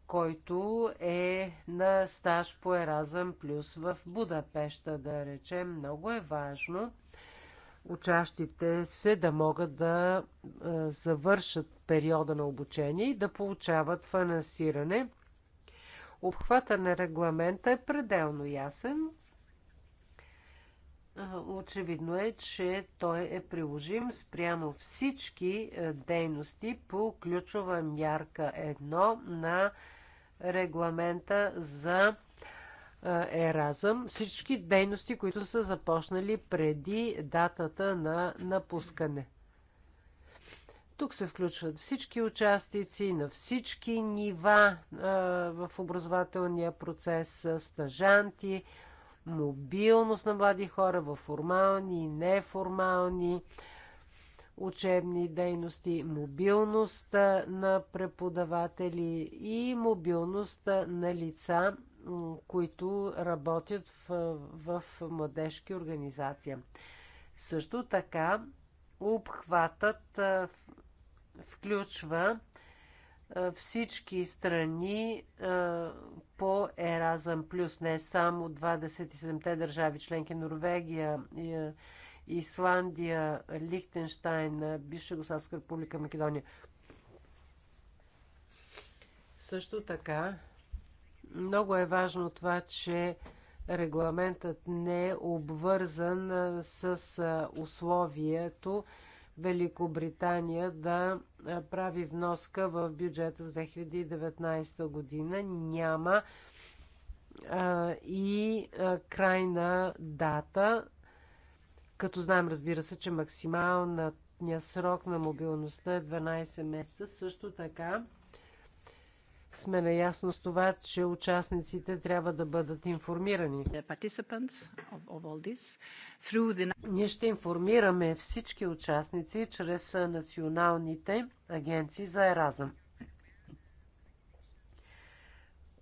който е на стаж по Еразъм Плюс в Будапешта, да речем. Много е важно учащите се да могат да завършат периода на обучение и да получават финансиране. Обхвата на регламента е пределно ясен. Очевидно е, че той е приложим спрямо всички дейности по ключова мярка 1 на регламента за Еразъм, всички дейности, които са започнали преди датата на напускане. Тук се включват всички участници на всички нива в образователния процес, стажанти, мобилност на млади хора в формални и неформални учебни дейности, мобилност на преподаватели и мобилност на лица, които работят в, в младежки организации. Също така обхватът включва всички страни по Еразъм Плюс, не само 27-те държави членки Норвегия, Исландия, Лихтенштайн, Бивша Госавска република Македония. Също така много е важно това, че регламентът не е обвързан с условието Великобритания да прави вноска в бюджета за 2019 година. Няма и крайна дата, като знаем, разбира се, че максималният срок на мобилността е 12 месеца. Също така, сме наясно с това, че участниците трябва да бъдат информирани. Ние ще информираме всички участници чрез националните агенции за Еразъм.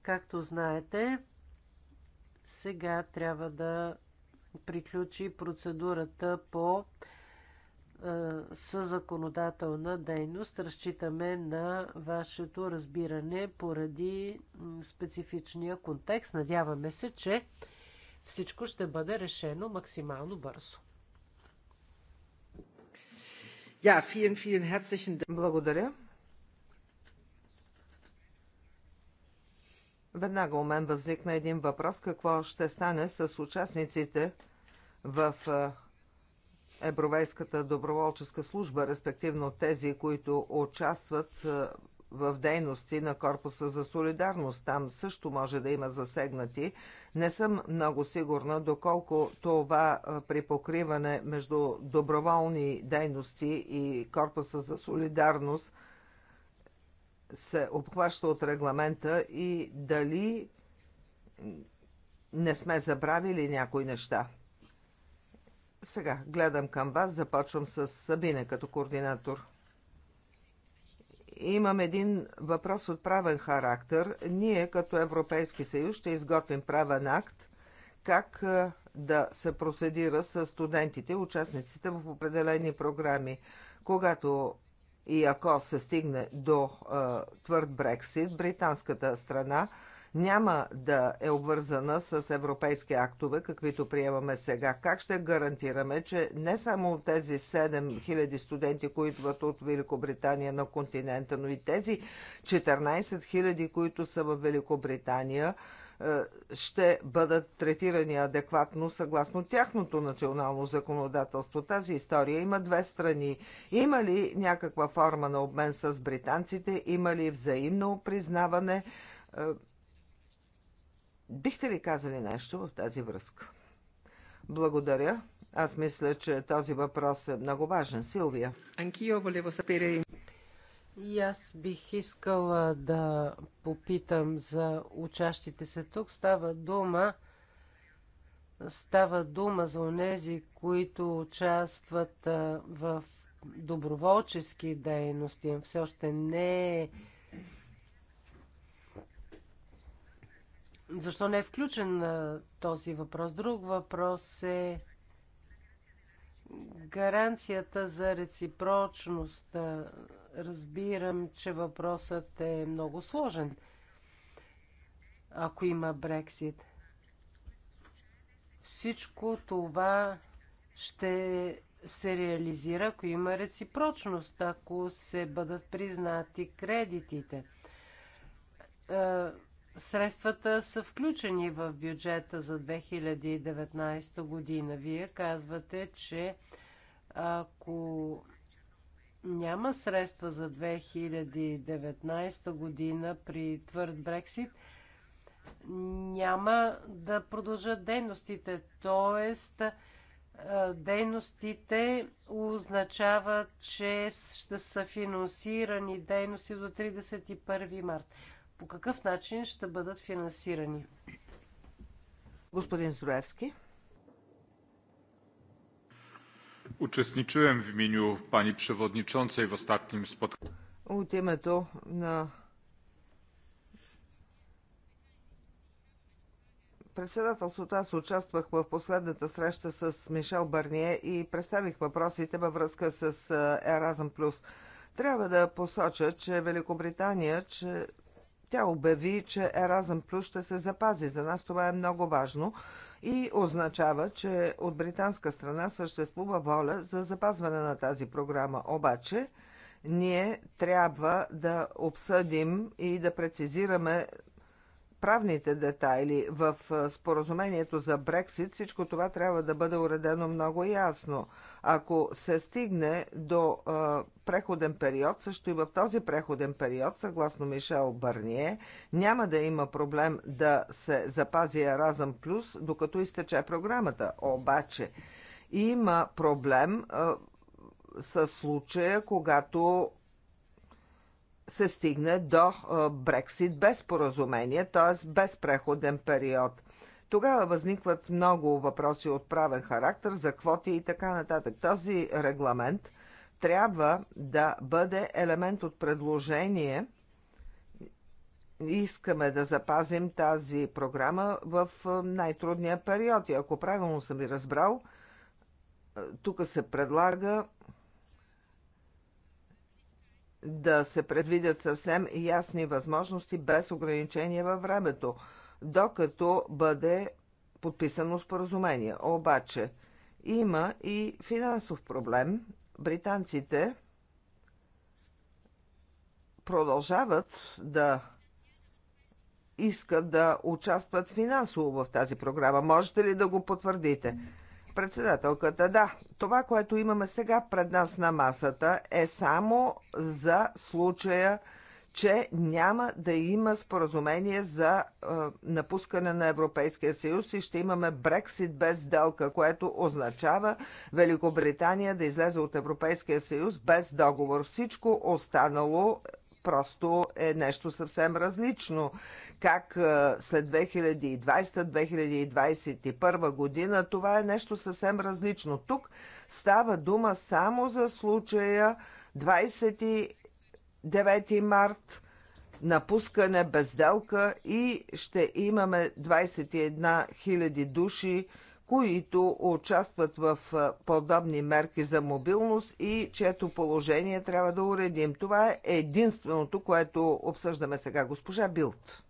Както знаете, сега трябва да приключи процедурата по със законодателна дейност. Разчитаме на вашето разбиране поради специфичния контекст. Надяваме се, че всичко ще бъде решено максимално бързо. Ja, vielen, vielen herzlichen Dank. Благодаря. Веднага у мен възникна един въпрос. Какво ще стане с участниците в Евровейската доброволческа служба, респективно тези, които участват е, в дейности на Корпуса за солидарност. Там също може да има засегнати. Не съм много сигурна доколко това е, припокриване между доброволни дейности и Корпуса за солидарност се обхваща от регламента и дали не сме забравили някои неща. Сега гледам към вас, започвам с Сабина като координатор. Имам един въпрос от правен характер. Ние като Европейски съюз ще изготвим правен акт как да се процедира с студентите, участниците в определени програми. Когато и ако се стигне до е, твърд Брексит, британската страна няма да е обвързана с европейски актове, каквито приемаме сега. Как ще гарантираме, че не само тези 7000 студенти, които идват от Великобритания на континента, но и тези 14 000, които са в Великобритания, е, ще бъдат третирани адекватно съгласно тяхното национално законодателство. Тази история има две страни. Има ли някаква форма на обмен с британците? Има ли взаимно признаване? Е, Бихте ли казали нещо в тази връзка? Благодаря. Аз мисля, че този въпрос е много важен. Силвия. И аз бих искала да попитам за учащите се тук. Става дума става дума за онези, които участват в доброволчески дейности. Все още не е Защо не е включен този въпрос? Друг въпрос е гаранцията за реципрочност. Разбирам, че въпросът е много сложен, ако има Брексит. Всичко това ще се реализира, ако има реципрочност, ако се бъдат признати кредитите средствата са включени в бюджета за 2019 година. Вие казвате, че ако няма средства за 2019 година при твърд Брексит, няма да продължат дейностите. Тоест, дейностите означават, че ще са финансирани дейности до 31 март по какъв начин ще бъдат финансирани? Господин Зруевски. Uczestniczyłem w imieniu pani przewodniczącej w ostatnim спот. От името на председателството аз участвах в последната среща с Мишел Барние и представих въпросите във връзка с е, Еразъм Плюс. Трябва да посоча, че Великобритания че тя обяви, че Еразъм Плюс ще се запази. За нас това е много важно и означава, че от британска страна съществува воля за запазване на тази програма. Обаче, ние трябва да обсъдим и да прецизираме правните детайли в споразумението за Брексит, всичко това трябва да бъде уредено много ясно. Ако се стигне до а, преходен период, също и в този преходен период, съгласно Мишел Бърние, няма да има проблем да се запази Еразъм Плюс, докато изтече програмата. Обаче има проблем а, с случая, когато се стигне до Брексит без споразумение, т.е. без преходен период. Тогава възникват много въпроси от правен характер за квоти и така нататък. Този регламент трябва да бъде елемент от предложение. Искаме да запазим тази програма в най-трудния период. И ако правилно съм ви разбрал, тук се предлага да се предвидят съвсем ясни възможности без ограничения във времето, докато бъде подписано споразумение. Обаче има и финансов проблем. Британците продължават да искат да участват финансово в тази програма. Можете ли да го потвърдите? Председателката, да. Това, което имаме сега пред нас на масата, е само за случая, че няма да има споразумение за е, напускане на Европейския съюз и ще имаме Брексит без сделка, което означава Великобритания да излезе от Европейския съюз без договор. Всичко останало просто е нещо съвсем различно. Как след 2020-2021 година това е нещо съвсем различно. Тук става дума само за случая 29 март напускане безделка и ще имаме 21 000 души които участват в подобни мерки за мобилност и чието положение трябва да уредим. Това е единственото, което обсъждаме сега. Госпожа Билт.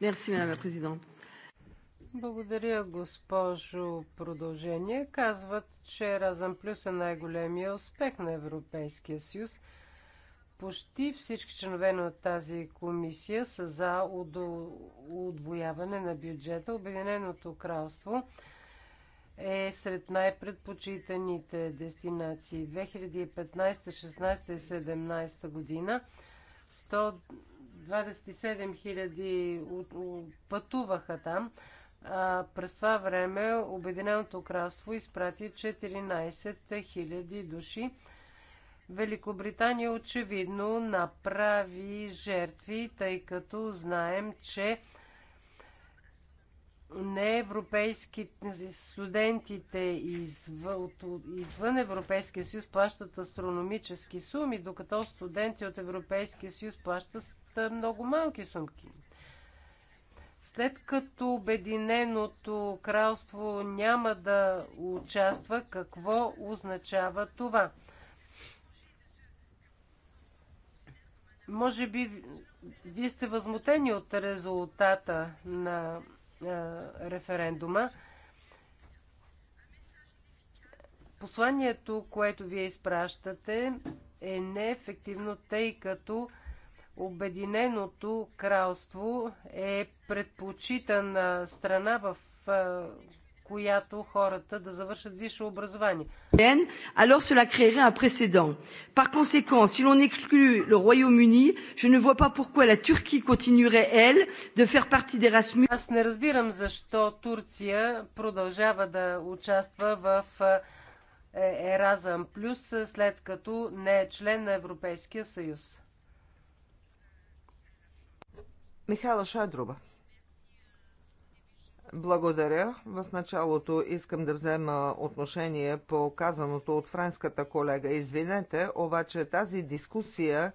Мерси, Благодаря, госпожо. Продължение. Казват, че Разъм Плюс е най-големия успех на Европейския съюз – почти всички членове на тази комисия са за удвояване на бюджета. Обединеното кралство е сред най-предпочитаните дестинации 2015, 16 и 17 година. 127 000 пътуваха там. А, през това време Обединеното кралство изпрати 14 000 души Великобритания очевидно направи жертви, тъй като знаем, че не неевропейски студентите извън, извън Европейския съюз плащат астрономически суми, докато студенти от Европейския съюз плащат много малки сумки. След като Обединеното кралство няма да участва, какво означава това? Може би вие сте възмутени от резултата на е, референдума. Посланието, което вие изпращате, е неефективно, тъй като Обединеното кралство е предпочитана страна в която хората да завършат висше образование. Alors cela créerait un précédent. Par conséquent, si l'on exclut le Royaume-Uni, je ne vois pas pourquoi la Turquie continuerait, elle, de faire partie d'Erasmus. Аз не разбирам защо Турция продължава да участва в е, Еразъм Плюс, след като не е член на Европейския съюз. Михайла Шадруба. Благодаря. В началото искам да взема отношение по казаното от френската колега. Извинете, обаче тази дискусия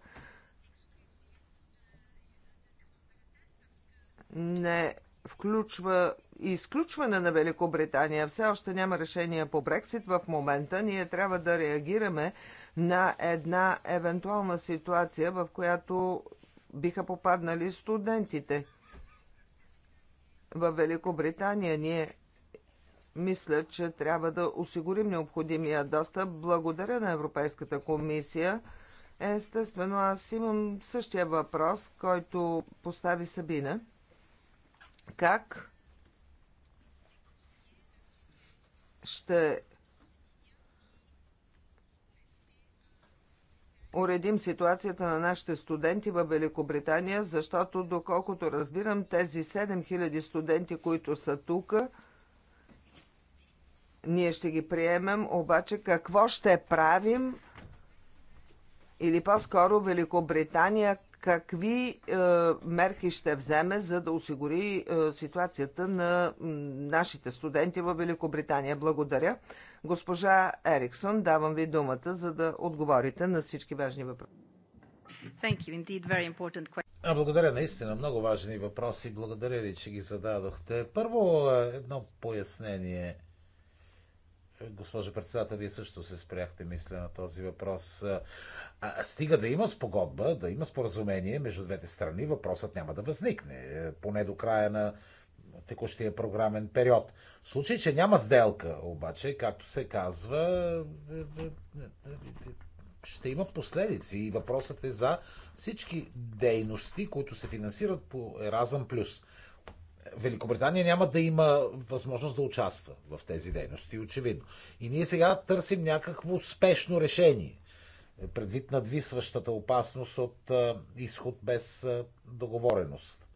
не включва изключване на Великобритания. Все още няма решение по Брексит в момента. Ние трябва да реагираме на една евентуална ситуация, в която биха попаднали студентите – в Великобритания. Ние мисля, че трябва да осигурим необходимия достъп. Благодаря на Европейската комисия. Естествено, аз имам същия въпрос, който постави Сабина. Как ще уредим ситуацията на нашите студенти в Великобритания, защото, доколкото разбирам, тези 7000 студенти, които са тук, ние ще ги приемем, обаче какво ще правим или по-скоро Великобритания какви е, мерки ще вземе, за да осигури е, ситуацията на нашите студенти в Великобритания. Благодаря. Госпожа Ериксон, давам ви думата, за да отговорите на всички важни въпроси. А, благодаря, наистина. Много важни въпроси. Благодаря ви, че ги зададохте. Първо, е, едно пояснение. Госпожо председател, вие също се спряхте, мисля, на този въпрос. Е, а, стига да има спогодба, да има споразумение между двете страни, въпросът няма да възникне. Е, поне до края на текущия програмен период. В случай, че няма сделка, обаче, както се казва, е, е, е, ще има последици и въпросът е за всички дейности, които се финансират по Еразъм Плюс. Великобритания няма да има възможност да участва в тези дейности, очевидно. И ние сега търсим някакво спешно решение, предвид надвисващата опасност от изход без договореност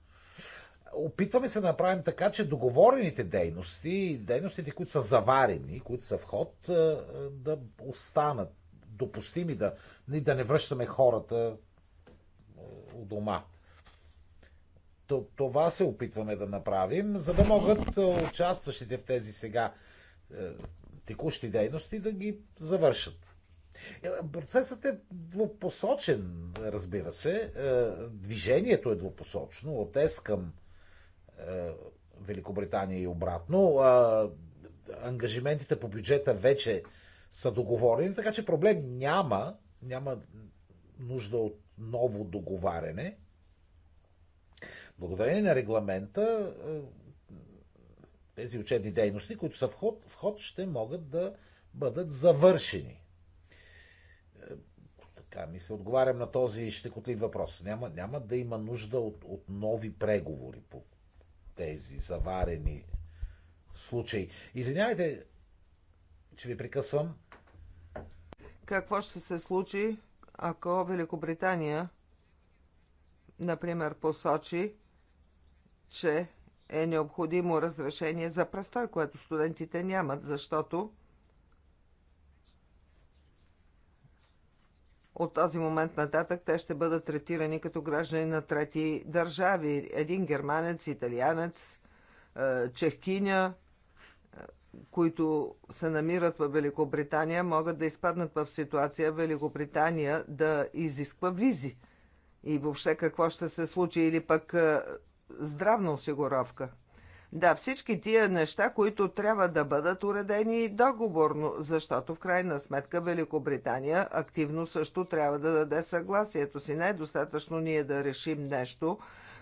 опитваме се да направим така, че договорените дейности, дейностите, които са заварени, които са в ход, е, е, да останат допустими, да, да не връщаме хората е, у дома. Това се опитваме да направим, за да могат участващите в тези сега текущи дейности да ги завършат. Процесът е двупосочен, разбира се. Движението е двупосочно, от ЕС към е, Великобритания и обратно. Ангажиментите по бюджета вече са договорени, така че проблем няма. Няма нужда от ново договаряне. Благодарение на регламента е, тези учебни дейности, които са вход, вход ще могат да бъдат завършени. Е, така, ми се отговарям на този щекотлив въпрос. Няма, няма да има нужда от, от нови преговори по, тези заварени случаи. Извинявайте, че ви прекъсвам. Какво ще се случи, ако Великобритания, например, посочи, че е необходимо разрешение за престой, което студентите нямат, защото От този момент нататък те ще бъдат третирани като граждани на трети държави. Един германец, италианец, е, чехкиня, е, които се намират в Великобритания, могат да изпаднат в ситуация Великобритания да изисква визи. И въобще какво ще се случи или пък е, здравна осигуровка. Да, всички тия неща, които трябва да бъдат уредени договорно, защото в крайна сметка Великобритания активно също трябва да даде съгласието си. Не е достатъчно ние да решим нещо,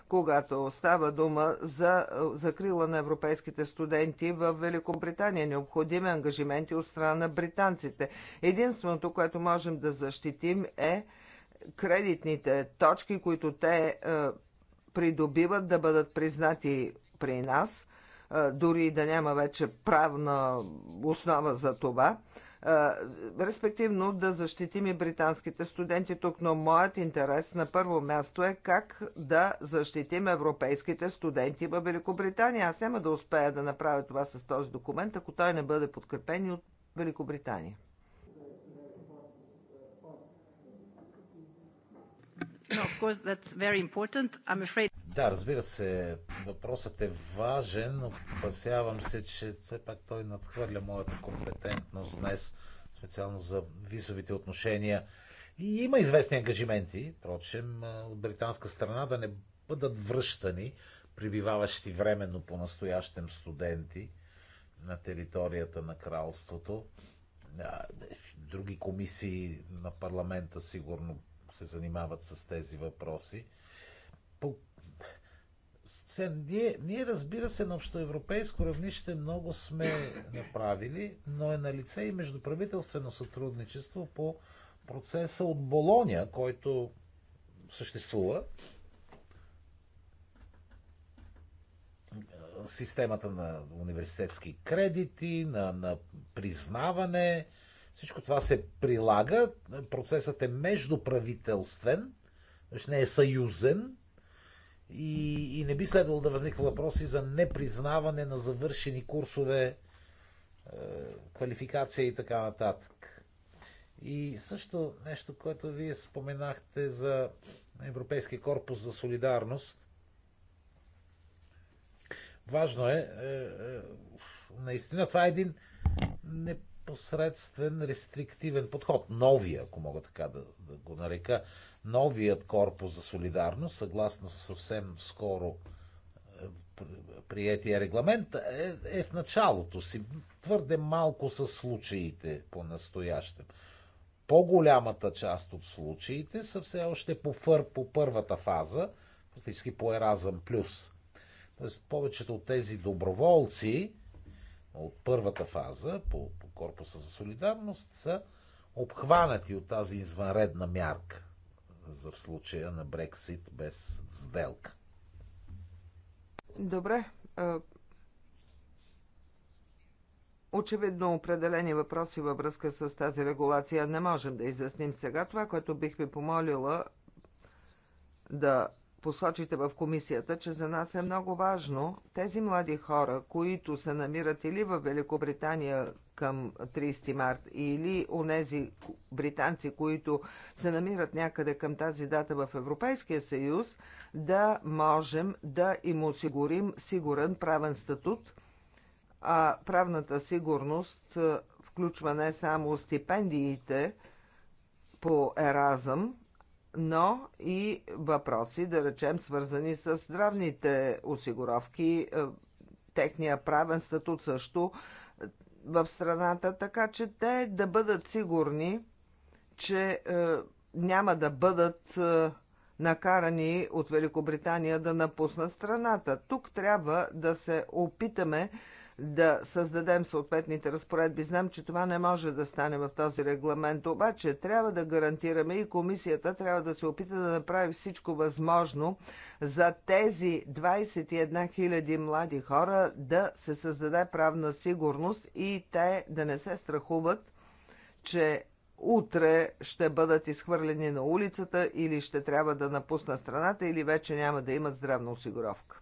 когато става дума за закрила на европейските студенти в Великобритания. Необходими ангажименти от страна на британците. Единственото, което можем да защитим е кредитните точки, които те е, придобиват да бъдат признати при нас, дори да няма вече правна основа за това, респективно да защитим и британските студенти тук, но моят интерес на първо място е как да защитим европейските студенти в Великобритания. Аз няма да успея да направя това с този документ, ако той не бъде подкрепен от Великобритания. No, of course, that's very important. I'm afraid да, разбира се, въпросът е важен, но опасявам се, че все пак той надхвърля моята компетентност днес, специално за визовите отношения. И има известни ангажименти, впрочем, от британска страна да не бъдат връщани прибиваващи временно по настоящем студенти на територията на кралството. Други комисии на парламента сигурно се занимават с тези въпроси. По се, ние, ние, разбира се, на общоевропейско равнище много сме направили, но е на лице и междуправителствено сътрудничество по процеса от Болония, който съществува. Системата на университетски кредити, на, на признаване, всичко това се прилага. Процесът е междуправителствен, значи не е съюзен, и, и не би следвало да възниква въпроси за непризнаване на завършени курсове, е, квалификация и така нататък. И също нещо, което вие споменахте за Европейския корпус за солидарност. Важно е, е, е наистина, това е един непосредствен, рестриктивен подход. Новия, ако мога така да, да го нарека новият корпус за солидарност, съгласно съвсем скоро е, приятия регламент, е, е в началото си. Твърде малко са случаите по-настоящем. По-голямата част от случаите са все още по, фър, по първата фаза, фактически по Еразъм Плюс. Тоест, повечето от тези доброволци от първата фаза по, по Корпуса за солидарност са обхванати от тази извънредна мярка за в случая на Брексит без сделка. Добре. Очевидно определени въпроси във връзка с тази регулация не можем да изясним сега. Това, което бих ви помолила да Посочите в комисията, че за нас е много важно тези млади хора, които се намират или в Великобритания към 30 март, или онези британци, които се намират някъде към тази дата в Европейския съюз, да можем да им осигурим сигурен правен статут, а правната сигурност включва не само стипендиите по Еразъм, но и въпроси, да речем, свързани с здравните осигуровки, е, техния правен статут също е, в страната, така че те да бъдат сигурни, че е, няма да бъдат накарани от Великобритания да напуснат страната. Тук трябва да се опитаме да създадем съответните разпоредби. Знам, че това не може да стане в този регламент, обаче трябва да гарантираме и комисията трябва да се опита да направи всичко възможно за тези 21 000 млади хора да се създаде правна сигурност и те да не се страхуват, че утре ще бъдат изхвърлени на улицата или ще трябва да напусна страната или вече няма да имат здравна осигуровка.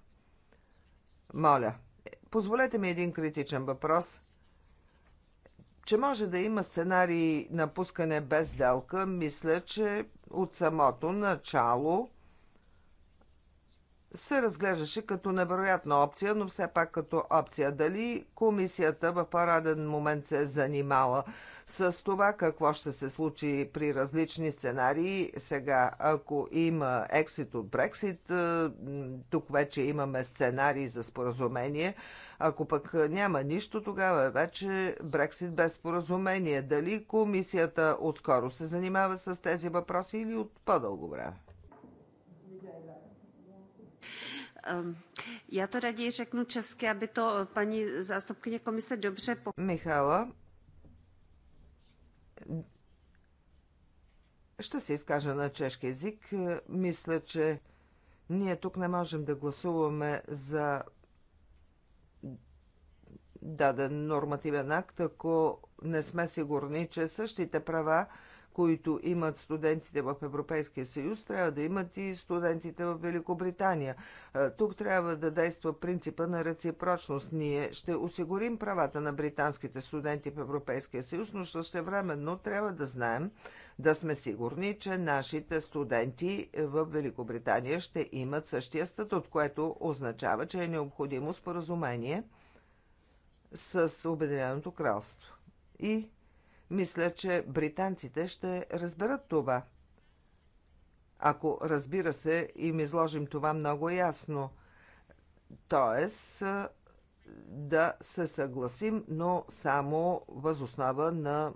Моля. Позволете ми един критичен въпрос. Че може да има сценарии на пускане без делка, мисля, че от самото начало се разглеждаше като невероятна опция, но все пак като опция. Дали комисията в параден момент се е занимала с това какво ще се случи при различни сценарии. Сега, ако има ексит от Брексит, е, тук вече имаме сценарии за споразумение. Ако пък няма нищо, тогава вече Брексит без споразумение. Дали комисията отскоро се занимава с тези въпроси или от по-дълго време? Ehm, já to raději řeknu česky, aby to eh, paní zástupkyně komise dobře po... Michala, ще се изкажа на чешки език. Мисля, че ние тук не можем да гласуваме за даден нормативен акт, ако не сме сигурни, че същите права които имат студентите в Европейския съюз, трябва да имат и студентите в Великобритания. Е, тук трябва да действа принципа на реципрочност. Ние ще осигурим правата на британските студенти в Европейския съюз, но същевременно трябва да знаем, да сме сигурни, че нашите студенти в Великобритания ще имат същия статут, което означава, че е необходимо споразумение с Обединеното кралство. И мисля, че британците ще разберат това. Ако, разбира се, им изложим това много ясно. Тоест, да се съгласим, но само възоснова на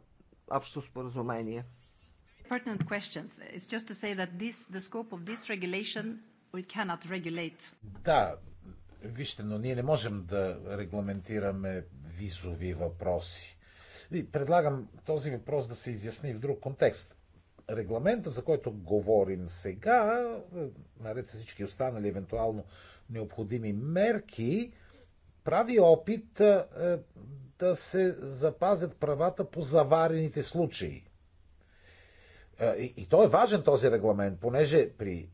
общо споразумение. Да, вижте, но ние не можем да регламентираме визови въпроси предлагам този въпрос да се изясни в друг контекст. Регламента, за който говорим сега, наред с всички останали евентуално необходими мерки, прави опит е, да се запазят правата по заварените случаи. Е, и, и то е важен този регламент, понеже при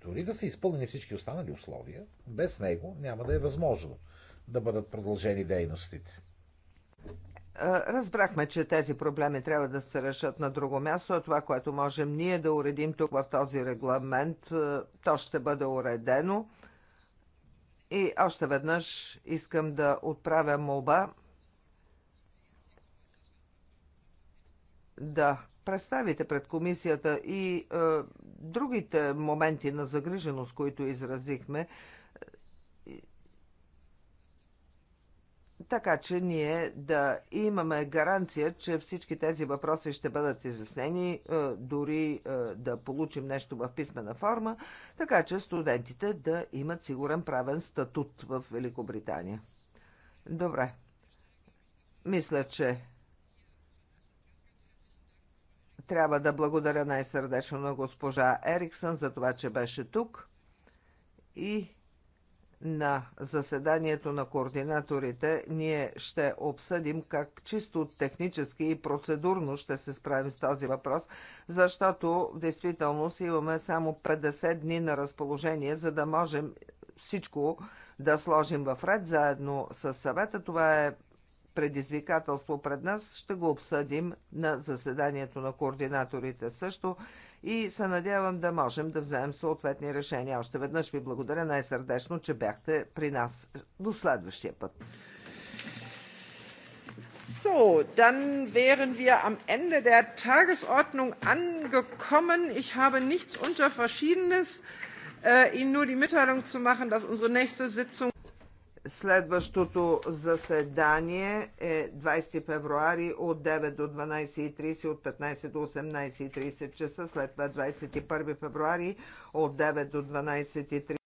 дори да са изпълнени всички останали условия, без него няма да е възможно да бъдат продължени дейностите. Разбрахме, че тези проблеми трябва да се решат на друго място, а това, което можем ние да уредим тук в този регламент, то ще бъде уредено. И още веднъж искам да отправя молба да представите пред комисията и е, другите моменти на загриженост, които изразихме, така че ние да имаме гаранция, че всички тези въпроси ще бъдат изяснени, е, дори е, да получим нещо в писмена форма, така че студентите да имат сигурен правен статут в Великобритания. Добре. Мисля, че трябва да благодаря най-сърдечно на госпожа Ериксън за това, че беше тук и на заседанието на координаторите ние ще обсъдим как чисто технически и процедурно ще се справим с този въпрос, защото в действителност имаме само 50 дни на разположение, за да можем всичко да сложим в ред заедно с съвета. Това е предизвикателство пред нас. Ще го обсъдим на заседанието на координаторите също и се надявам да можем да вземем съответни решения. Още веднъж ви благодаря най-сърдечно, че бяхте при нас. До следващия път. So, dann wären wir am Ende der Tagesordnung angekommen. Ich habe nichts unter Verschiedenes. Ihnen nur die Mitteilung zu machen, dass unsere nächste Sitzung Следващото заседание е 20 февруари от 9 до 12.30, от 15 до 18.30 часа, след това 21 февруари от 9 до 12.30.